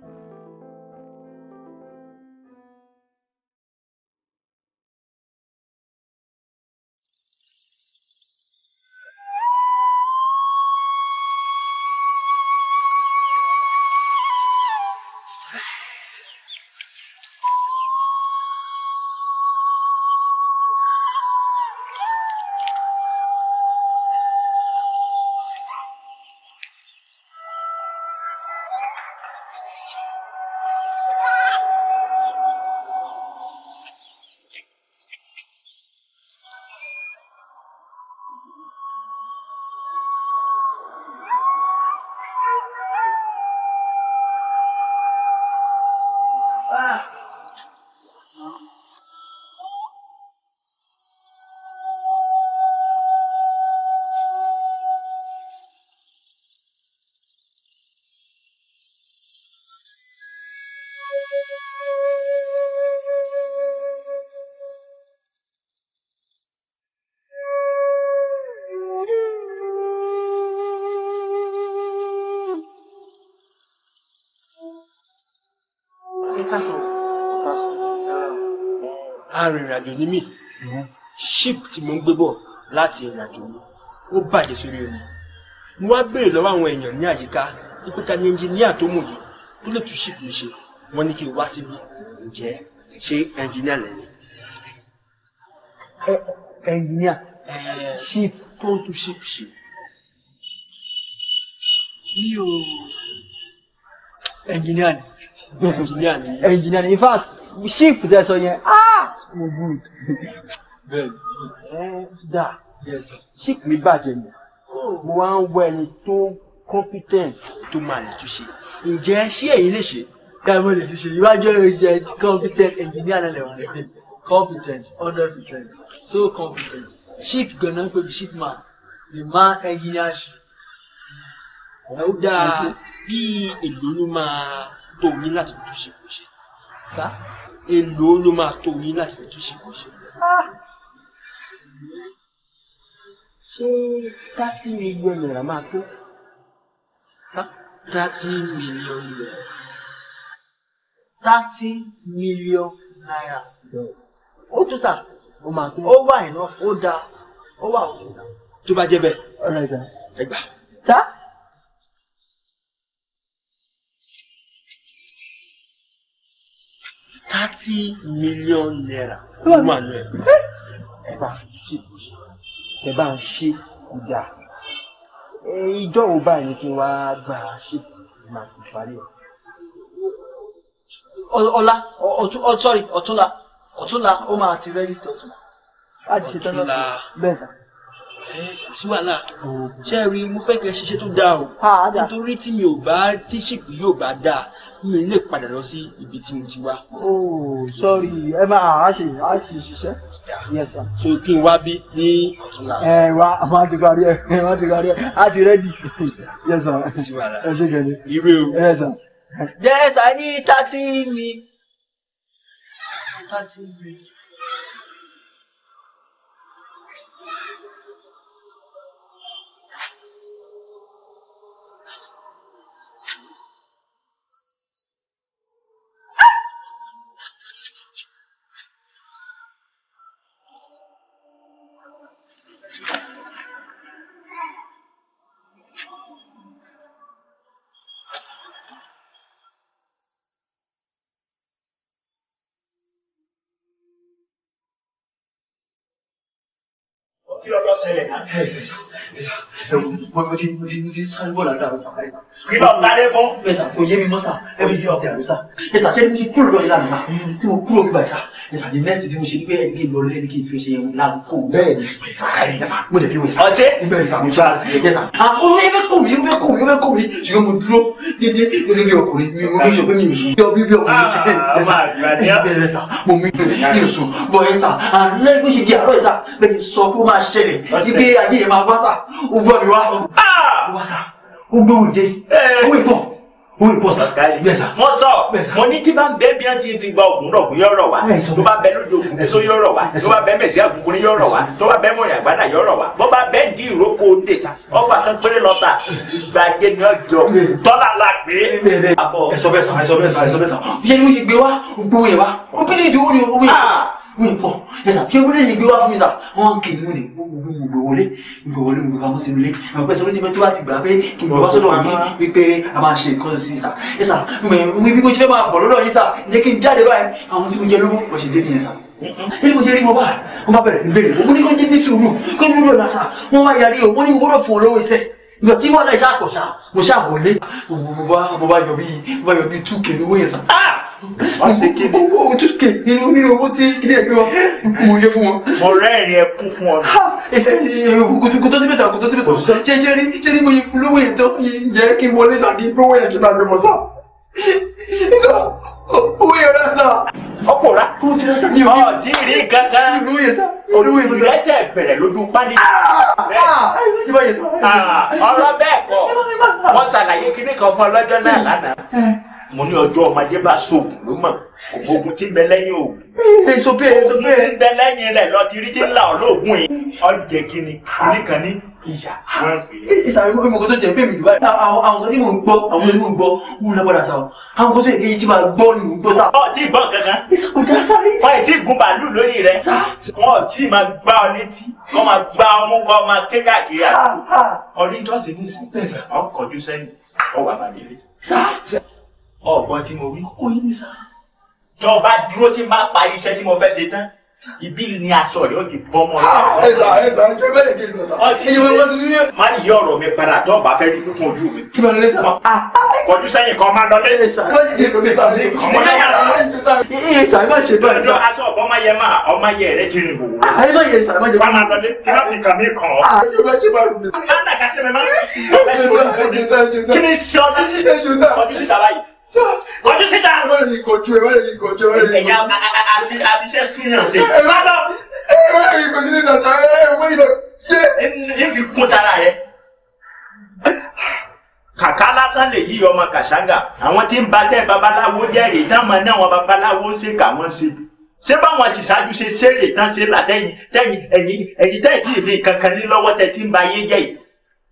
àjò ní mí ship tí mo ń gbé bọ̀ láti ìrìn mi ó bàjẹ́ sórí omi mo wá béèrè lọ́wọ́ àwọn èèyàn ní àyíká nípa ta ni ẹnjìníà tó mọ̀ yìí tó lè tún ship mi ṣe wọ́n ní kí n wá síbí ǹjẹ́ ṣé ẹnjìníà lẹ́yìn. ẹnjìníà ship tó ń tún ship ṣe mi ò ẹnjìníà ni ẹnjìníà ni ẹnjìníà ni in fact ship tẹ sọ yẹn ah, mo good. bẹ́ẹ̀ni. ẹ da ṣíkì mi bàjẹ́ mi oh. mo wá ń wá ẹni tó competent to máa lè túnṣe ǹjẹ́ ṣé ẹ̀yin lè ṣe. káàmọ́ lè túnṣe iwájú ẹ̀rọ jẹ́ competent engineer náà lè wọ́n competent hundred so competent sheep ganan pé the sheep man the man engineer sheep yes ẹ ó dáa bí ègbónú máa tó yín láti túnṣe kò ṣe. sá èlò ló máa tó yín láti fi túnṣe kó ah! ṣe. ṣé thirty million naira máa tó. thirty million naira thirty million naira ó tún sà ó máa tó ó wà iná ó dáa ó wà òkè náà. tó bá jẹ́ bẹ́ẹ̀ ẹ gbà. thirty million naira ló ṣe ẹ ṣe ìdá ìjọ wo báyìí ni kí n wáá gbà ṣe máa fi parí ẹ. ọlá ọtún ọ ó máa ti rẹ́ẹ̀dì ọ̀túnla. ọ̀túnla bẹ́ẹ̀ kò sí wàhálà ṣe rí mo fẹ́ kẹ́ ṣiṣẹ́ tó dáa o nítorí tí mi ò bá tíṣìpì yóò bá dáa mi lè padà lọ sí ibi tí mo ti wá. ooo oh, ẹ máa a ṣe a ṣe ṣiṣẹ́. yes so kí n wá bí ní ọ̀túnla. ẹ wá a máa ti parí ẹ ẹ máa ti parí ẹ a ti rẹ́dì. yes sir. ẹ ṣe kẹ́lẹ́. ire o. yes sir. yes sir ní thirty mi. thirty mi. ṣẹlẹ̀ náà mo mo ti mo ti mo ti sáré bọ̀ látàrọ sàn ẹ sàn. ìbá sáré fún. ẹ sàn kò yé mi mọ́ sàn ẹ fi ṣe ọ̀tẹ̀ àlọ́ sàn ẹ sàn ṣé mo ti kúrò lọ́yìn lánàá tí mo kúrò gbà sàn ẹ sàn ní nẹ́ẹ̀sì tí mo ṣe nígbẹ́ ẹni kí n lọ lẹ́ni kí n fi ṣe làǹkó bẹ́ẹ̀ ni kárí ẹ sàn mo lè fi wẹ̀ sàn. ọ̀sẹ̀ ìbẹ̀rẹ̀ sàn mo gbà sí ẹ sàn. àwọn ọmọ ẹ fẹ́ kọ̀ mí ẹ fẹ́ kọ̀ mí ẹ fẹ́ kọ̀ mí ṣùgbọ́n mo dúró dédé gẹ́gẹ́ bí ọkùnrin mi mo mi sọ pé mi ò sùn. bí bí ọkùnrin ẹ sà ẹ sà mo mi ò sùn bọ̀ ẹ sà àná lẹ́gbẹ̀ẹ́ ṣe di àárọ̀ ẹ sà bẹ́ẹ̀ sọ pé ó máa ṣẹlẹ̀ ibi ayé yẹn máa wá sà ó gbọ́ mi wá. Ogbó òde, owó ìbọ̀, owó ìbọ̀ sà. Mo sọ, mo ní tí bá ń bẹ́ bí wọ́n ti fi gba ògùn náà kú yọ̀rọ̀ wá. Tó bá bẹ́ lójú ògùn tó yọ̀rọ̀ wá. Tó bá bẹ́ mẹ̀sí àgùnkùn yọ̀rọ̀ wá. Tó bá bẹ́ mọ̀yàn àgbàdà yọ̀rọ̀ wá. Bó bá bẹ́ ǹdí ìrókò òde ta, ọ̀fà kan péré lọ́ta. Ìgbà jẹ́ ni ó jọ. Tọ́lá la gbé. Ẹ̀sọ́ bẹ́ẹ̀ sàn, ẹ̀sọ́ bẹ́ẹ̀ sàn, ẹ̀sọ́ bẹ́ẹ̀ sàn. Bí mi pọ̀ ẹ sà ṣé wọ́n lè gbé wá fún mi sà wọ́n kì í mú ni gbogbo gbogbo wọlé gbogbo wọlé gbogbo àmọ́ sínú ilé àwọn pẹ̀sẹ̀ olóṣèlú tó bá ti gbà pé kì í gbọ́ sọ́dọ̀ mi wípé a máa ṣe nǹkan sí sà ẹ sà mi bí mo ṣe fẹ́ máa bọ̀ lọ́dọ̀ yín sà ǹjẹ́ kí n jáde báyìí àwọn tí mo jẹ lówó ọ̀ṣẹ̀ dé nìyẹn sà ilé mo ṣe rí mo bá wọn bá bẹ̀rẹ̀ sí bẹ̀rẹ̀ mo ní kó jẹ́ ní sùúrù kó ní lọ́la sà wọ́n wá yarí o wọ́n ní gbọ́dọ̀ fún ọ lọ́wọ́ iṣẹ́ ìgbà tí wọn náà ṣe àkọṣà mo ṣe àwọlé mo bá yọ bíi bá yọ bíi two k lówó yẹn sàn. Ah! wá sí kéde owó two nínú nínú owó tí ilé ẹgbẹ́ wọn mo yẹ fún wọn. mo rẹ́ẹ̀rì ẹ kún fún ọ. kò tó síbẹ̀ sàn kò tó síbẹ̀ sàn ṣe rí ṣe rí mo yẹ fún lówó yẹn tán jẹ́ kí n wọlé sàn kí n gbówó yẹn kí n máa gbé mọ́ sàn. owó yẹn rẹ̀ sàn ọkùnrin ọdínrín gangan òsì lẹ́sẹ̀ bẹ̀rẹ̀ lójú pálí. Ah! Ah! Ah! ọ̀rọ̀ bẹ́ẹ̀ kọ́ wọ́n ṣàlàyé kíní kan fún ọlọ́jọ́ náà lánàá. Eh mo ní ọjọ́ ọmọdé bá ṣoògùn ló mọ̀ ògùn tí ń bẹ lẹ́yìn òògùn. èso bẹ́ẹ̀ èso tí ń bẹ lẹ́yìn rẹ̀ lọ ti rí tí ń la ọlọ́ọ̀gùn yìí. ọjẹ́ kínní oníkan ní ìyá. ìsàmì mo kò tó jẹ bẹ́ẹ̀ mi jù báyìí. àwọn kan tí mò ń gbọ́ àwọn tí mò ń gbọ́ wúlò náà padà àwọn kan tó yẹ kí máa gbọ́ ni mò ń gbọ́ sá. ọ̀ tí gbọ́n kankan. ìsàkójá sáré. wọ́n ti gun bàálù lórí rẹ̀. wọ́n ọgbọ́n kí mo wí kó yín ní sáà tí wọ́n bá dúró tí n bá parí iṣẹ́ tí mo fẹ́ ṣe tán ibi ni aṣọ rẹ o ti bọ́ mọ́ rẹ. ẹ̀sà ẹ̀sà ẹ̀jọ̀ bẹ́ẹ̀ kí n lọ sá. ọtí ìwé wọn ti ní. má ní yọ ọ̀rọ̀ mi padà tó ọba fẹ́ rí kún ojú mi. kí ló ń ah, lé sá. kọjú sẹ́yìn kan máa lọ lé. ẹ̀sà ẹ̀jẹ̀ ló lè sá mi. ọmọ yẹn yàrá mi. ẹ̀sà ẹ̀ má ṣe bẹ́ẹ̀ sá. aṣọ ọ̀bọ má yẹ máa ọmọ yẹ rẹ ti rìn wòwò. ayé ah, má yẹ ẹ̀sà má jẹ. wà á máa lọ lé kí wọ́n fi kàn mí kàn ọ́. Ah, ẹ̀jọ̀ bá ṣe máa rù mí. má kọjú síta. wọ́n yìí kojú ẹ̀ wọ́n yìí kojú ẹ̀ wọ́n yìí kojú. ẹ̀yà àfiṣẹ́ súnyàn sí. ẹ má lọ. ẹ wọ́n yìí kojú síta ta ẹ ẹ wọ́n yìí lọ yé. ẹ fi kún tara rẹ. kàkà lásán lè yí ọmọ kàṣángà àwọn tí ń baṣẹ́ babaláwo jẹ́rìí táwọn náà wọn babaláwo ń ṣe kà wọ́n ṣe ṣé báwọn ti ṣáájú ṣe ṣeré tán ṣe là tẹ́yìn tẹ́yìn ẹ̀yìn ẹ̀yìn tẹ́yìn tí ì fi kankan ní lọ́wọ́ tẹ́ ti ń ba ayé jẹ́ yìí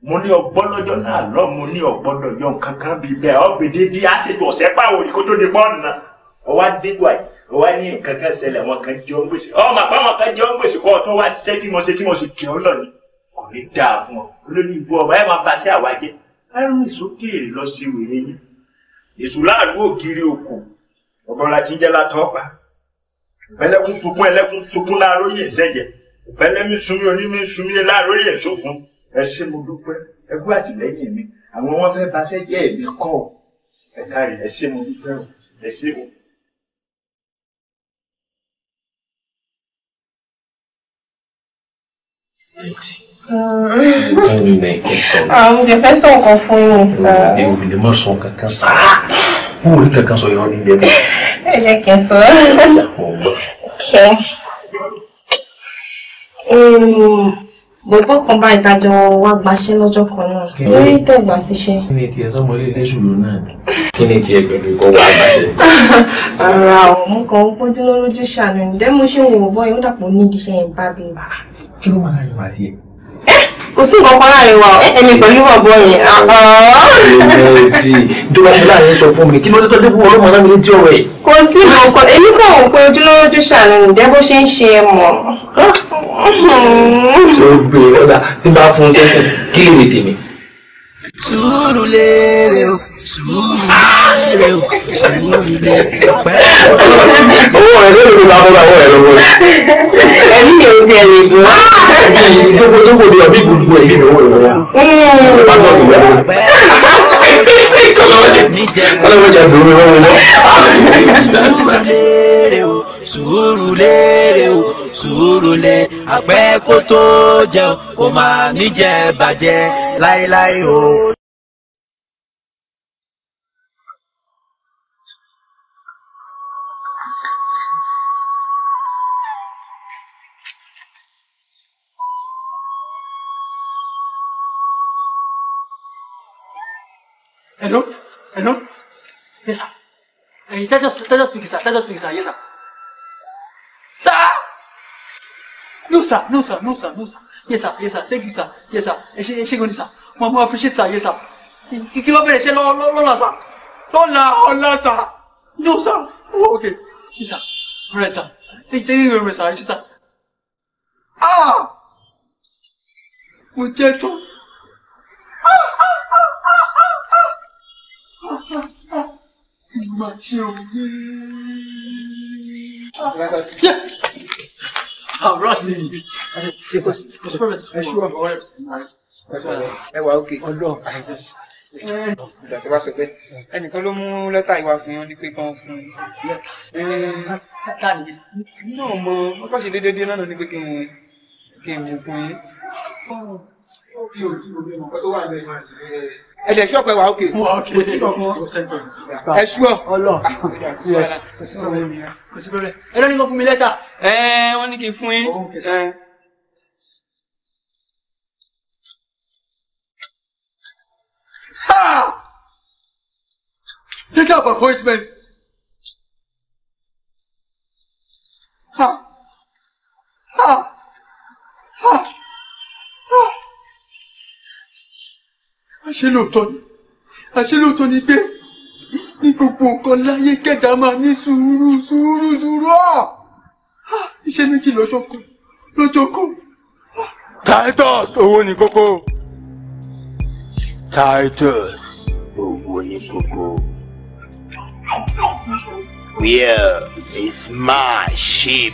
mo ní ọgbọ́n lọ́jọ́ náà lọ́ mo ní ọgbọ́dọ̀ yọ nǹkan kan bíi bẹ́ẹ̀ ọ̀gbẹ̀dẹ̀ bíi àṣetò ọ̀sẹ̀ pàwọ̀ ní kó tó di bọ́ọ̀nù náà ọwọ́ adégbò àyè ọwọ́ ní nǹkan kan ṣẹlẹ̀ wọn kan jẹ́ ọ́ngbèsè ọmọ àpá wọn kan jẹ́ ọ́ngbèsè kọ́ ọ tó wá ṣiṣẹ́ tí mo ṣe tí mo sì kì ọ́ lọ ni kò ní dáa fún ọ olórí ìbú ọba ẹ máa ba sí àwa jẹ ẹrùn ìsókèèrè lọ sí wèrè yín èṣù láàlú ògiri òkò ọ̀bọ̀nla ti ń jẹ́ látọ̀ pa ẹlẹ́kùn sunkún ẹ ṣé mo dúpẹ́ ẹ kú àtìlẹ́yìn mi àwọn wọn fẹ́ bá sẹ́jẹ́ èmi kọ́ ọ ẹ kárí ẹ ṣé mo dúpẹ́ ẹ ṣé o. àwọn ah, jẹ fẹ́ sọ nǹkan fún yín sá. ewu lè má sọ kankan sá wọ́n ò ní kankan sọ yọ ní ilé mi. ẹ jẹ́ kí n sọ. kẹ́ bọ̀bọ̀ kan bá ìtajọ wa gbaṣẹ́ lọ́jọ́ kan náà lórí tẹ̀gbà síṣẹ́. kí ni tiẹ̀ sọ́mọ ilé ilé ṣùgbọ́n náà kí ni tiẹ̀ pẹ̀lú ìkọ́ wa gbaṣẹ́. ara ọmọ kan ó pọ́njú lójú ṣàánú ìdẹ́mu ṣé ń wò bọ́ yóò dàpọ̀ nídìí iṣẹ́ yẹn bá dé. Ah, kí ló máa ń rìn wá sí ẹ̀ kò sí nǹkan kan láàrin wa ẹni pẹ̀lú bọ̀bọ̀ yẹn. ìrètí tó bá ṣe láàrin sọ fún mi kí ló dé tó dé fún ọlọ́mọ náà mi létí ọ̀rọ̀ yìí. kò sí nǹkan èmi kàn ń pe ojúlówó ojú ṣàánú ǹdẹ́ bó ṣe ń ṣe é mọ̀. ó gbé ọ̀dà tí bá fún un sẹ́sìn kí lè tèmi. sùúrù lérè o owó rẹ lórí ìlú abọ́lá owó rẹ lọ́wọ́ rẹ. ẹ̀mí yẹn àpẹ́ kó tó jẹun kó má níjẹ bàjẹ́ láéláé o. Hello? Hello? Yes, sir. Hey, eh, let us, let us speak, sir. Let us speak, sir. Yes, sir. Sir! No, sir. No, sir. No, sir. No, sir. Yes, sir. Yes, sir. Thank you, sir. Yes, sir. Ẹ ṣé, ẹ sir. Mo appreciate, sir. Yes, sir. Kí ló bẹ̀rẹ̀ ṣe lọ́la, sir? Lọ́la, ọ̀la, sir. No, sir. Oh, okay. Yes, sir. All right, sir. Thank you sir. Ẹ sir. Ah! Mo Ah! Ah! kí n máa ṣe òwe. àbúrò sí i kòsìpọ̀mẹ̀tì ẹ wà ókè ìgbà sọ pé ẹnìkan ló mú lẹ́tà ìwà fún yín ní pé kán fún yín. mo wọ́n ṣe déédéé náà ní pé kí n kí n mú fún yín. ó fi òtún òbí mọ̀ pé tó wà ní ẹ̀yìn àti ẹ̀dẹ̀ ṣọ́ pẹ̀ wá òkè kò sí kankan ẹ ṣúọ̀ ọlọ ẹ lọ́ni kan fún mi lẹ́tà ẹ wọ́n ní kí n fún yín. Letter oh, of appointment. Ha! Ha! Ha! àṣé lóòótọ́ ni àṣé lóòótọ́ ni pé ní gbogbo nǹkan láyé kẹ̀dá máa ní sùúrù sùúrù sùúrù ọ̀ ah! ah! iṣẹ́ méjì lọ́jọ́ kan lọ́jọ́ kan. titus owó ni kókó titus owó ni kókó where is my sheep.